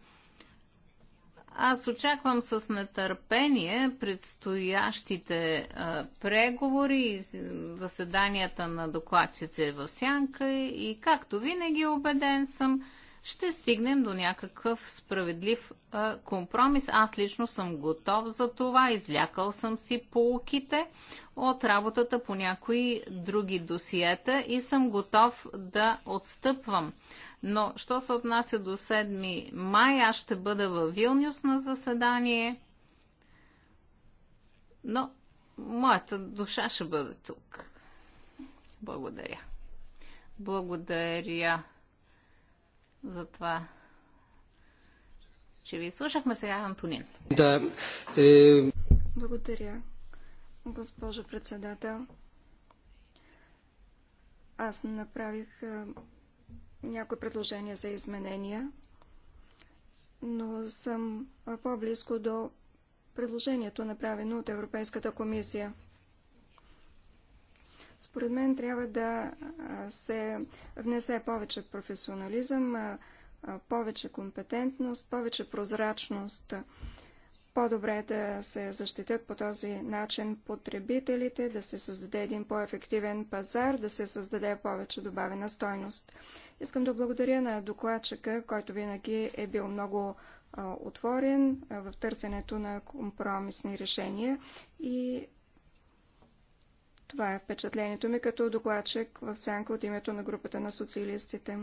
Аз очаквам с нетърпение предстоящите а, преговори, заседанията на докладчице в Сянка и както винаги убеден съм, ще стигнем до някакъв справедлив а, компромис. Аз лично съм готов за това. Извлякал съм си полуките от работата по някои други досиета и съм готов да отстъпвам. Но, що се отнася до 7 май, аз ще бъда във Вилнюс на заседание. Но, моята душа ще бъде тук. Благодаря. Благодаря за това, че ви слушахме сега, Антонин. Да. Е... Благодаря, госпожо председател. Аз направих някои предложения за изменения, но съм по-близко до предложението, направено от Европейската комисия. Според мен трябва да се внесе повече професионализъм, повече компетентност, повече прозрачност. По-добре е да се защитят по този начин потребителите, да се създаде един по-ефективен пазар, да се създаде повече добавена стойност. Искам да благодаря на докладчика, който винаги е бил много отворен в търсенето на компромисни решения и това е впечатлението ми като докладчик в сянка от името на групата на социалистите.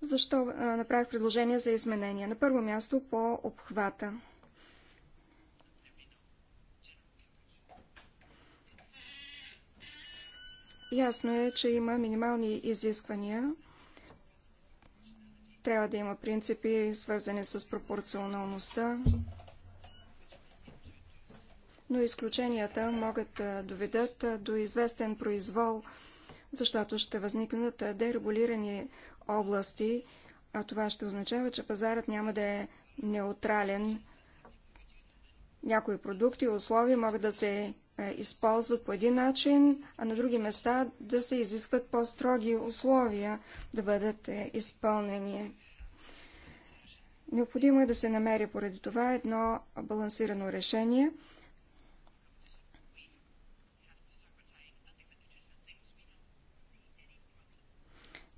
Защо направих предложение за изменение? На първо място по обхвата. Ясно е, че има минимални изисквания. Трябва да има принципи, свързани с пропорционалността, но изключенията могат да доведат до известен произвол, защото ще възникнат дерегулирани области, а това ще означава, че пазарът няма да е неутрален. Някои продукти и условия могат да се е, използват по един начин, а на други места да се изискват по-строги условия да бъдат е, изпълнени. Необходимо е да се намери поради това едно балансирано решение.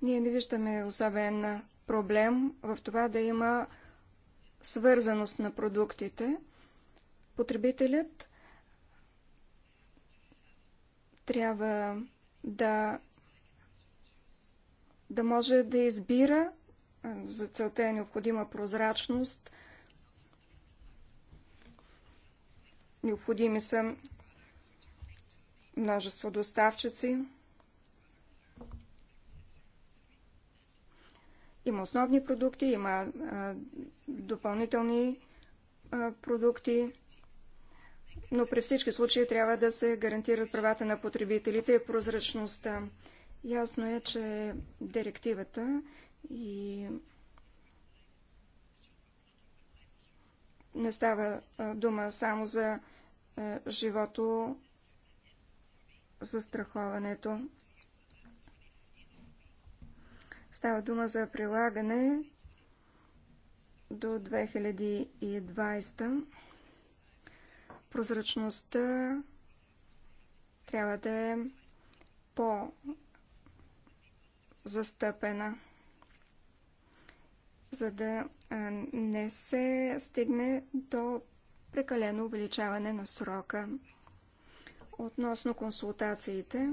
Ние не виждаме особен проблем в това да има свързаност на продуктите. Потребителят трябва да, да може да избира. За целта е необходима прозрачност. Необходими са множество доставчици. Има основни продукти, има а, допълнителни а, продукти но при всички случаи трябва да се гарантират правата на потребителите и прозрачността. Ясно е, че директивата и не става дума само за живото, застраховането. Става дума за прилагане до 2020 Прозрачността трябва да е по-застъпена, за да не се стигне до прекалено увеличаване на срока. Относно консултациите,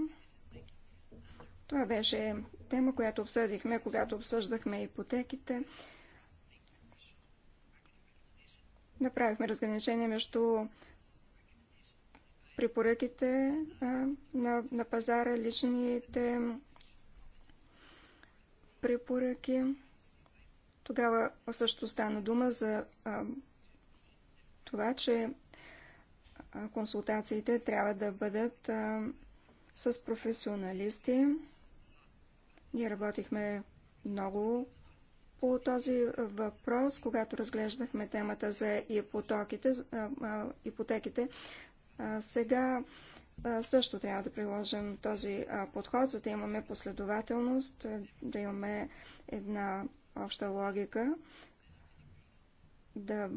това беше тема, която обсъдихме, когато обсъждахме ипотеките. Направихме разграничение между препоръките на, на пазара, личните препоръки. Тогава също стана дума за а, това, че а, консултациите трябва да бъдат а, с професионалисти. Ние работихме много по този въпрос, когато разглеждахме темата за ипотоките, ипотеките, сега също трябва да приложим този подход, за да имаме последователност, да имаме една обща логика, да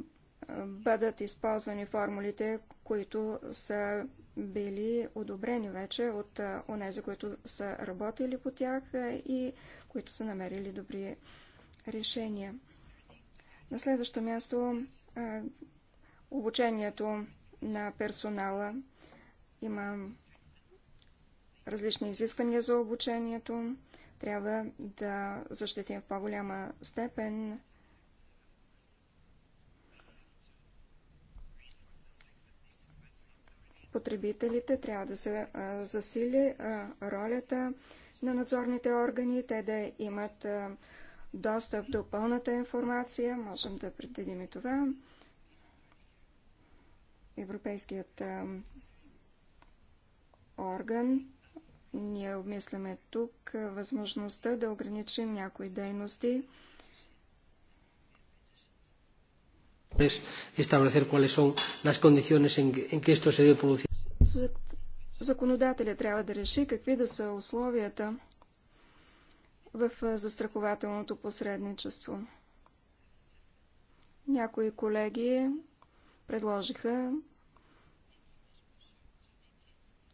бъдат използвани формулите, които са били одобрени вече от онези, които са работили по тях и които са намерили добри решения. На следващо място обучението на персонала. Има различни изисквания за обучението. Трябва да защитим в по-голяма степен потребителите. Трябва да се засили ролята на надзорните органи, те да имат достъп до пълната информация. Можем да предвидим и това. Европейският орган. Ние обмисляме тук възможността да ограничим някои дейности. Законодателя трябва да реши какви да са условията в застрахователното посредничество. Някои колеги предложиха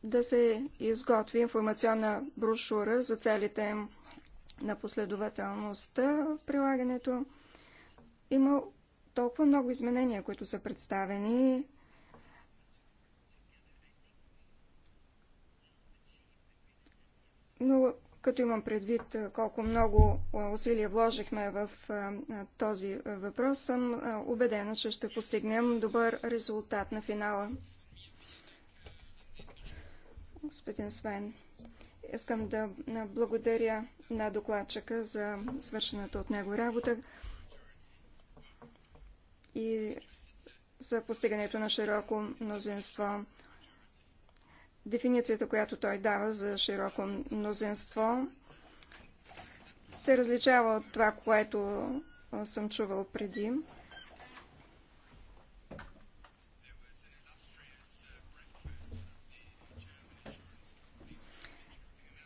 да се изготви информационна брошура за целите на последователността в прилагането. Има толкова много изменения, които са представени. Но като имам предвид колко много усилия вложихме в този въпрос, съм убедена, че ще постигнем добър резултат на финала. Господин Свен, искам да благодаря на докладчика за свършената от него работа и за постигането на широко мнозинство дефиницията, която той дава за широко мнозинство, се различава от това, което съм чувал преди.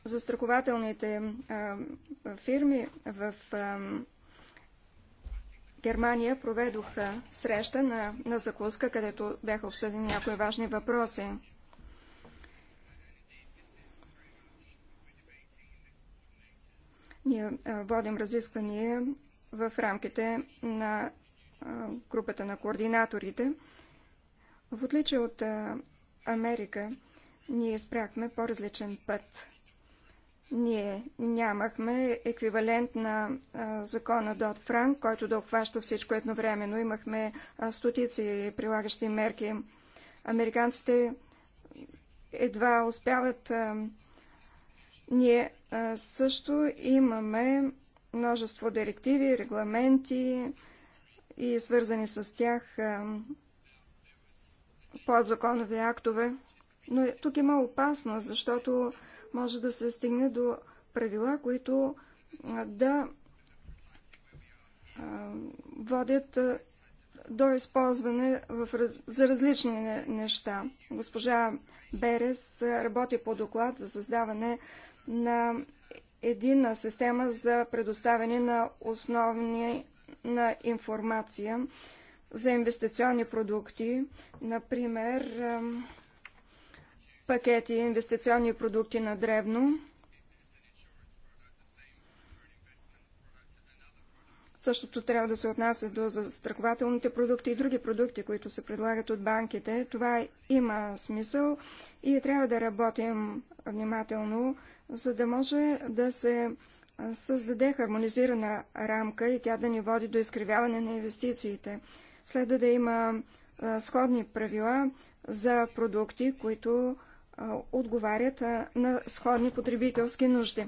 Застрахователните а, фирми в а, Германия проведоха среща на, на закуска, където бяха обсъдени някои важни въпроси. Ние водим разисквания в рамките на групата на координаторите. В отличие от Америка, ние спряхме по-различен път. Ние нямахме еквивалент на а, закона Дот Франк, който да обхваща всичко едновременно. Имахме а, стотици прилагащи мерки. Американците едва успяват а, ние също имаме множество директиви, регламенти и свързани с тях подзаконови актове. Но е, тук има опасност, защото може да се стигне до правила, които да водят до използване в, за различни неща. Госпожа Берес работи по доклад за създаване на единна система за предоставяне на основни на информация за инвестиционни продукти, например пакети инвестиционни продукти на дребно, Същото трябва да се отнася до застрахователните продукти и други продукти, които се предлагат от банките. Това има смисъл и трябва да работим внимателно, за да може да се създаде хармонизирана рамка и тя да ни води до изкривяване на инвестициите. Следва да има сходни правила за продукти, които отговарят на сходни потребителски нужди.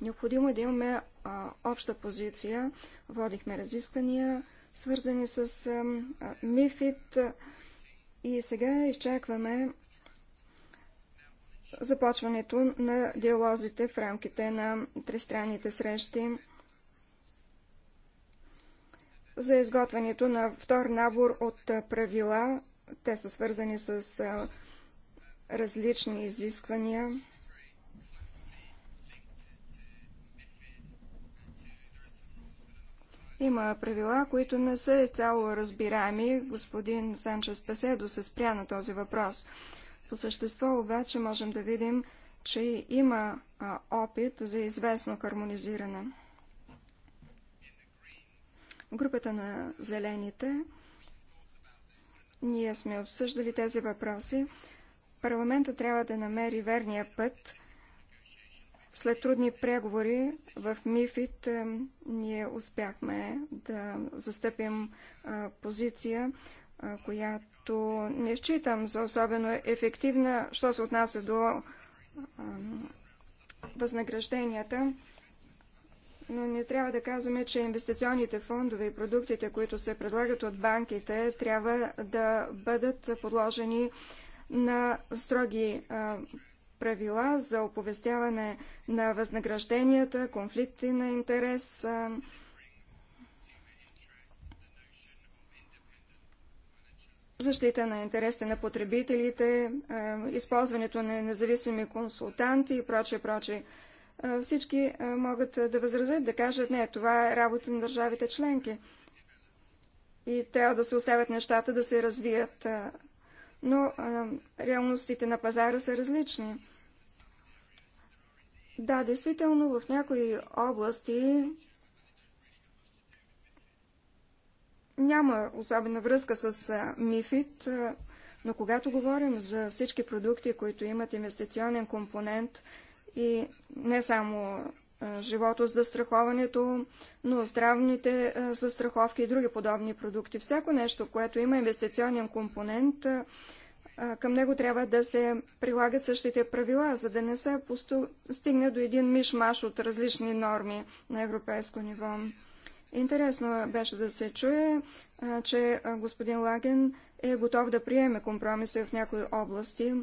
Необходимо е да имаме а, обща позиция. Водихме разисквания, свързани с а, МИФИТ и сега изчакваме започването на диалозите в рамките на тристранните срещи за изготвянето на втор набор от правила. Те са свързани с различни изисквания. Има правила, които не са цяло разбираеми. Господин Санчес Песедо се спря на този въпрос. По същество обаче можем да видим, че има а, опит за известно хармонизиране. Групата на зелените, ние сме обсъждали тези въпроси. Парламента трябва да намери верния път след трудни преговори в МИФИТ е, ние успяхме да застъпим е, позиция, е, която не считам за особено ефективна, що се отнася до възнагражденията. Но не трябва да казваме, че инвестиционните фондове и продуктите, които се предлагат от банките, трябва да бъдат подложени на строги правила за оповестяване на възнагражденията, конфликти на интерес. защита на интересите на потребителите, използването на независими консултанти и прочее, прочее. Всички могат да възразят, да кажат, не, това е работа на държавите членки. И трябва да се оставят нещата да се развият. Но реалностите на пазара са различни. Да, действително в някои области няма особена връзка с МИФИД, но когато говорим за всички продукти, които имат инвестиционен компонент и не само живото за застраховането, но здравните застраховки и други подобни продукти. Всяко нещо, което има инвестиционен компонент, към него трябва да се прилагат същите правила, за да не се посту... стигне до един мишмаш от различни норми на европейско ниво. Интересно беше да се чуе, че господин Лаген е готов да приеме компромиси в някои области.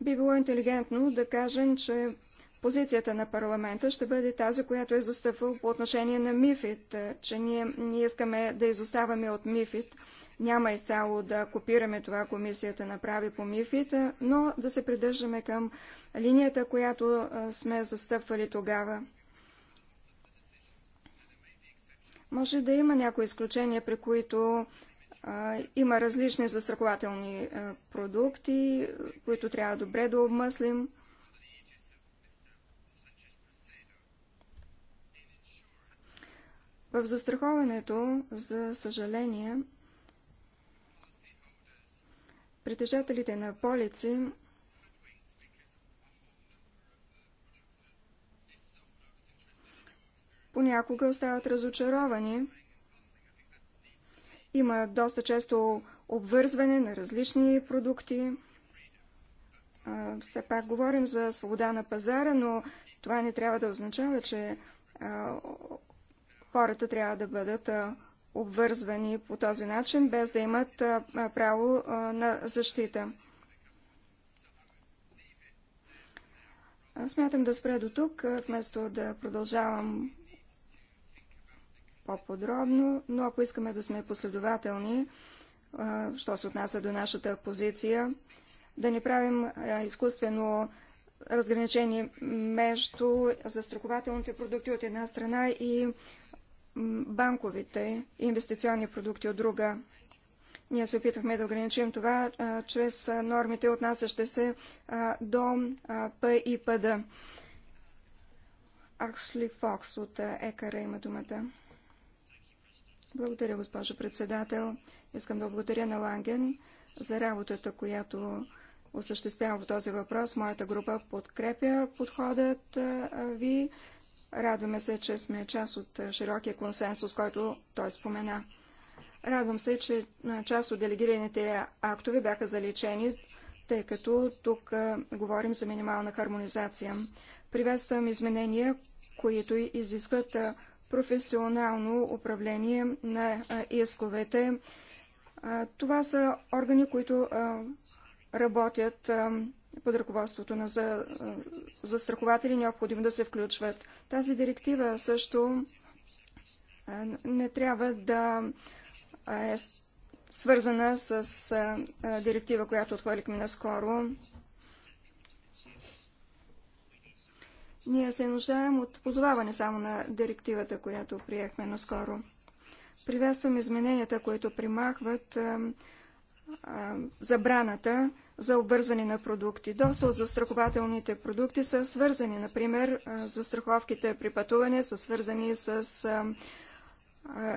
Би било интелигентно да кажем, че позицията на парламента ще бъде тази, която е застъпвал по отношение на Мифит, че ние не искаме да изоставаме от Мифит. Няма изцяло да копираме това комисията направи по МИФИТ, но да се придържаме към линията, която сме застъпвали тогава. Може да има някои изключения, при които а, има различни застрахователни а, продукти, които трябва добре да обмъслим. В застраховането, за съжаление, Притежателите на полици понякога остават разочаровани. Има доста често обвързване на различни продукти. Все пак говорим за свобода на пазара, но това не трябва да означава, че хората трябва да бъдат обвързвани по този начин, без да имат право на защита. Смятам да спре до тук, вместо да продължавам по-подробно, но ако искаме да сме последователни, що се отнася до нашата позиция, да не правим изкуствено разграничение между застрахователните продукти от една страна и банковите инвестиционни продукти от друга. Ние се опитвахме да ограничим това а, чрез нормите, отнасящи се а, до а, П и ПД. Аксли Фокс от ЕКАРА има думата. Благодаря, госпожо председател. Искам да благодаря на Ланген за работата, която осъществява в този въпрос. Моята група подкрепя подходът ви. Радваме се, че сме част от е, широкия консенсус, който той спомена. Радвам се, че е, част от делегираните актове бяха заличени, тъй като тук е, говорим за минимална хармонизация. Приветствам изменения, които изискват професионално управление на исковете. Това са органи, които работят под ръководството на за, застрахователи необходимо да се включват. Тази директива също не трябва да е свързана с директива, която отхвърлихме наскоро. Ние се нуждаем от позоваване само на директивата, която приехме наскоро. Приветствам измененията, които примахват а, а, забраната за обвързване на продукти. Доста от застрахователните продукти са свързани. Например, застраховките при пътуване са свързани с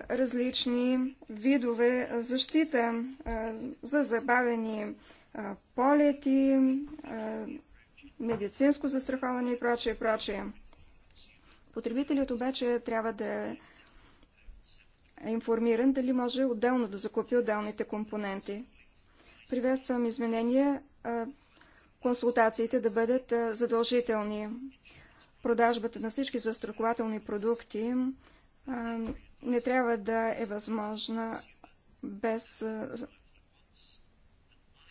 различни видове защита за забавени полети, медицинско застраховане и прочее, прочее. Потребителят обаче трябва да е информиран дали може отделно да закупи отделните компоненти. Приветствам изменения консултациите да бъдат задължителни. Продажбата на всички застрахователни продукти не трябва да е възможна без.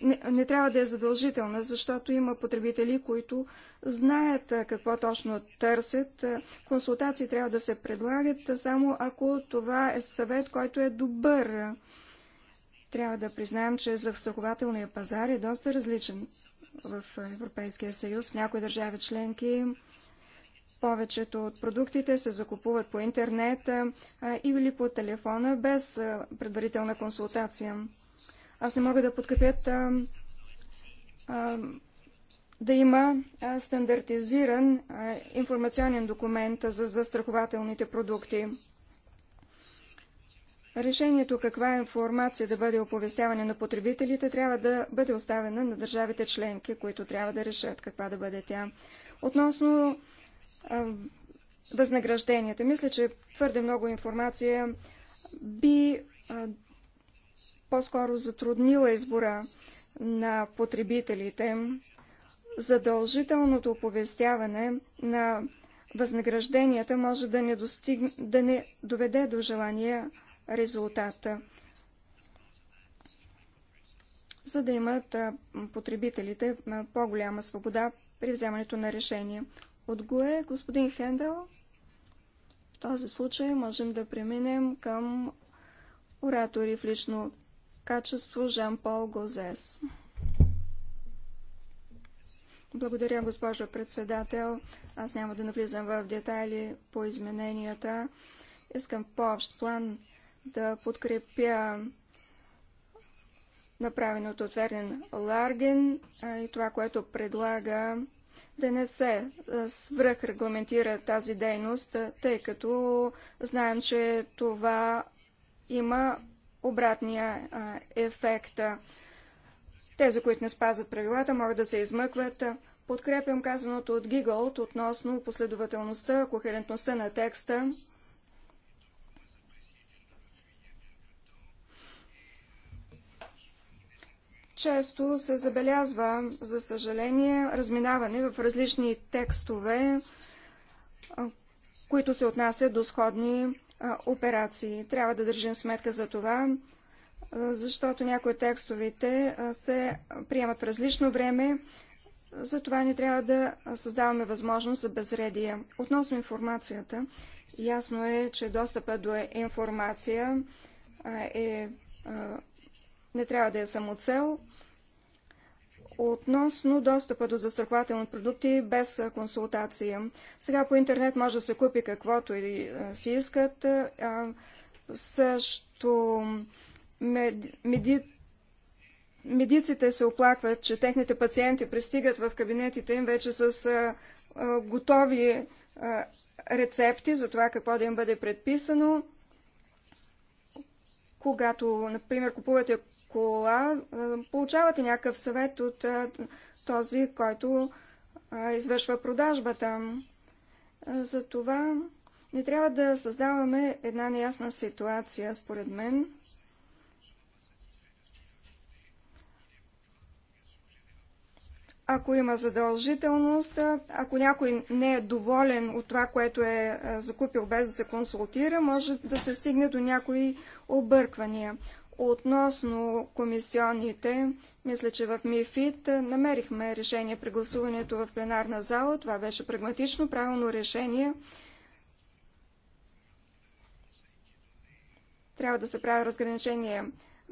Не, не трябва да е задължителна, защото има потребители, които знаят какво точно търсят. Консултации трябва да се предлагат само ако това е съвет, който е добър. Трябва да признаем, че застрахователния пазар е доста различен в Европейския съюз. В някои държави членки повечето от продуктите се закупуват по интернет или по телефона без предварителна консултация. Аз не мога да подкрепят да има стандартизиран информационен документ за застрахователните продукти. Решението каква информация да бъде оповестяване на потребителите трябва да бъде оставена на държавите членки, които трябва да решат каква да бъде тя. Относно възнагражденията, мисля, че твърде много информация би по-скоро затруднила избора на потребителите. Задължителното оповестяване на възнагражденията може да не, достиг... да не доведе до желания резултата, за да имат потребителите по-голяма свобода при вземането на решение. От господин Хендел. В този случай можем да преминем към оратори в лично качество Жан-Пол Гозес. Благодаря, госпожо председател. Аз няма да навлизам в детайли по измененията. Искам по-общ план да подкрепя направеното от Вернен Ларген и това, което предлага да не се свръхрегламентира тази дейност, тъй като знаем, че това има обратния ефект. Тези, които не спазват правилата, могат да се измъкват. Подкрепям казаното от Гигълт относно последователността, кохерентността на текста. Често се забелязва, за съжаление, разминаване в различни текстове, които се отнасят до сходни операции. Трябва да държим сметка за това, защото някои текстовете се приемат в различно време, затова не трябва да създаваме възможност за безредие. Относно информацията, ясно е, че достъпа до информация е не трябва да е самоцел. Относно достъпа до застрахователни продукти без консултация. Сега по интернет може да се купи каквото и си искат. също мед, меди, медиците се оплакват, че техните пациенти пристигат в кабинетите им вече с готови рецепти за това какво да им бъде предписано когато, например, купувате кола, получавате някакъв съвет от този, който извършва продажбата. Затова не трябва да създаваме една неясна ситуация, според мен. ако има задължителност, ако някой не е доволен от това, което е закупил без да се консултира, може да се стигне до някои обърквания. Относно комисионните, мисля, че в МИФИТ намерихме решение при гласуването в пленарна зала. Това беше прагматично, правилно решение. Трябва да се прави разграничение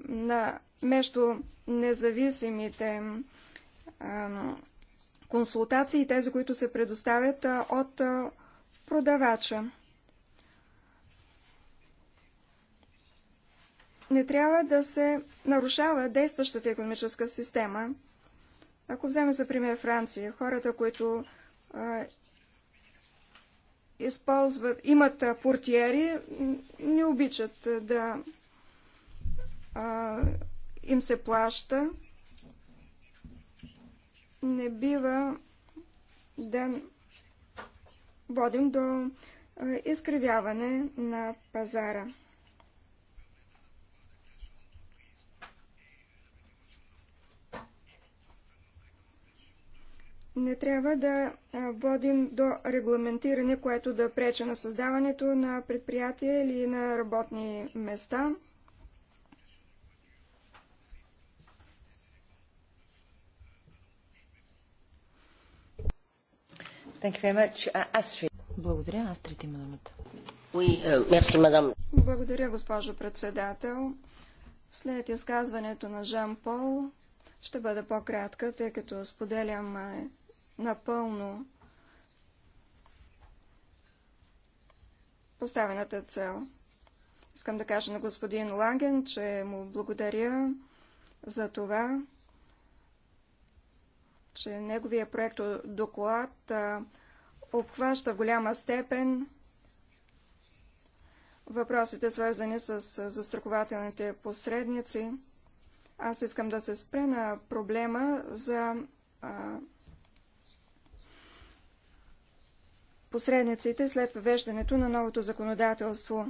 на, между независимите консултации тези, които се предоставят от продавача. Не трябва да се нарушава действащата економическа система. Ако вземе за пример Франция, хората, които а, използват, имат портиери, не обичат да а, им се плаща не бива да водим до изкривяване на пазара. не трябва да водим до регламентиране, което да прече на създаването на предприятия или на работни места. Uh, Astrid. Благодаря. Астрид има думата. Euh, благодаря, госпожо председател. След изказването на Жан Пол ще бъда по-кратка, тъй като споделям напълно поставената цел. Искам да кажа на господин Лаген, че му благодаря за това, че неговия проект доклад обхваща в голяма степен въпросите, свързани с застрахователните посредници. Аз искам да се спре на проблема за а, посредниците след въвеждането на новото законодателство.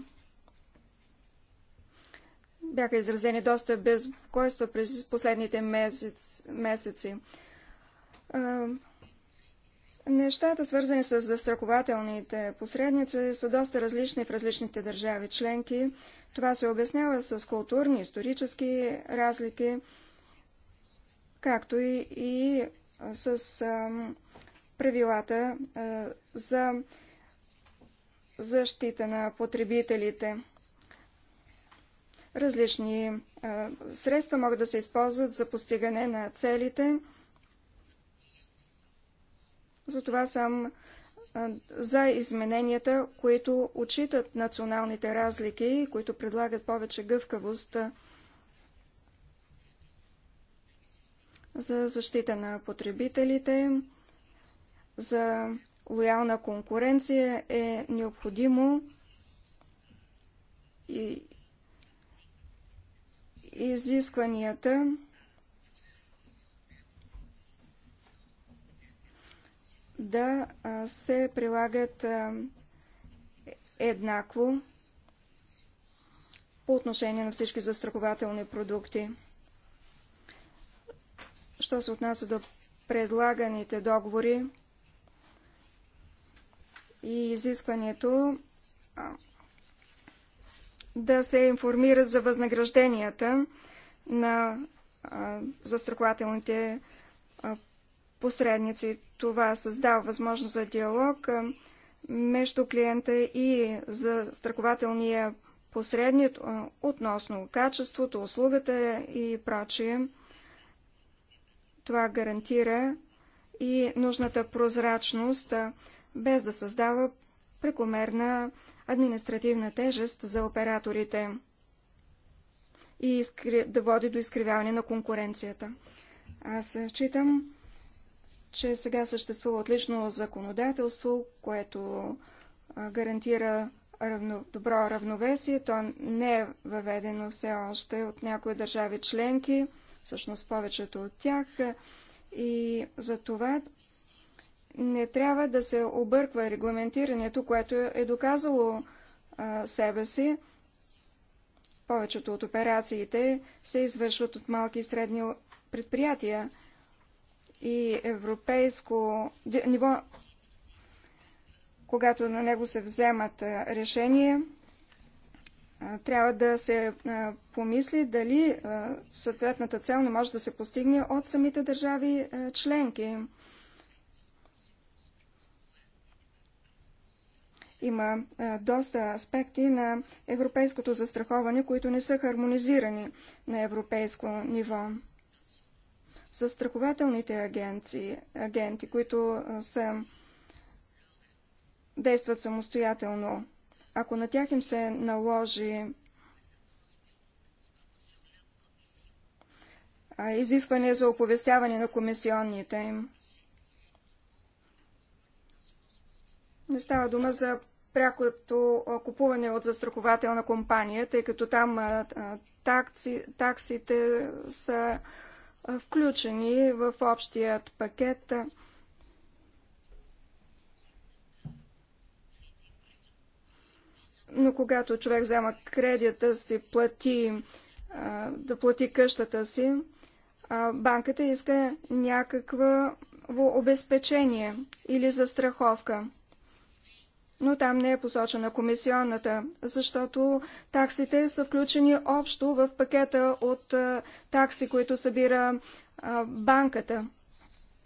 Бяха изразени доста безпокойства през последните месец, месеци. Нещата, свързани с застрахователните посредници, са доста различни в различните държави членки. Това се обяснява с културни, исторически разлики, както и, и с а, правилата а, за защита на потребителите. Различни а, средства могат да се използват за постигане на целите – затова съм за измененията, които отчитат националните разлики, които предлагат повече гъвкавост за защита на потребителите, за лоялна конкуренция е необходимо и изискванията да се прилагат еднакво по отношение на всички застрахователни продукти. Що се отнася до предлаганите договори и изискването да се информират за възнагражденията на застрахователните посредници. Това създава възможност за диалог между клиента и за страхователния посредник относно качеството, услугата и прочие. Това гарантира и нужната прозрачност, без да създава прекомерна административна тежест за операторите и да води до изкривяване на конкуренцията. Аз читам, че сега съществува отлично законодателство, което гарантира равно, добро равновесие. То не е въведено все още от някои държави членки, всъщност повечето от тях. И за това не трябва да се обърква регламентирането, което е доказало себе си. Повечето от операциите се извършват от малки и средни предприятия и европейско ниво, когато на него се вземат решения, трябва да се помисли дали съответната цел не може да се постигне от самите държави членки. Има доста аспекти на европейското застраховане, които не са хармонизирани на европейско ниво за страхователните агенции, агенти, които са, действат самостоятелно. Ако на тях им се наложи изискване за оповестяване на комисионните им. Не става дума за прякото купуване от застрахователна компания, тъй като там такси, таксите са включени в общият пакет. Но когато човек взема кредита си, плати, да плати къщата си, банката иска някакво обезпечение или застраховка но там не е посочена комисионната, защото таксите са включени общо в пакета от такси, които събира банката.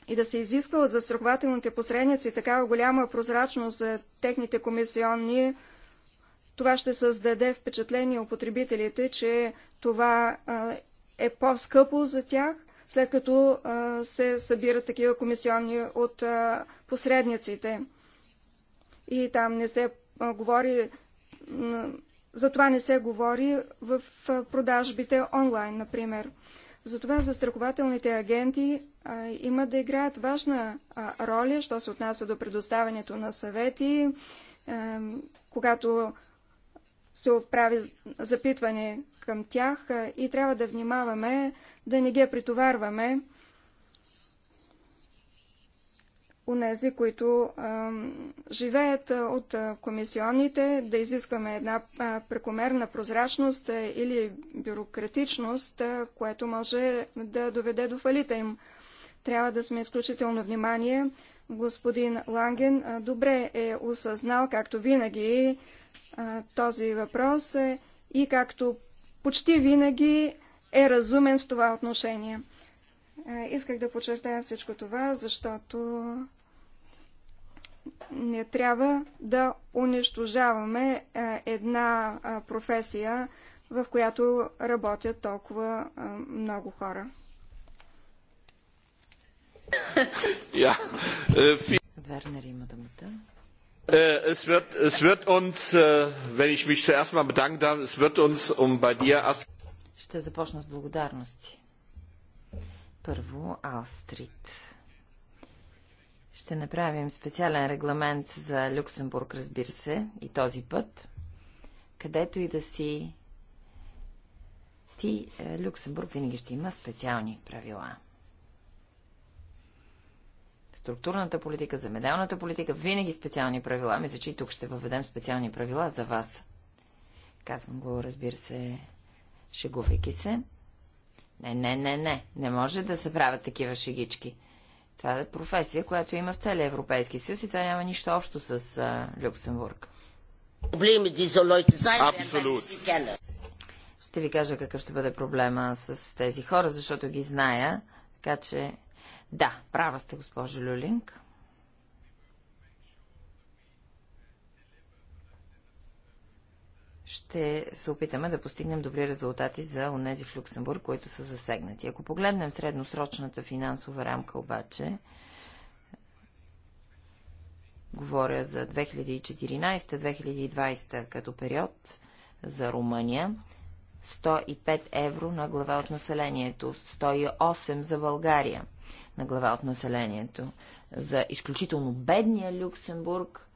И да се изисква от застрахователните посредници такава голяма прозрачност за техните комисионни, това ще създаде впечатление у потребителите, че това е по-скъпо за тях, след като се събират такива комисионни от посредниците и там не се говори, за това не се говори в продажбите онлайн, например. Затова застрахователните агенти а, имат да играят важна а, роля, що се отнася до предоставянето на съвети, а, когато се отправи запитване към тях а, и трябва да внимаваме да не ги притоварваме. унези, които а, живеят от комисионните, да изискваме една прекомерна прозрачност или бюрократичност, което може да доведе до фалита им. Трябва да сме изключително внимание. Господин Ланген добре е осъзнал, както винаги, този въпрос е, и както почти винаги е разумен в това отношение. Е, исках да подчертая всичко това, защото не трябва да унищожаваме е, една е, професия, в която работят толкова много хора. (laughs) Вернер има думата. Es wird, es wird uns, wenn ich mich zuerst mal bedanken darf, es wird uns um bei dir erst... Ще започна с благодарности. Първо, Алстрит. Ще направим специален регламент за Люксембург, разбира се, и този път, където и да си ти, е, Люксембург винаги ще има специални правила. Структурната политика, замеделната политика, винаги специални правила. Мисля, че и тук ще въведем специални правила за вас. Казвам го, разбира се, шегувайки се. Не, не, не, не. Не може да се правят такива шегички. Това е професия, която има в целия Европейски съюз и това няма нищо общо с а, Люксембург. Абсолютно. Ще ви кажа какъв ще бъде проблема с тези хора, защото ги зная. Така че, да, права сте, госпожо Люлинг. ще се опитаме да постигнем добри резултати за онези в Люксембург, които са засегнати. Ако погледнем средносрочната финансова рамка обаче, говоря за 2014-2020 като период за Румъния, 105 евро на глава от населението, 108 за България на глава от населението. За изключително бедния Люксембург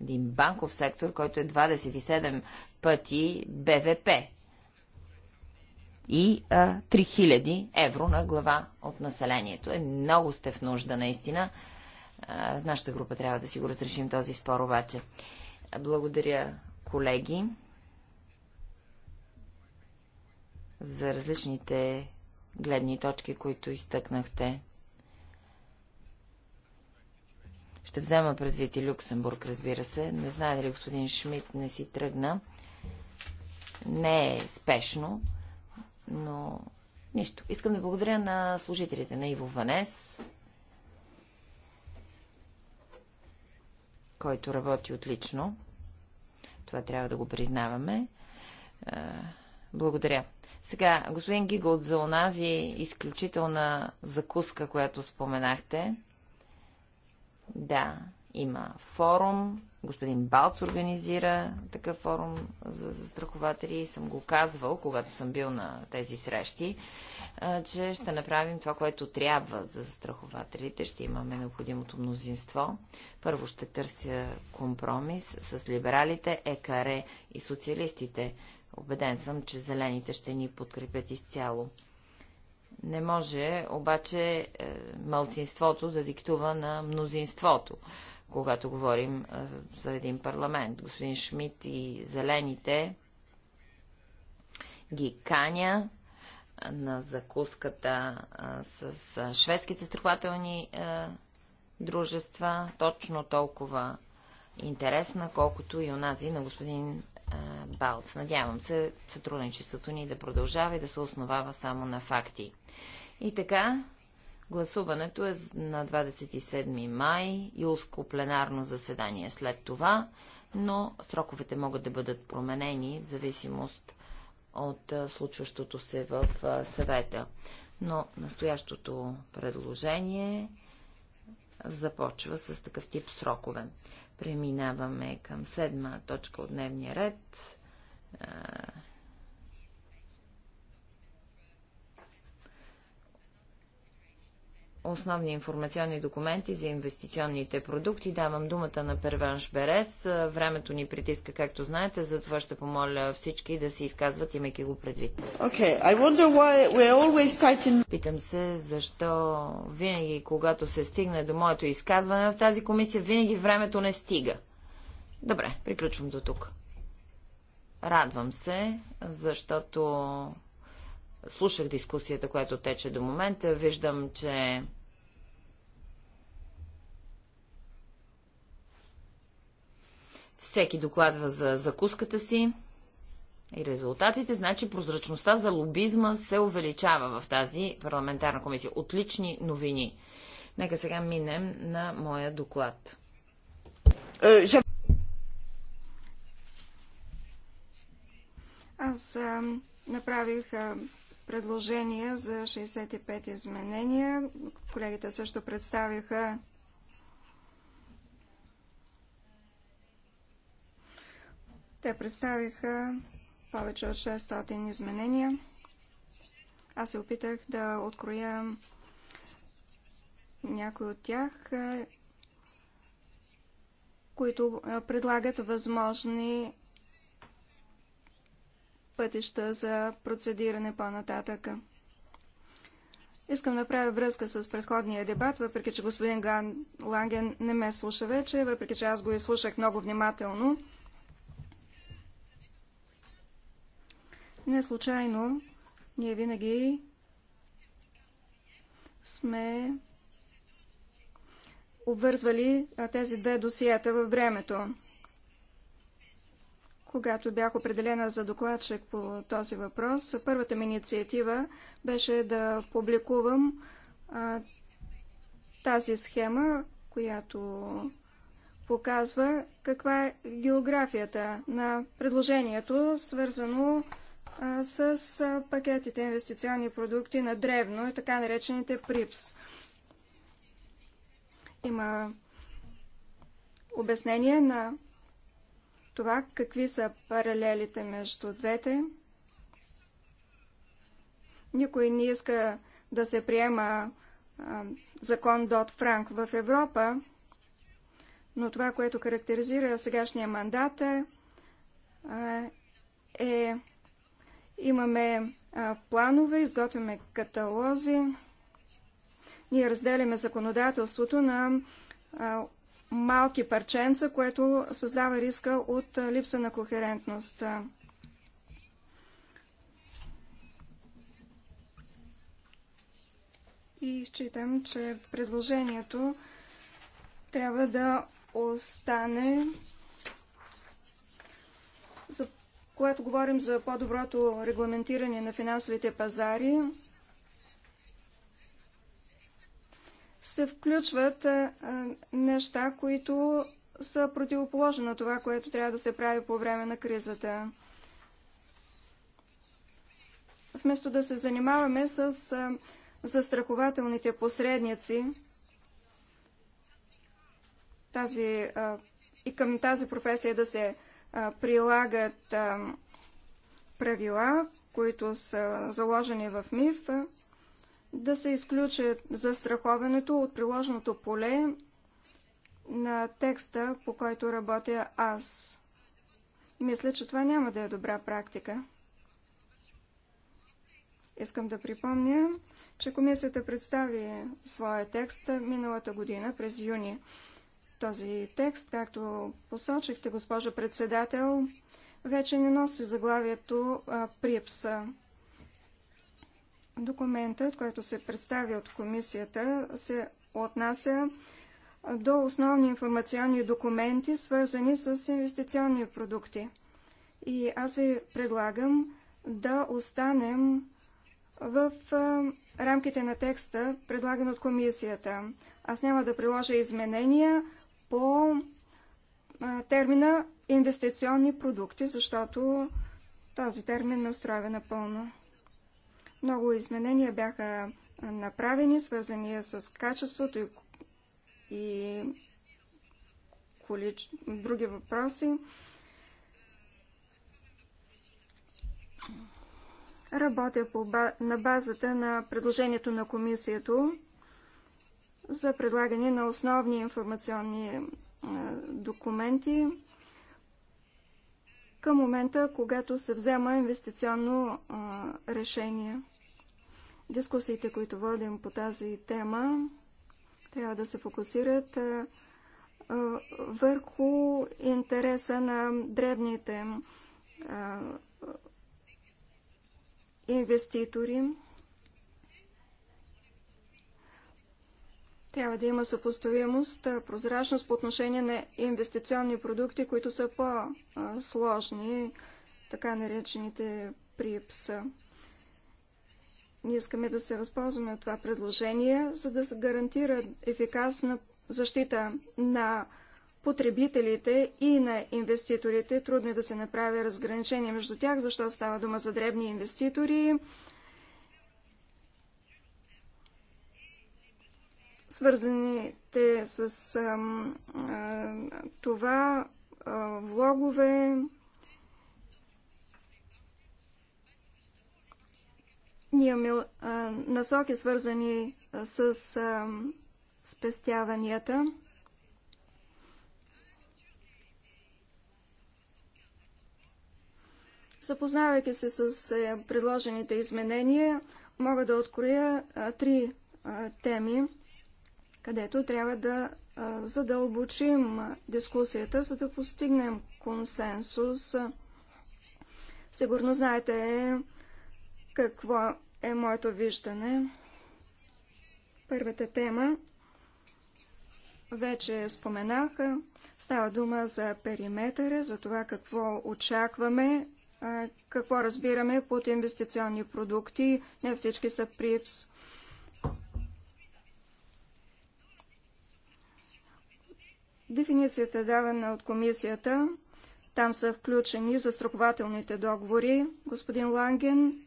един банков сектор, който е 27 пъти БВП и а, 3000 евро на глава от населението. Е, много сте в нужда, наистина. А, в нашата група трябва да си го разрешим този спор, обаче. Благодаря, колеги, за различните гледни точки, които изтъкнахте. Ще взема предвид и Люксембург, разбира се. Не знае дали господин Шмидт не си тръгна. Не е спешно, но нищо. Искам да благодаря на служителите на Иво Ванес, който работи отлично. Това трябва да го признаваме. Благодаря. Сега, господин Гигот, за онази изключителна закуска, която споменахте, да, има форум. Господин Балц организира такъв форум за застрахователи и съм го казвал, когато съм бил на тези срещи, че ще направим това, което трябва за застрахователите. Ще имаме необходимото мнозинство. Първо ще търся компромис с либералите, ЕКАРЕ и социалистите. Обеден съм, че зелените ще ни подкрепят изцяло. Не може обаче е, мълцинството да диктува на мнозинството, когато говорим е, за един парламент. Господин Шмидт и Зелените ги каня е, на закуската с шведските страхователни дружества, точно толкова интересна, колкото и онази на господин Балц. Надявам се сътрудничеството ни да продължава и да се основава само на факти. И така, гласуването е на 27 май, юлско пленарно заседание след това, но сроковете могат да бъдат променени в зависимост от случващото се в съвета. Но настоящото предложение започва с такъв тип срокове. Преминаваме към седма точка от дневния ред основни информационни документи за инвестиционните продукти. Давам думата на Перванш Берес. Времето ни притиска, както знаете, затова ще помоля всички да се изказват, имайки го предвид. Okay. I why we're always Питам се, защо винаги, когато се стигне до моето изказване в тази комисия, винаги времето не стига. Добре, приключвам до тук. Радвам се, защото слушах дискусията, която тече до момента. Виждам, че Всеки докладва за закуската си и резултатите, значи прозрачността за лобизма се увеличава в тази парламентарна комисия. Отлични новини. Нека сега минем на моя доклад. Е, Аз а, направих а, предложение за 65 изменения. Колегите също представиха Те представиха повече от 600 изменения. Аз се опитах да откроя някои от тях, е, които е, предлагат възможни пътища за процедиране по-нататък. Искам да правя връзка с предходния дебат, въпреки че господин Ланген не ме слуша вече, въпреки че аз го изслушах много внимателно. Не случайно ние винаги сме обвързвали тези две досиета във времето. Когато бях определена за докладчик по този въпрос, първата ми инициатива беше да публикувам а, тази схема, която показва каква е географията на предложението, свързано с пакетите инвестиционни продукти на древно и така наречените ПРИПС. Има обяснение на това какви са паралелите между двете. Никой не иска да се приема а, закон Дот Франк в Европа, но това, което характеризира сегашния мандат е, е Имаме а, планове, изготвяме каталози. Ние разделяме законодателството на а, малки парченца, което създава риска от а, липса на кохерентност. И считам, че предложението трябва да остане за когато говорим за по-доброто регламентиране на финансовите пазари, се включват неща, които са противоположни на това, което трябва да се прави по време на кризата. Вместо да се занимаваме с застрахователните посредници, тази, и към тази професия да се прилагат правила, които са заложени в МИФ, да се изключат застраховането от приложеното поле на текста, по който работя аз. Мисля, че това няма да е добра практика. Искам да припомня, че комисията представи своя текст миналата година през юни. Този текст, както посочихте, госпожо председател, вече не носи заглавието Припса. Документът, който се представи от комисията, се отнася до основни информационни документи, свързани с инвестиционни продукти. И аз ви предлагам да останем в рамките на текста, предлаган от комисията. Аз няма да приложа изменения, по термина инвестиционни продукти, защото този термин ме устроява напълно. Много изменения бяха направени, свързани с качеството и, и колич... други въпроси. Работя по, на базата на предложението на комисията за предлагане на основни информационни е, документи към момента, когато се взема инвестиционно е, решение. Дискусиите, които водим по тази тема, трябва да се фокусират е, върху интереса на дребните инвеститори. Трябва да има съпоставимост, прозрачност по отношение на инвестиционни продукти, които са по-сложни, така наречените ПРИПС. Ние искаме да се възползваме от това предложение, за да се гарантира ефикасна защита на потребителите и на инвеститорите. Трудно е да се направи разграничение между тях, защото става дума за дребни инвеститори, свързаните с а, а, това а, влогове. Ние имаме а, насоки свързани с а, спестяванията. Запознавайки се с е, предложените изменения, мога да откроя три теми където трябва да задълбочим дискусията, за да постигнем консенсус. Сигурно знаете какво е моето виждане. Първата тема вече споменах. Става дума за периметъра, за това какво очакваме, какво разбираме под инвестиционни продукти. Не всички са ПРИПС. Дефиницията давана от комисията, там са включени застрахователните договори. Господин Ланген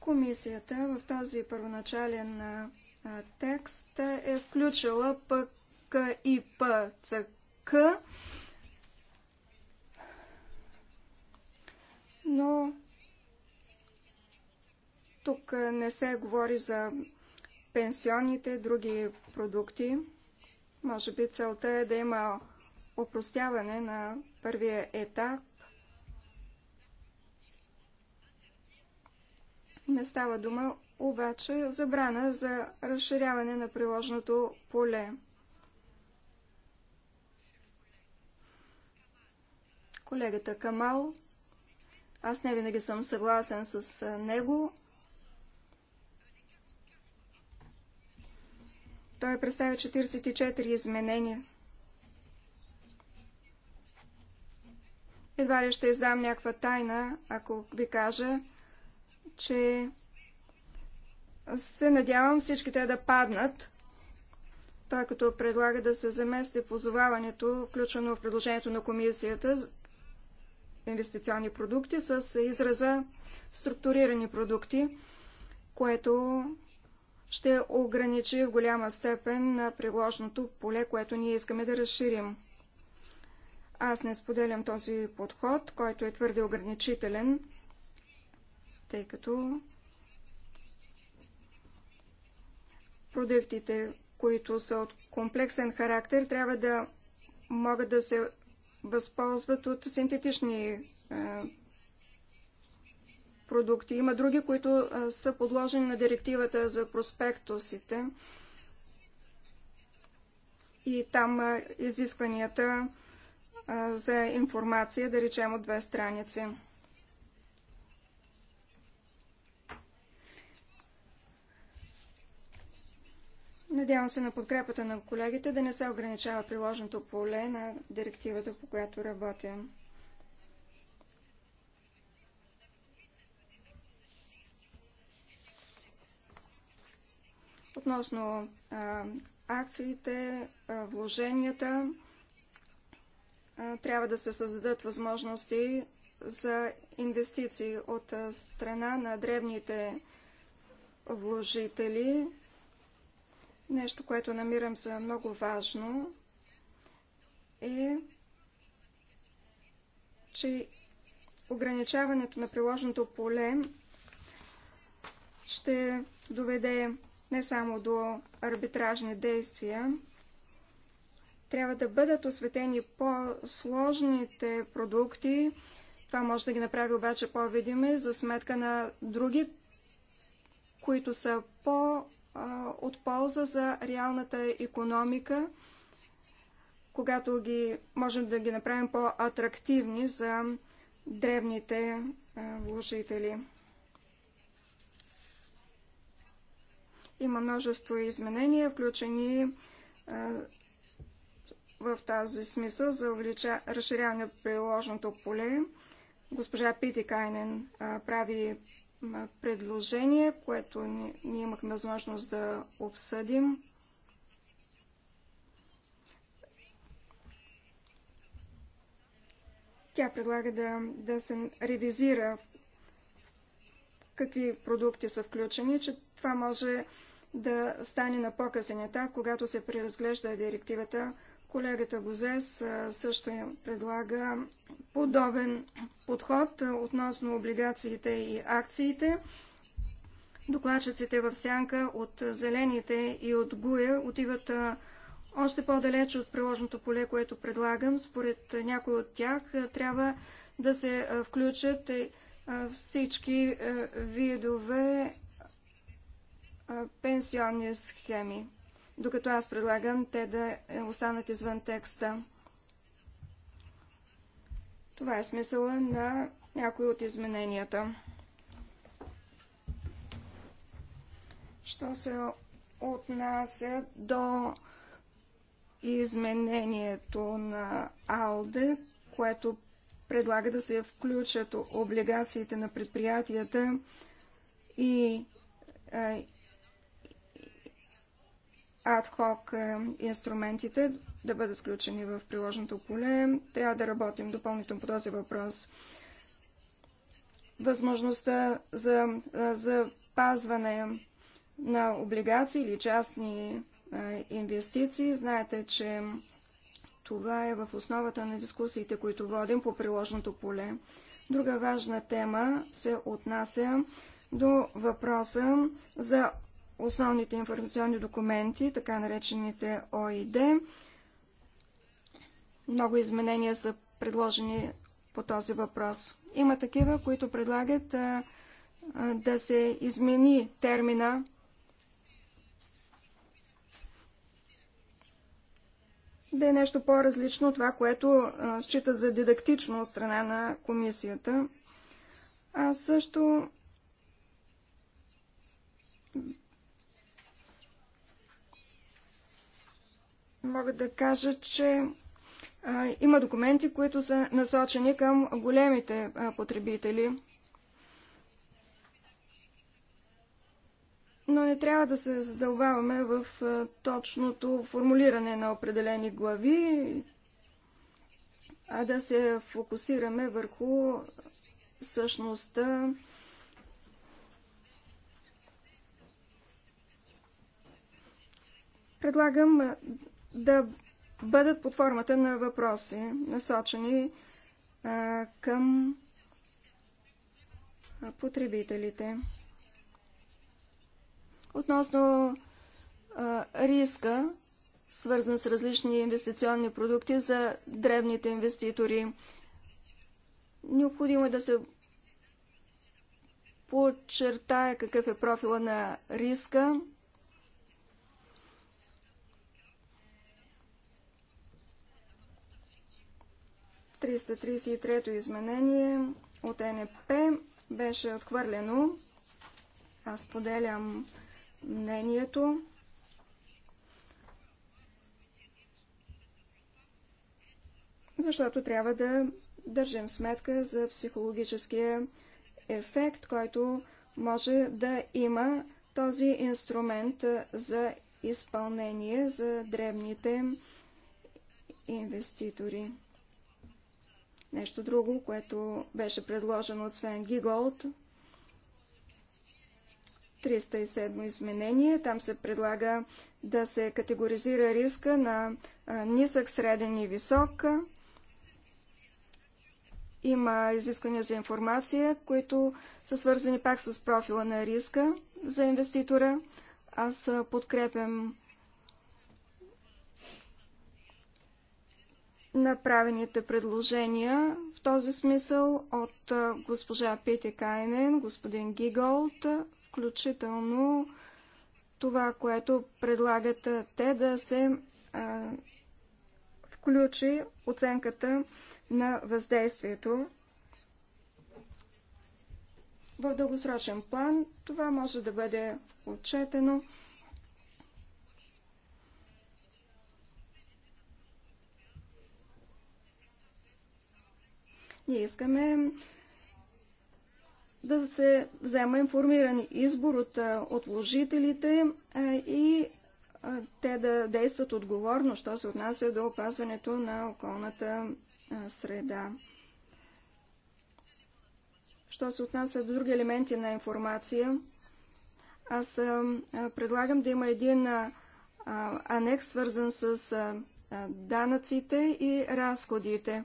Комисията в този първоначален текст е включила пък и К. но тук не се говори за пенсионните, други продукти. Може би целта е да има опростяване на първия етап. Не става дума обаче забрана за разширяване на приложното поле. колегата Камал. Аз не винаги съм съгласен с него. Той представя 44 изменения. Едва ли ще издам някаква тайна, ако ви кажа, че се надявам всички те да паднат. Той като предлага да се замести позоваването, включено в предложението на комисията, инвестиционни продукти с израза структурирани продукти, което ще ограничи в голяма степен на приложното поле, което ние искаме да разширим. Аз не споделям този подход, който е твърде ограничителен, тъй като продуктите, които са от комплексен характер, трябва да могат да се възползват от синтетични е, продукти. Има други, които е, са подложени на директивата за проспектусите. И там е, изискванията за информация, да речем от две страници. Надявам се на подкрепата на колегите да не се ограничава приложното поле на директивата, по която работя. Относно а, акциите, а, вложенията, а, трябва да се създадат възможности за инвестиции от страна на древните вложители, Нещо, което намирам за много важно е, че ограничаването на приложеното поле ще доведе не само до арбитражни действия, трябва да бъдат осветени по-сложните продукти. Това може да ги направи обаче по-видими за сметка на други, които са по от полза за реалната економика, когато ги можем да ги направим по-атрактивни за древните вложители. Има множество изменения, включени в тази смисъл за увелича... разширяване приложното поле. Госпожа Пити Кайнен прави предложение, което ние имахме възможност да обсъдим. Тя предлага да, да се ревизира какви продукти са включени, че това може да стане на по-късен етап, когато се преразглежда директивата Колегата Гозес също предлага подобен подход относно облигациите и акциите. Докладчиците в сянка от зелените и от гуя отиват още по-далеч от приложното поле, което предлагам. Според някой от тях трябва да се включат всички видове пенсионни схеми докато аз предлагам те да останат извън текста. Това е смисъла на някои от измененията. Що се отнася до изменението на АЛДЕ, което предлага да се включат облигациите на предприятията и е, адхок е, инструментите да бъдат включени в приложното поле. Трябва да работим допълнително по този въпрос. Възможността за е, запазване на облигации или частни е, инвестиции. Знаете, че това е в основата на дискусиите, които водим по приложното поле. Друга важна тема се отнася до въпроса за основните информационни документи, така наречените ОИД. Много изменения са предложени по този въпрос. Има такива, които предлагат а, а, да се измени термина да е нещо по-различно от това, което а, счита за дидактично от страна на комисията. а също мога да кажа, че а, има документи, които са насочени към големите а, потребители. Но не трябва да се задълбаваме в а, точното формулиране на определени глави, а да се фокусираме върху същността предлагам да бъдат под формата на въпроси, насочени а, към потребителите. Относно а, риска, свързан с различни инвестиционни продукти за древните инвеститори, необходимо е да се подчертая какъв е профила на риска, 333-то изменение от НП беше отхвърлено. Аз поделям мнението. Защото трябва да държим сметка за психологическия ефект, който може да има този инструмент за изпълнение за дребните инвеститори. Нещо друго, което беше предложено от Свен Гиголд. 307 изменение. Там се предлага да се категоризира риска на нисък, среден и висок. Има изисквания за информация, които са свързани пак с профила на риска за инвеститора. Аз подкрепям направените предложения в този смисъл от госпожа Пети Кайнен, господин Гиголт, включително това, което предлагат те да се а, включи оценката на въздействието. В дългосрочен план това може да бъде отчетено. Ние искаме да се взема информиран избор от, отложителите и те да действат отговорно, що се отнася до опазването на околната среда. Що се отнася до други елементи на информация, аз предлагам да има един анекс, свързан с данъците и разходите.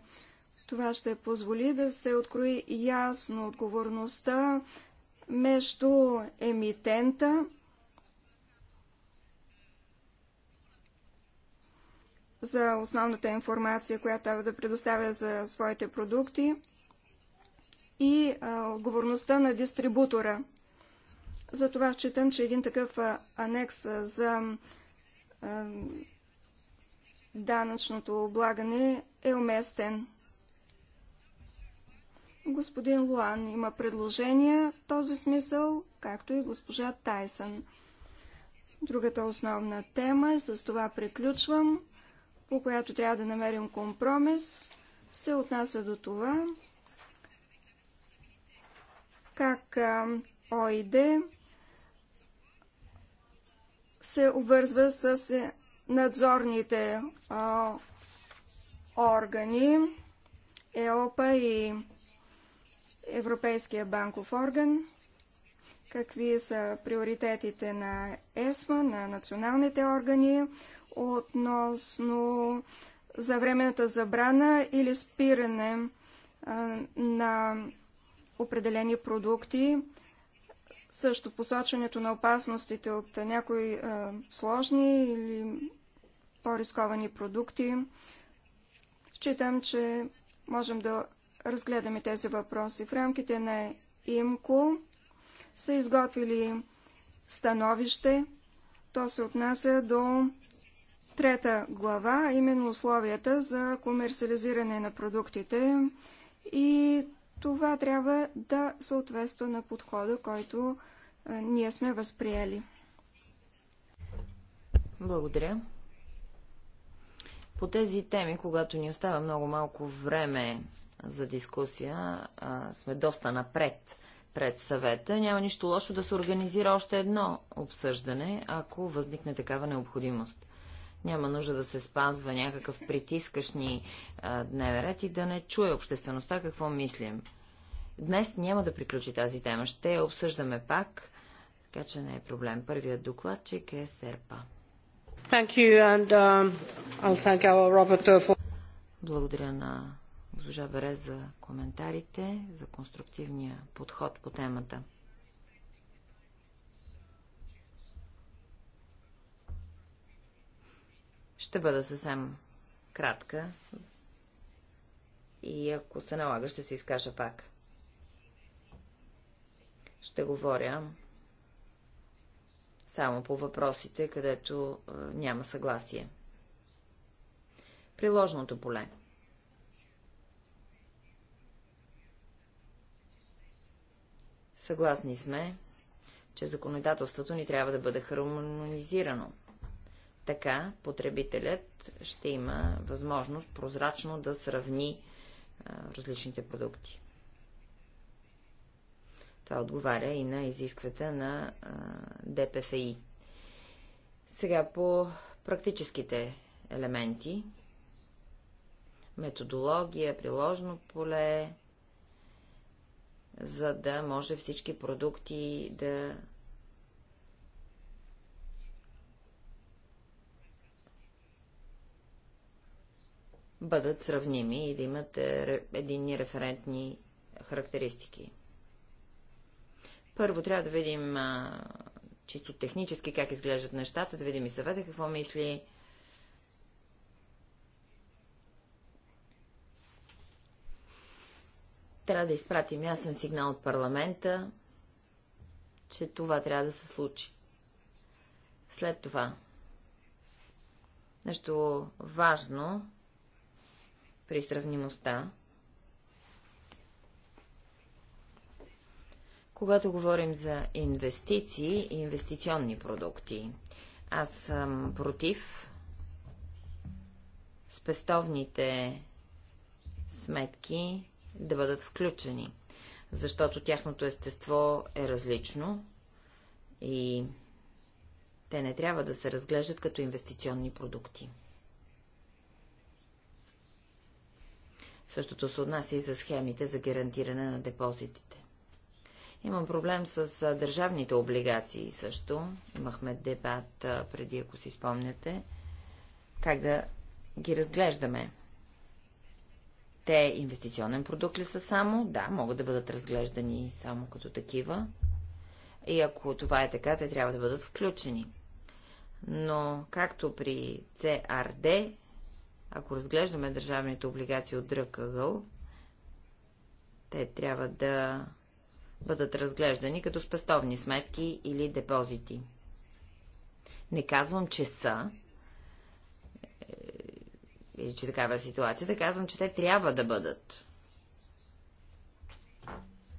Това ще позволи да се открои ясно отговорността между емитента за основната информация, която трябва да предоставя за своите продукти и отговорността на дистрибутора. Затова считам, че един такъв анекс за данъчното облагане е уместен. Господин Луан има предложения в този смисъл, както и госпожа Тайсън. Другата основна тема, и с това приключвам, по която трябва да намерим компромис, се отнася до това, как ОИД се обвързва с е, надзорните органи, ЕОПА и Европейския банков орган, какви са приоритетите на ЕСМА, на националните органи относно за времената забрана или спиране а, на определени продукти, също посочването на опасностите от някои а, сложни или по-рисковани продукти. Считам, че можем да разгледаме тези въпроси. В рамките на ИМКО са изготвили становище. То се отнася до трета глава, именно условията за комерциализиране на продуктите и това трябва да съответства на подхода, който ние сме възприели. Благодаря. По тези теми, когато ни остава много малко време за дискусия а, сме доста напред пред съвета. Няма нищо лошо да се организира още едно обсъждане, ако възникне такава необходимост. Няма нужда да се спазва някакъв притискашни ни дневен ред и да не чуе обществеността какво мислим. Днес няма да приключи тази тема. Ще я обсъждаме пак, така че не е проблем. Първият докладчик е Серпа. Um, Благодаря на госпожа Бере за коментарите, за конструктивния подход по темата. Ще бъда съвсем кратка и ако се налага, ще се изкажа пак. Ще говоря само по въпросите, където е, няма съгласие. Приложното поле – Съгласни сме, че законодателството ни трябва да бъде хармонизирано. Така потребителят ще има възможност прозрачно да сравни а, различните продукти. Това отговаря и на изисквата на а, ДПФИ. Сега по практическите елементи. Методология, приложно поле, за да може всички продукти да бъдат сравними и да имат е, единни референтни характеристики. Първо трябва да видим а, чисто технически как изглеждат нещата, да видим и съвета какво мисли Трябва да изпратим ясен сигнал от парламента, че това трябва да се случи. След това. Нещо важно при сравнимостта. Когато говорим за инвестиции и инвестиционни продукти, аз съм против спестовните сметки да бъдат включени, защото тяхното естество е различно и те не трябва да се разглеждат като инвестиционни продукти. Същото се отнася и за схемите за гарантиране на депозитите. Имам проблем с държавните облигации също. Имахме дебат преди, ако си спомняте, как да ги разглеждаме. Те инвестиционен продукт ли са само? Да, могат да бъдат разглеждани само като такива. И ако това е така, те трябва да бъдат включени. Но, както при CRD, ако разглеждаме държавните облигации от дръгъгъл, те трябва да бъдат разглеждани като спестовни сметки или депозити. Не казвам, че са, или че такава е ситуацията, казвам, че те трябва да бъдат.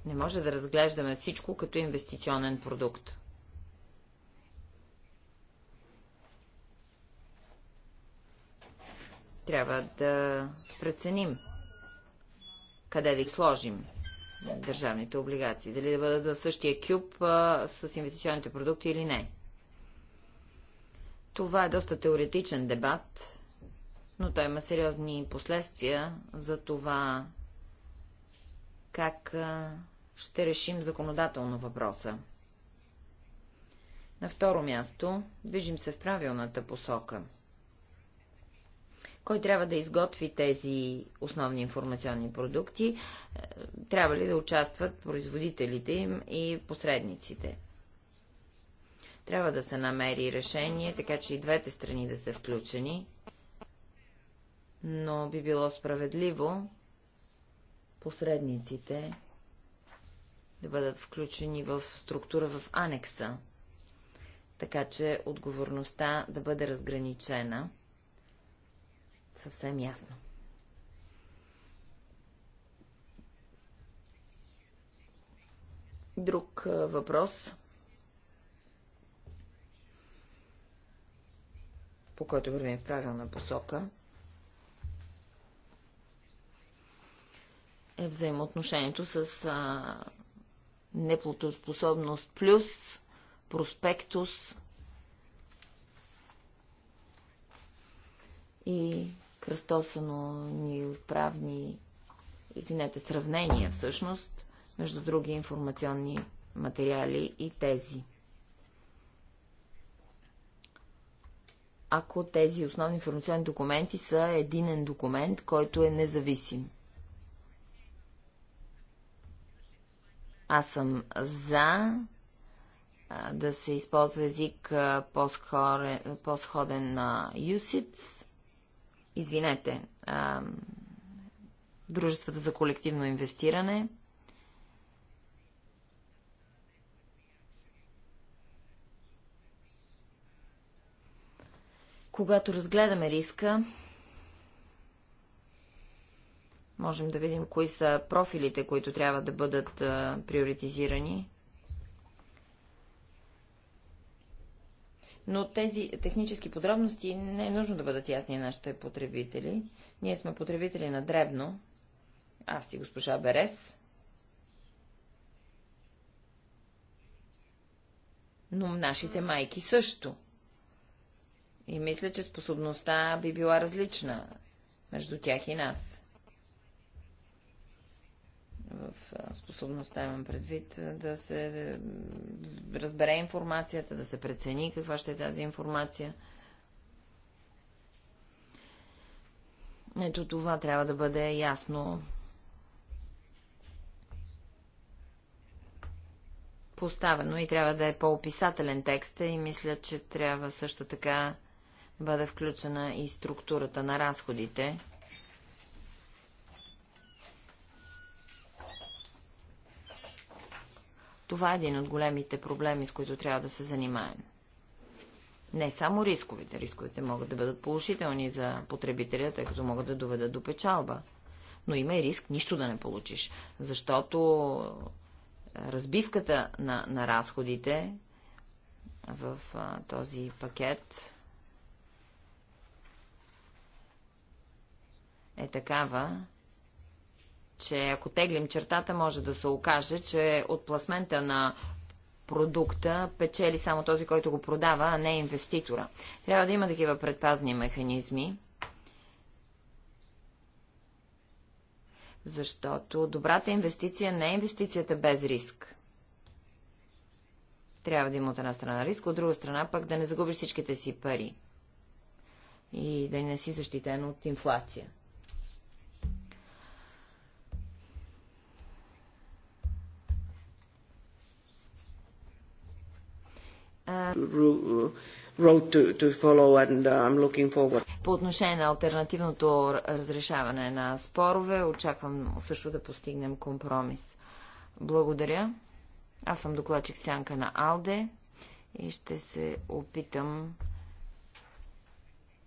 Не може да разглеждаме всичко като инвестиционен продукт. Трябва да преценим къде да сложим държавните облигации. Дали да бъдат в същия кюб а, с инвестиционните продукти или не. Това е доста теоретичен дебат но той има сериозни последствия за това, как ще решим законодателно въпроса. На второ място, движим се в правилната посока. Кой трябва да изготви тези основни информационни продукти? Е, трябва ли да участват производителите им и посредниците? Трябва да се намери решение, така че и двете страни да са включени, но би било справедливо посредниците да бъдат включени в структура в анекса, така че отговорността да бъде разграничена съвсем ясно. Друг въпрос, по който вървим в правилна посока – Е взаимоотношението с а, неплатоспособност плюс, проспектус и кръстосано ни отправни, извинете, сравнения всъщност между други информационни материали и тези. Ако тези основни информационни документи са единен документ, който е независим. Аз съм за да се използва език по-сходен на USITS. Извинете, дружествата за колективно инвестиране. Когато разгледаме риска, Можем да видим кои са профилите, които трябва да бъдат приоритизирани. но тези технически подробности не е нужно да бъдат ясни на нашите потребители. Ние сме потребители на дребно, аз и госпожа Берес. Но нашите майки също. И мисля, че способността би била различна между тях и нас в способността имам предвид, да се разбере информацията, да се прецени каква ще е тази информация. Ето това трябва да бъде ясно поставено и трябва да е по-описателен текст и мисля, че трябва също така да бъде включена и структурата на разходите Това е един от големите проблеми, с които трябва да се занимаем. Не само рисковите. Рисковете могат да бъдат положителни за потребителя, тъй като могат да доведат до печалба. Но има и риск нищо да не получиш, защото разбивката на, на разходите в а, този пакет е такава, че ако теглим чертата, може да се окаже, че от пласмента на продукта печели само този, който го продава, а не инвеститора. Трябва да има такива предпазни механизми, защото добрата инвестиция не е инвестицията без риск. Трябва да има от една страна риск, от друга страна пък да не загубиш всичките си пари и да не си защитен от инфлация. Uh, По отношение на альтернативното разрешаване на спорове, очаквам също да постигнем компромис. Благодаря. Аз съм докладчик Сянка на Алде и ще се опитам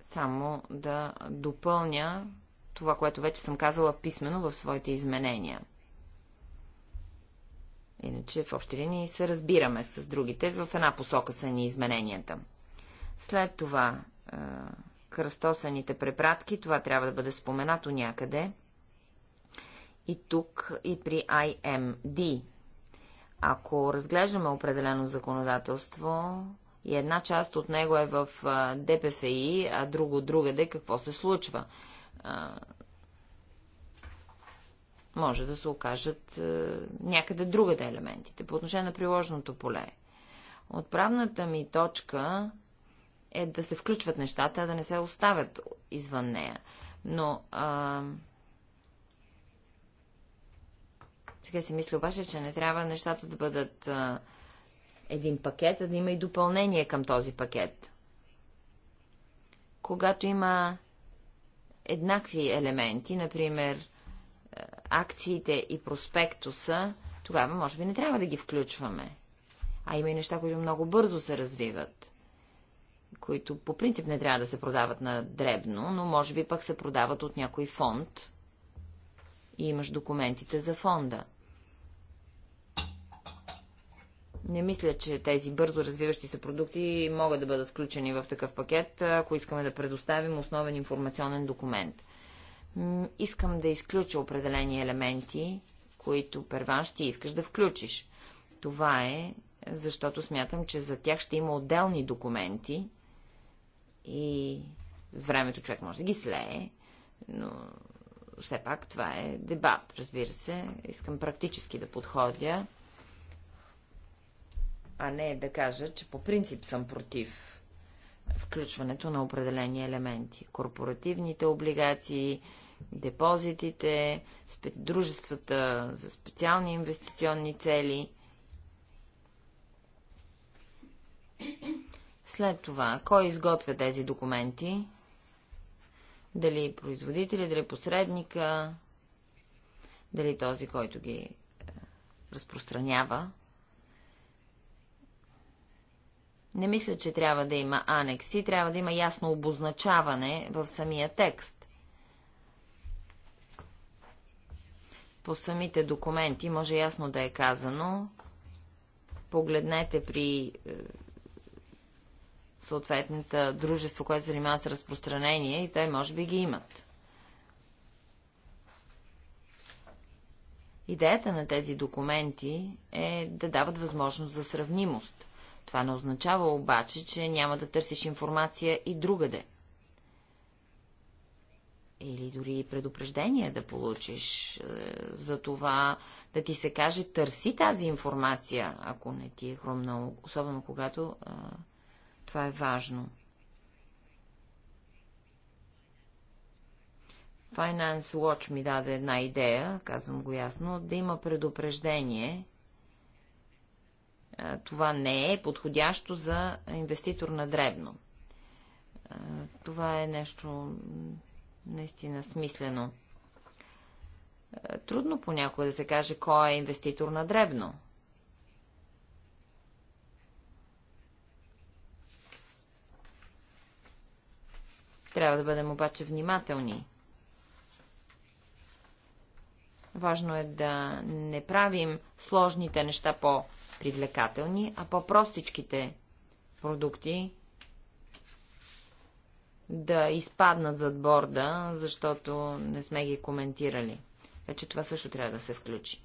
само да допълня това, което вече съм казала писменно в своите изменения – Иначе в общи линии се разбираме с другите. В една посока са ни измененията. След това кръстосаните препратки, това трябва да бъде споменато някъде. И тук, и при IMD. Ако разглеждаме определено законодателство и една част от него е в ДПФИ, а друго другаде, какво се случва? може да се окажат е, някъде другаде елементите, по отношение на приложеното поле. Отправната ми точка е да се включват нещата, а да не се оставят извън нея. Но Е, сега си мисля обаче, че не трябва нещата да бъдат а... един пакет, а да има и допълнение към този пакет. Когато има еднакви елементи, например акциите и проспектуса, тогава може би не трябва да ги включваме. А има и неща, които много бързо се развиват, които по принцип не трябва да се продават на дребно, но може би пък се продават от някой фонд и имаш документите за фонда. Не мисля, че тези бързо развиващи се продукти могат да бъдат включени в такъв пакет, ако искаме да предоставим основен информационен документ искам да изключа определени елементи, които перван ще искаш да включиш. Това е, защото смятам, че за тях ще има отделни документи и с времето човек може да ги слее, но все пак това е дебат, разбира се. Искам практически да подходя, а не да кажа, че по принцип съм против включването на определени елементи. Корпоративните облигации, депозитите, дружествата за специални инвестиционни цели. След това, кой изготвя тези документи? Дали производителя, дали посредника, дали този, който ги е, разпространява. Не мисля, че трябва да има анекси, трябва да има ясно обозначаване в самия текст. по самите документи може ясно да е казано. Погледнете при е, съответната дружество, което се занимава с разпространение и те може би ги имат. Идеята на тези документи е да дават възможност за сравнимост. Това не означава обаче, че няма да търсиш информация и другаде или дори предупреждение да получиш е, за това да ти се каже търси тази информация, ако не ти е хрумна, особено когато е, това е важно. Finance Watch ми даде една идея, казвам го ясно, да има предупреждение. Е, това не е подходящо за инвеститор на дребно. Е, това е нещо наистина смислено. Е, трудно понякога да се каже кой е инвеститор на дребно. Трябва да бъдем обаче внимателни. Важно е да не правим сложните неща по-привлекателни, а по-простичките продукти да изпаднат зад борда, защото не сме ги коментирали. Вече това също трябва да се включи.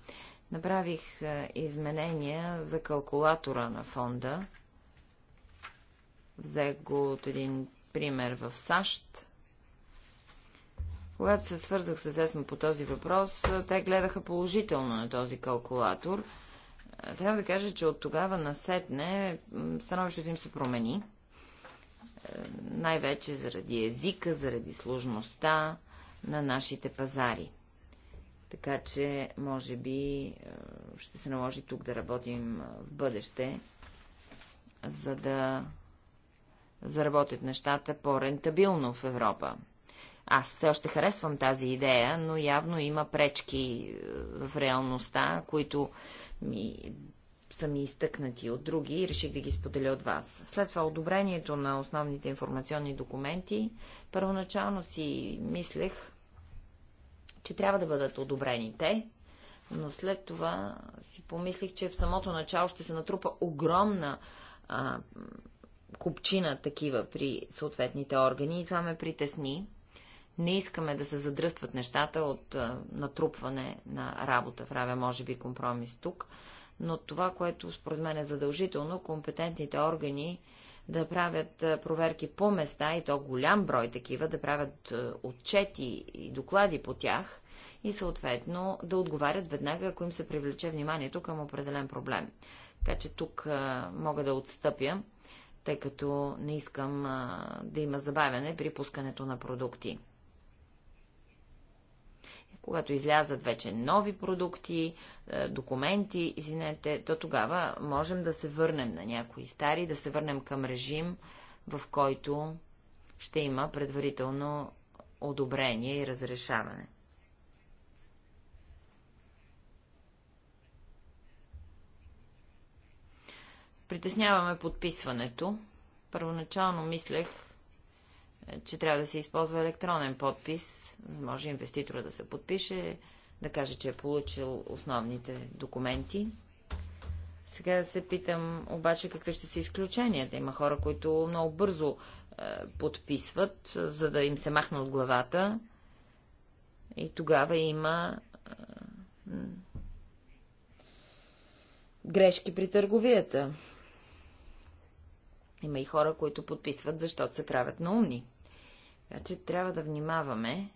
Направих е, изменения за калкулатора на фонда. Взех го от един пример в САЩ. Когато се свързах с ЕСМА по този въпрос, е, те гледаха положително на този калкулатор. Е, трябва да кажа, че от тогава насетне становището им се промени най-вече заради езика, заради сложността на нашите пазари. Така че, може би, е, ще се наложи тук да работим е, в бъдеще, за да заработят нещата по-рентабилно в Европа. Аз все още харесвам тази идея, но явно има пречки е, в реалността, които ми са ми изтъкнати от други и реших да ги споделя от вас. След това одобрението на основните информационни документи, първоначално си мислех, че трябва да бъдат одобрени те, но след това си помислих, че в самото начало ще се натрупа огромна а, купчина такива при съответните органи и това ме притесни. Не искаме да се задръстват нещата от а, натрупване на работа. Правя, може би, компромис тук но това, което според мен е задължително, компетентните органи да правят проверки по места, и то голям брой такива, да правят отчети и доклади по тях и съответно да отговарят веднага, ако им се привлече вниманието към определен проблем. Така че тук мога да отстъпя, тъй като не искам да има забавяне при пускането на продукти. Когато излязат вече нови продукти, е, документи, извинете, то тогава можем да се върнем на някои стари, да се върнем към режим, в който ще има предварително одобрение и разрешаване. Притесняваме подписването. Първоначално мислех, че трябва да се използва електронен подпис, за може инвеститора да се подпише, да каже, че е получил основните документи. Сега се питам обаче какви ще са изключенията. Има хора, които много бързо е, подписват, за да им се махне от главата. И тогава има е, грешки при търговията. Има и хора, които подписват, защото се правят на умни. Така че трябва да внимаваме.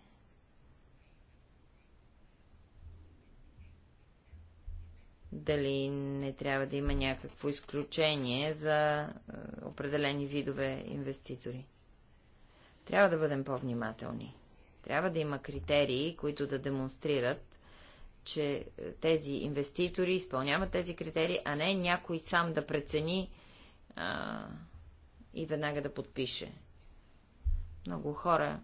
Дали не трябва да има някакво изключение за е, определени видове инвеститори. Трябва да бъдем по-внимателни. Трябва да има критерии, които да демонстрират, че е, тези инвеститори изпълняват тези критерии, а не някой сам да прецени а, и веднага да подпише. Много хора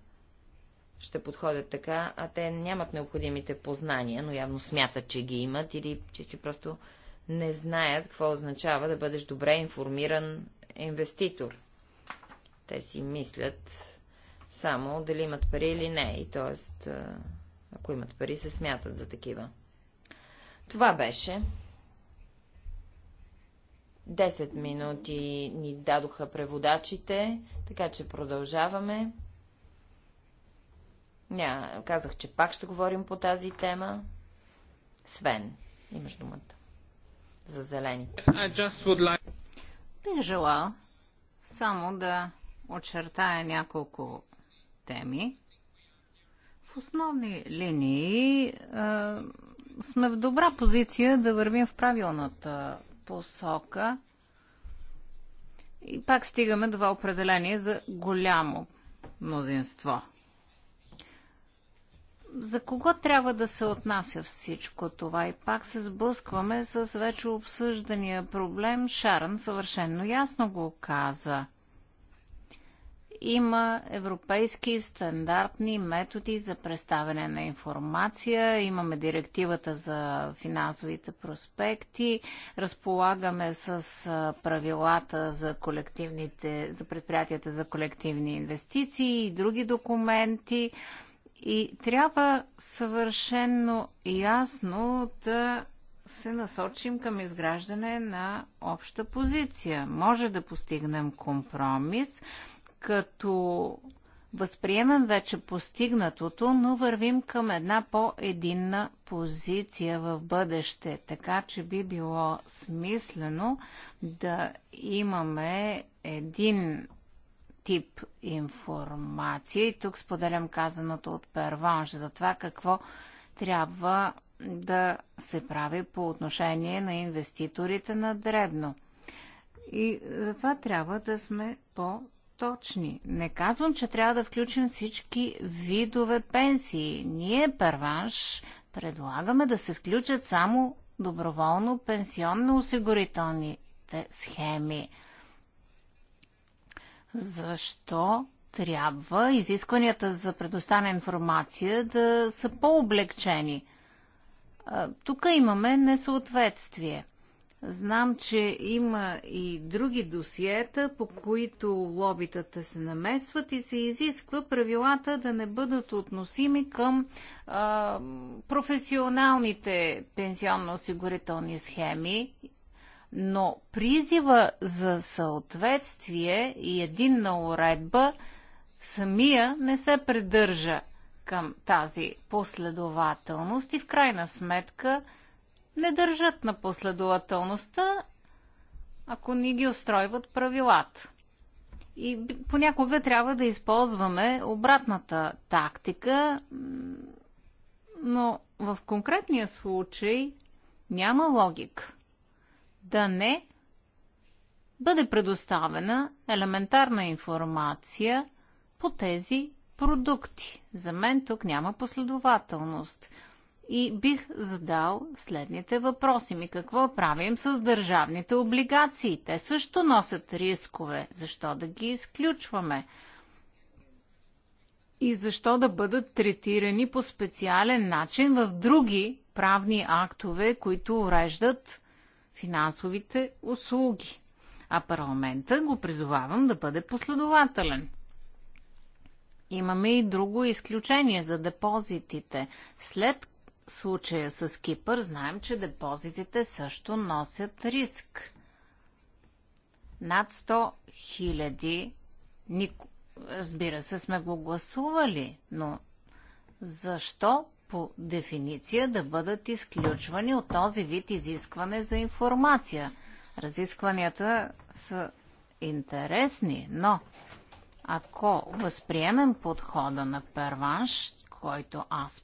ще подходят така, а те нямат необходимите познания, но явно смятат, че ги имат или си просто не знаят какво означава да бъдеш добре информиран инвеститор. Те си мислят само дали имат пари или не, и т.е. ако имат пари, се смятат за такива. Това беше. 10 минути ни дадоха преводачите, така че продължаваме. Ня, казах, че пак ще говорим по тази тема. Свен, имаш думата. За зелените. Like... Бих желал само да очертая няколко теми. В основни линии сме в добра позиция да вървим в правилната посока. И пак стигаме до това определение за голямо мнозинство. За кого трябва да се отнася всичко това? И пак се сблъскваме с вече обсъждания проблем. Шаран съвършенно ясно го каза – има европейски стандартни методи за представяне на информация. Имаме директивата за финансовите проспекти. Разполагаме с правилата за, колективните, за предприятията за колективни инвестиции и други документи. И трябва съвършенно ясно да се насочим към изграждане на обща позиция. Може да постигнем компромис, като възприемем вече постигнатото, но вървим към една по-единна позиция в бъдеще. Така че би било смислено да имаме един тип информация. И тук споделям казаното от Перванж за това какво трябва да се прави по отношение на инвеститорите на дребно. И затова трябва да сме по точни Не казвам, че трябва да включим всички видове пенсии. Ние, перванш, предлагаме да се включат само доброволно пенсионно-осигурителните схеми. Защо трябва изискванията за предоставяне информация да са по-облегчени? Тук имаме несъответствие – Знам, че има и други досиета, по които лобитата се намесват и се изисква правилата да не бъдат относими към а, професионалните пенсионно-осигурителни схеми, но призива за съответствие и единна уредба самия не се придържа към тази последователност и в крайна сметка – не държат на последователността, ако ни ги устройват правилата. И понякога трябва да използваме обратната тактика, но в конкретния случай няма логика да не бъде предоставена елементарна информация по тези продукти. За мен тук няма последователност и бих задал следните въпроси ми. Какво правим с държавните облигации? Те също носят рискове. Защо да ги изключваме? И защо да бъдат третирани по специален начин в други правни актове, които уреждат финансовите услуги? А парламента го призовавам да бъде последователен. Имаме и друго изключение за депозитите. След случая с Кипър знаем, че депозитите също носят риск. Над 100 хиляди, нико... разбира се, сме го гласували, но защо по дефиниция да бъдат изключвани от този вид изискване за информация? Разискванията са интересни, но ако възприемем подхода на перванш, който аз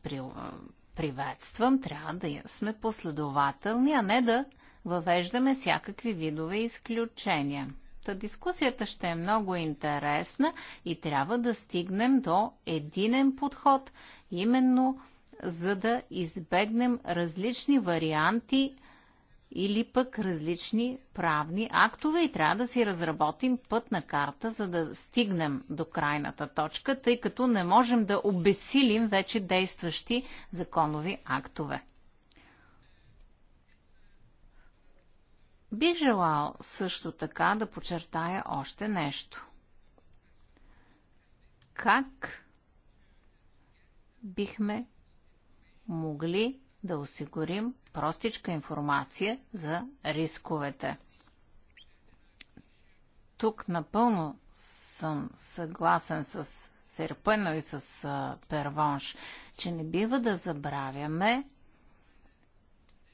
приветствам, трябва да сме последователни, а не да въвеждаме всякакви видове изключения. Та дискусията ще е много интересна и трябва да стигнем до единен подход, именно за да избегнем различни варианти или пък различни правни актове и трябва да си разработим пътна карта, за да стигнем до крайната точка, тъй като не можем да обесилим вече действащи законови актове. Бих желал също така да почертая още нещо. Как бихме могли да осигурим простичка информация за рисковете. Тук напълно съм съгласен с Серпено и с Первонш, че не бива да забравяме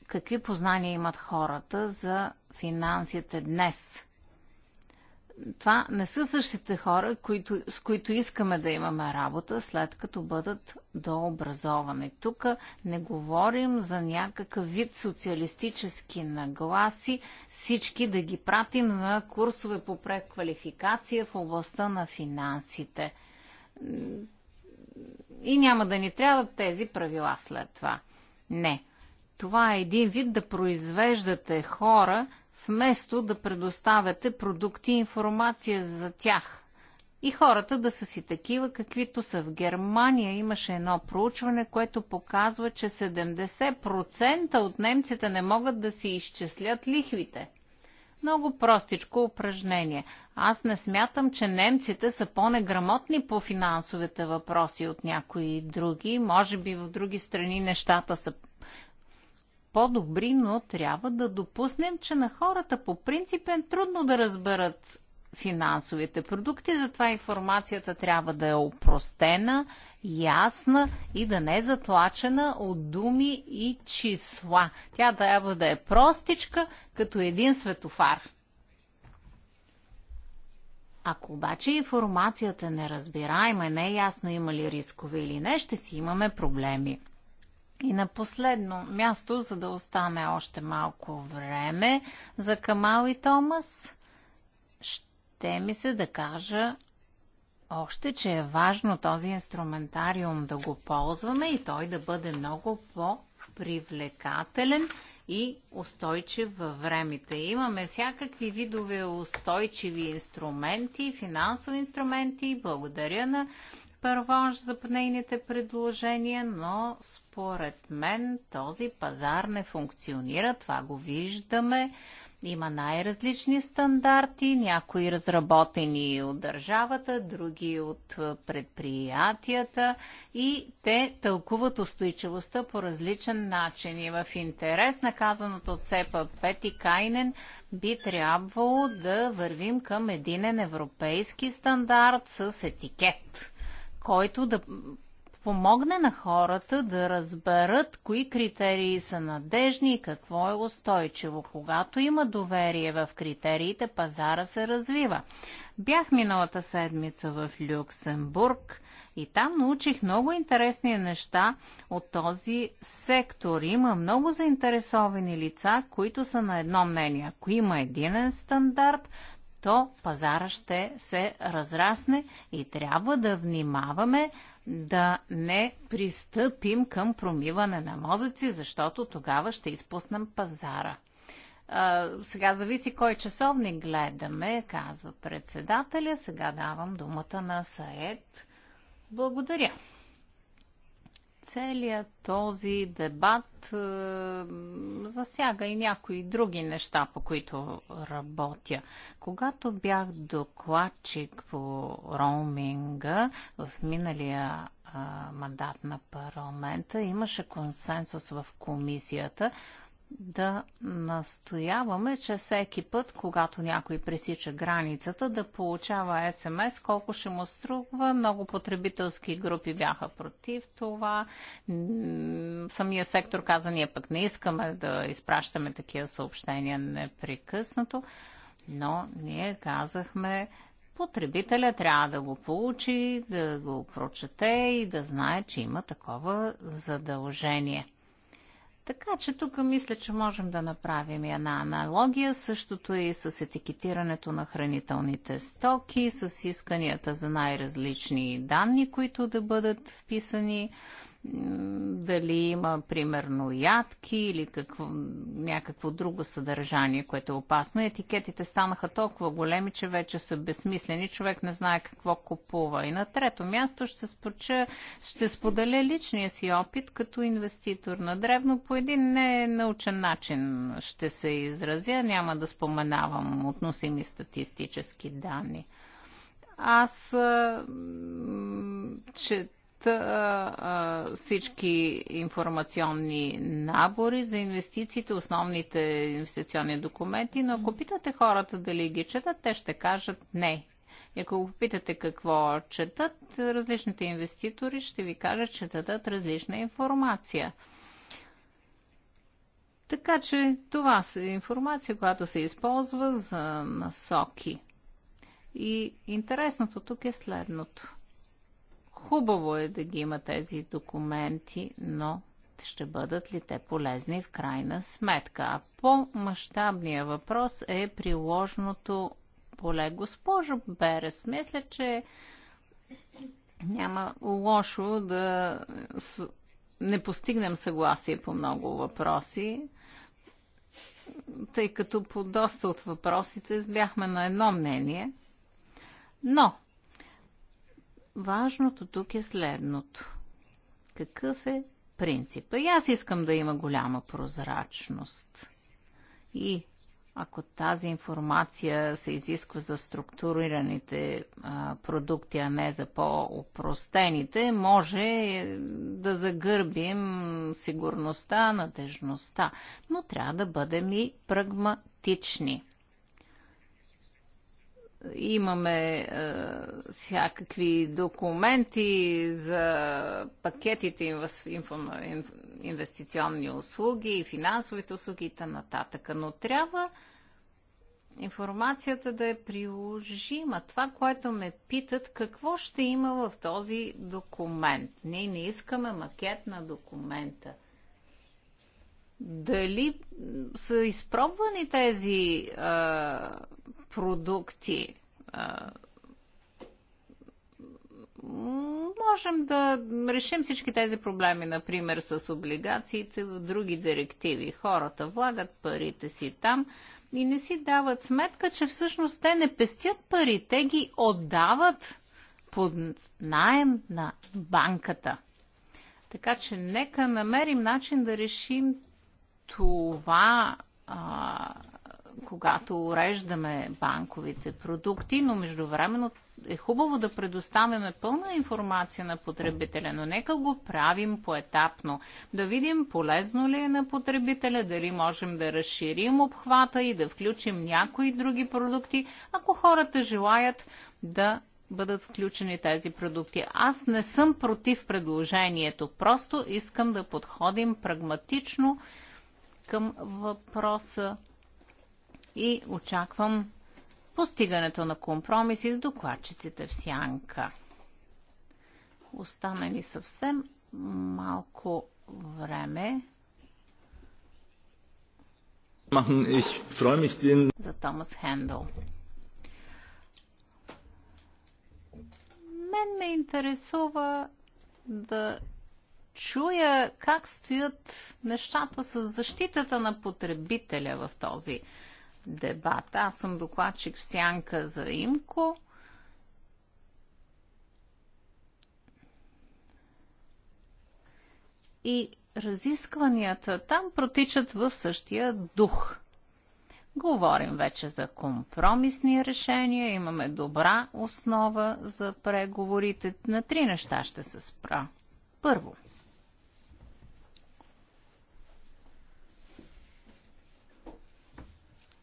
какви познания имат хората за финансите днес това не са същите хора, които, с които искаме да имаме работа, след като бъдат дообразовани. Тук не говорим за някакъв вид социалистически нагласи, всички да ги пратим на курсове по преквалификация в областта на финансите. И няма да ни трябват тези правила след това. Не. Това е един вид да произвеждате хора, вместо да предоставяте продукти и информация за тях. И хората да са си такива, каквито са. В Германия имаше едно проучване, което показва, че 70% от немците не могат да си изчислят лихвите. Много простичко упражнение. Аз не смятам, че немците са по-неграмотни по финансовите въпроси от някои други. Може би в други страни нещата са по-добри, но трябва да допуснем, че на хората по принцип е трудно да разберат финансовите продукти, затова информацията трябва да е опростена, ясна и да не е затлачена от думи и числа. Тя трябва да е простичка, като един светофар. Ако обаче информацията не разбираема, не е ясно има ли рискове или не, ще си имаме проблеми. И на последно място, за да остане още малко време за Камал и Томас, ще ми се да кажа още, че е важно този инструментариум да го ползваме и той да бъде много по-привлекателен и устойчив във времето. Имаме всякакви видове устойчиви инструменти, финансови инструменти. Благодаря на Първонж за нейните предложения, но според мен този пазар не функционира. Това го виждаме. Има най-различни стандарти, някои разработени от държавата, други от предприятията и те тълкуват устойчивостта по различен начин. И в интерес на казаното от СЕПА Пети Кайнен би трябвало да вървим към единен европейски стандарт с етикет който да помогне на хората да разберат кои критерии са надежни и какво е устойчиво. Когато има доверие в критериите, пазара се развива. Бях миналата седмица в Люксембург и там научих много интересни неща от този сектор. Има много заинтересовани лица, които са на едно мнение. Ако има единен стандарт, то пазара ще се разрасне и трябва да внимаваме да не пристъпим към промиване на мозъци, защото тогава ще изпуснем пазара. А, сега зависи кой часовник гледаме, казва председателя. Сега давам думата на Саед. Благодаря целият този дебат е, засяга и някои други неща, по които работя. Когато бях докладчик по роуминга в миналия е, мандат на парламента, имаше консенсус в комисията да настояваме, че всеки път, когато някой пресича границата, да получава СМС, колко ще му струва. Много потребителски групи бяха против това. Самия сектор каза, ние пък не искаме да изпращаме такива съобщения непрекъснато, но ние казахме, потребителя трябва да го получи, да го прочете и да знае, че има такова задължение. Така че тук мисля, че можем да направим една аналогия. Същото е и с етикетирането на хранителните стоки, с исканията за най-различни данни, които да бъдат вписани дали има примерно ядки или какво, някакво друго съдържание, което е опасно. Етикетите станаха толкова големи, че вече са безсмислени. Човек не знае какво купува. И на трето място ще, споча, ще споделя личния си опит като инвеститор на древно по един не научен начин ще се изразя. Няма да споменавам относими статистически данни. Аз че всички информационни набори за инвестициите, основните инвестиционни документи, но ако питате хората дали ги четат, те ще кажат не. И ако го питате какво четат, различните инвеститори ще ви кажат, че дадат различна информация. Така че това е информация, която се използва за насоки. И интересното тук е следното – Хубаво е да ги има тези документи, но ще бъдат ли те полезни в крайна сметка? А по-масштабният въпрос е приложното поле. Госпожо Берес, мисля, че няма лошо да не постигнем съгласие по много въпроси, тъй като по доста от въпросите бяхме на едно мнение. Но Важното тук е следното. Какъв е принципа? И аз искам да има голяма прозрачност. И ако тази информация се изисква за структурираните а, продукти, а не за по-опростените, може е, да загърбим сигурността, надежността. Но трябва да бъдем и прагматични. Имаме а, е, всякакви документи за пакетите инвестиционни услуги, и финансовите услуги и т.н. Но трябва информацията да е приложима. Това, което ме питат, какво ще има в този документ. Ние не искаме макет на документа. Дали са изпробвани тези а, е, продукти. Можем да решим всички тези проблеми, например, с облигациите в други директиви. Хората влагат парите си там и не си дават сметка, че всъщност те не пестят пари, те ги отдават под найем на банката. Така че нека намерим начин да решим това а, когато уреждаме банковите продукти, но междувременно е хубаво да предоставяме пълна информация на потребителя, но нека го правим поетапно. Да видим полезно ли е на потребителя, дали можем да разширим обхвата и да включим някои други продукти, ако хората желаят да бъдат включени тези продукти. Аз не съм против предложението, просто искам да подходим прагматично към въпроса и очаквам постигането на компромиси с докладчиците в сянка. Остана ли съвсем малко време. За Томас Хендъл. Мен ме интересува да чуя как стоят нещата с защитата на потребителя в този Дебата. Аз съм докладчик в Сянка за Имко. И разискванията там протичат в същия дух. Говорим вече за компромисни решения, имаме добра основа за преговорите. На три неща ще се спра. Първо –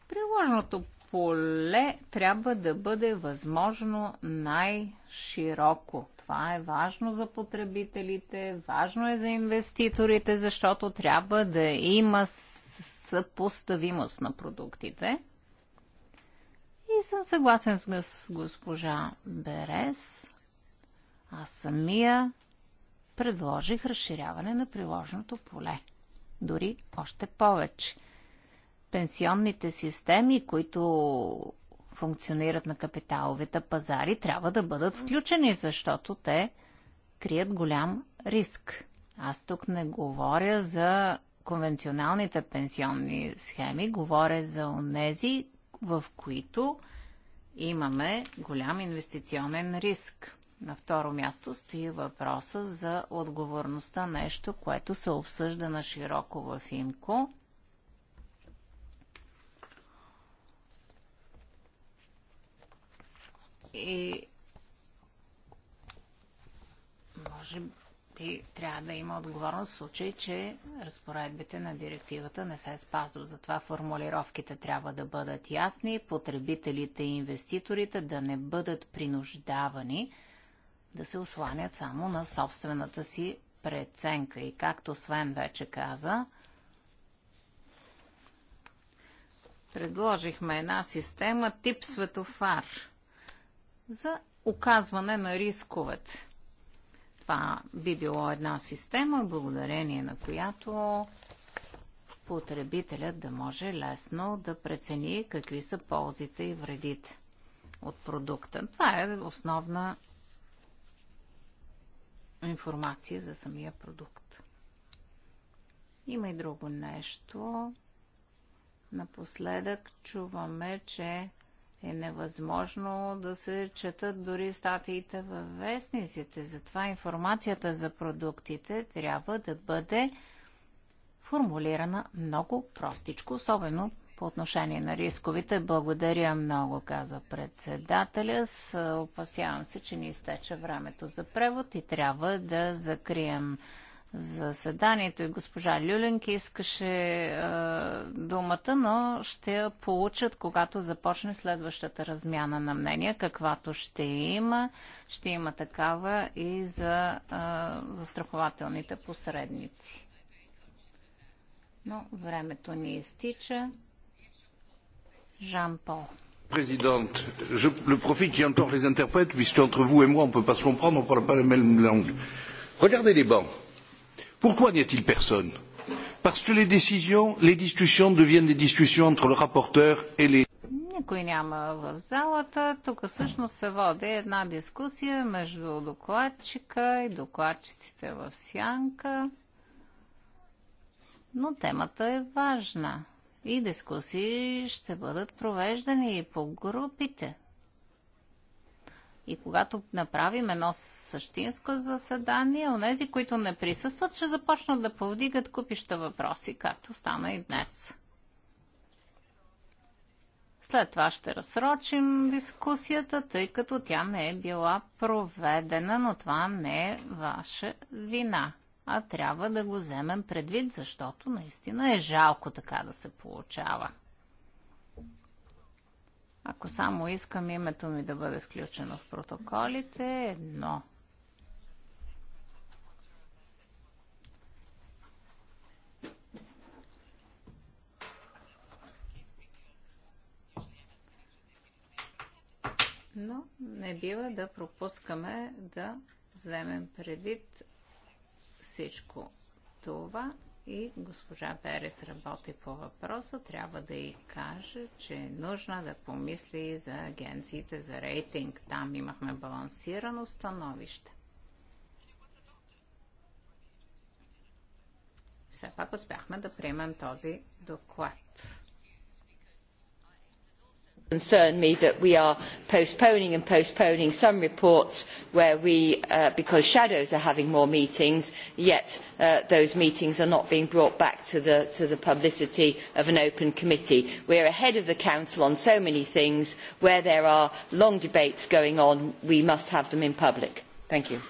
Приложното поле трябва да бъде възможно най-широко. Това е важно за потребителите, важно е за инвеститорите, защото трябва да има съпоставимост на продуктите. И съм съгласен с госпожа Берес. Аз самия предложих разширяване на приложното поле. Дори още повече пенсионните системи, които функционират на капиталовите пазари, трябва да бъдат включени, защото те крият голям риск. Аз тук не говоря за конвенционалните пенсионни схеми, говоря за онези, в които имаме голям инвестиционен риск. На второ място стои въпроса за отговорността, нещо, което се обсъжда на широко в ИМКО. И може би трябва да има отговорност в случай, че разпоредбите на директивата не се спазват. Затова формулировките трябва да бъдат ясни, потребителите и инвеститорите да не бъдат принуждавани да се осланят само на собствената си преценка. И както Свен вече каза, предложихме една система тип светофар – за оказване на рисковете. Това би било една система, благодарение на която потребителят да може лесно да прецени какви са ползите и вредите от продукта. Това е основна информация за самия продукт. Има и друго нещо. Напоследък чуваме, че е невъзможно да се четат дори статиите във вестниците. Затова информацията за продуктите трябва да бъде формулирана много простичко, особено по отношение на рисковите. Благодаря много, казва председателя. Опасявам се, че ни изтече времето за превод и трябва да закрием заседанието и госпожа Люленки искаше е, думата, но ще я получат, когато започне следващата размяна на мнения, каквато ще има. Ще има такава и за е, застрахователните посредници. Но времето ни изтича. Жан Пол. Présidente, je, le profit qui entoure les interprètes, puisqu'entre vous et moi, on ne peut pas se comprendre, on ne parle pas la même langue. Regardez les bancs Pourquoi n'y a-t-il personne Parce que les décisions, les discussions deviennent des discussions entre le rapporteur et les. Никой няма в залата. Тук всъщност се води една дискусия между докладчика и докладчиците в сянка. Но темата е важна и дискусии ще бъдат провеждани и по групите. И когато направим едно същинско заседание, онези, които не присъстват, ще започнат да повдигат купища въпроси, както стана и днес. След това ще разсрочим дискусията, тъй като тя не е била проведена, но това не е ваша вина. А трябва да го вземем предвид, защото наистина е жалко така да се получава. Ако само искам името ми да бъде включено в протоколите, едно. Но не бива да пропускаме да вземем предвид всичко това и госпожа Перес работи по въпроса. Трябва да й каже, че е нужно да помисли за агенциите за рейтинг. Там имахме балансирано становище. Все пак успяхме да приемем този доклад concern me that we are postponing and postponing some reports where we, because shadows are having more meetings, yet those meetings are not being brought back to the, publicity of an open committee. We are ahead of the Council on so many things. Where there are long debates going on, we must have them in public. Thank you.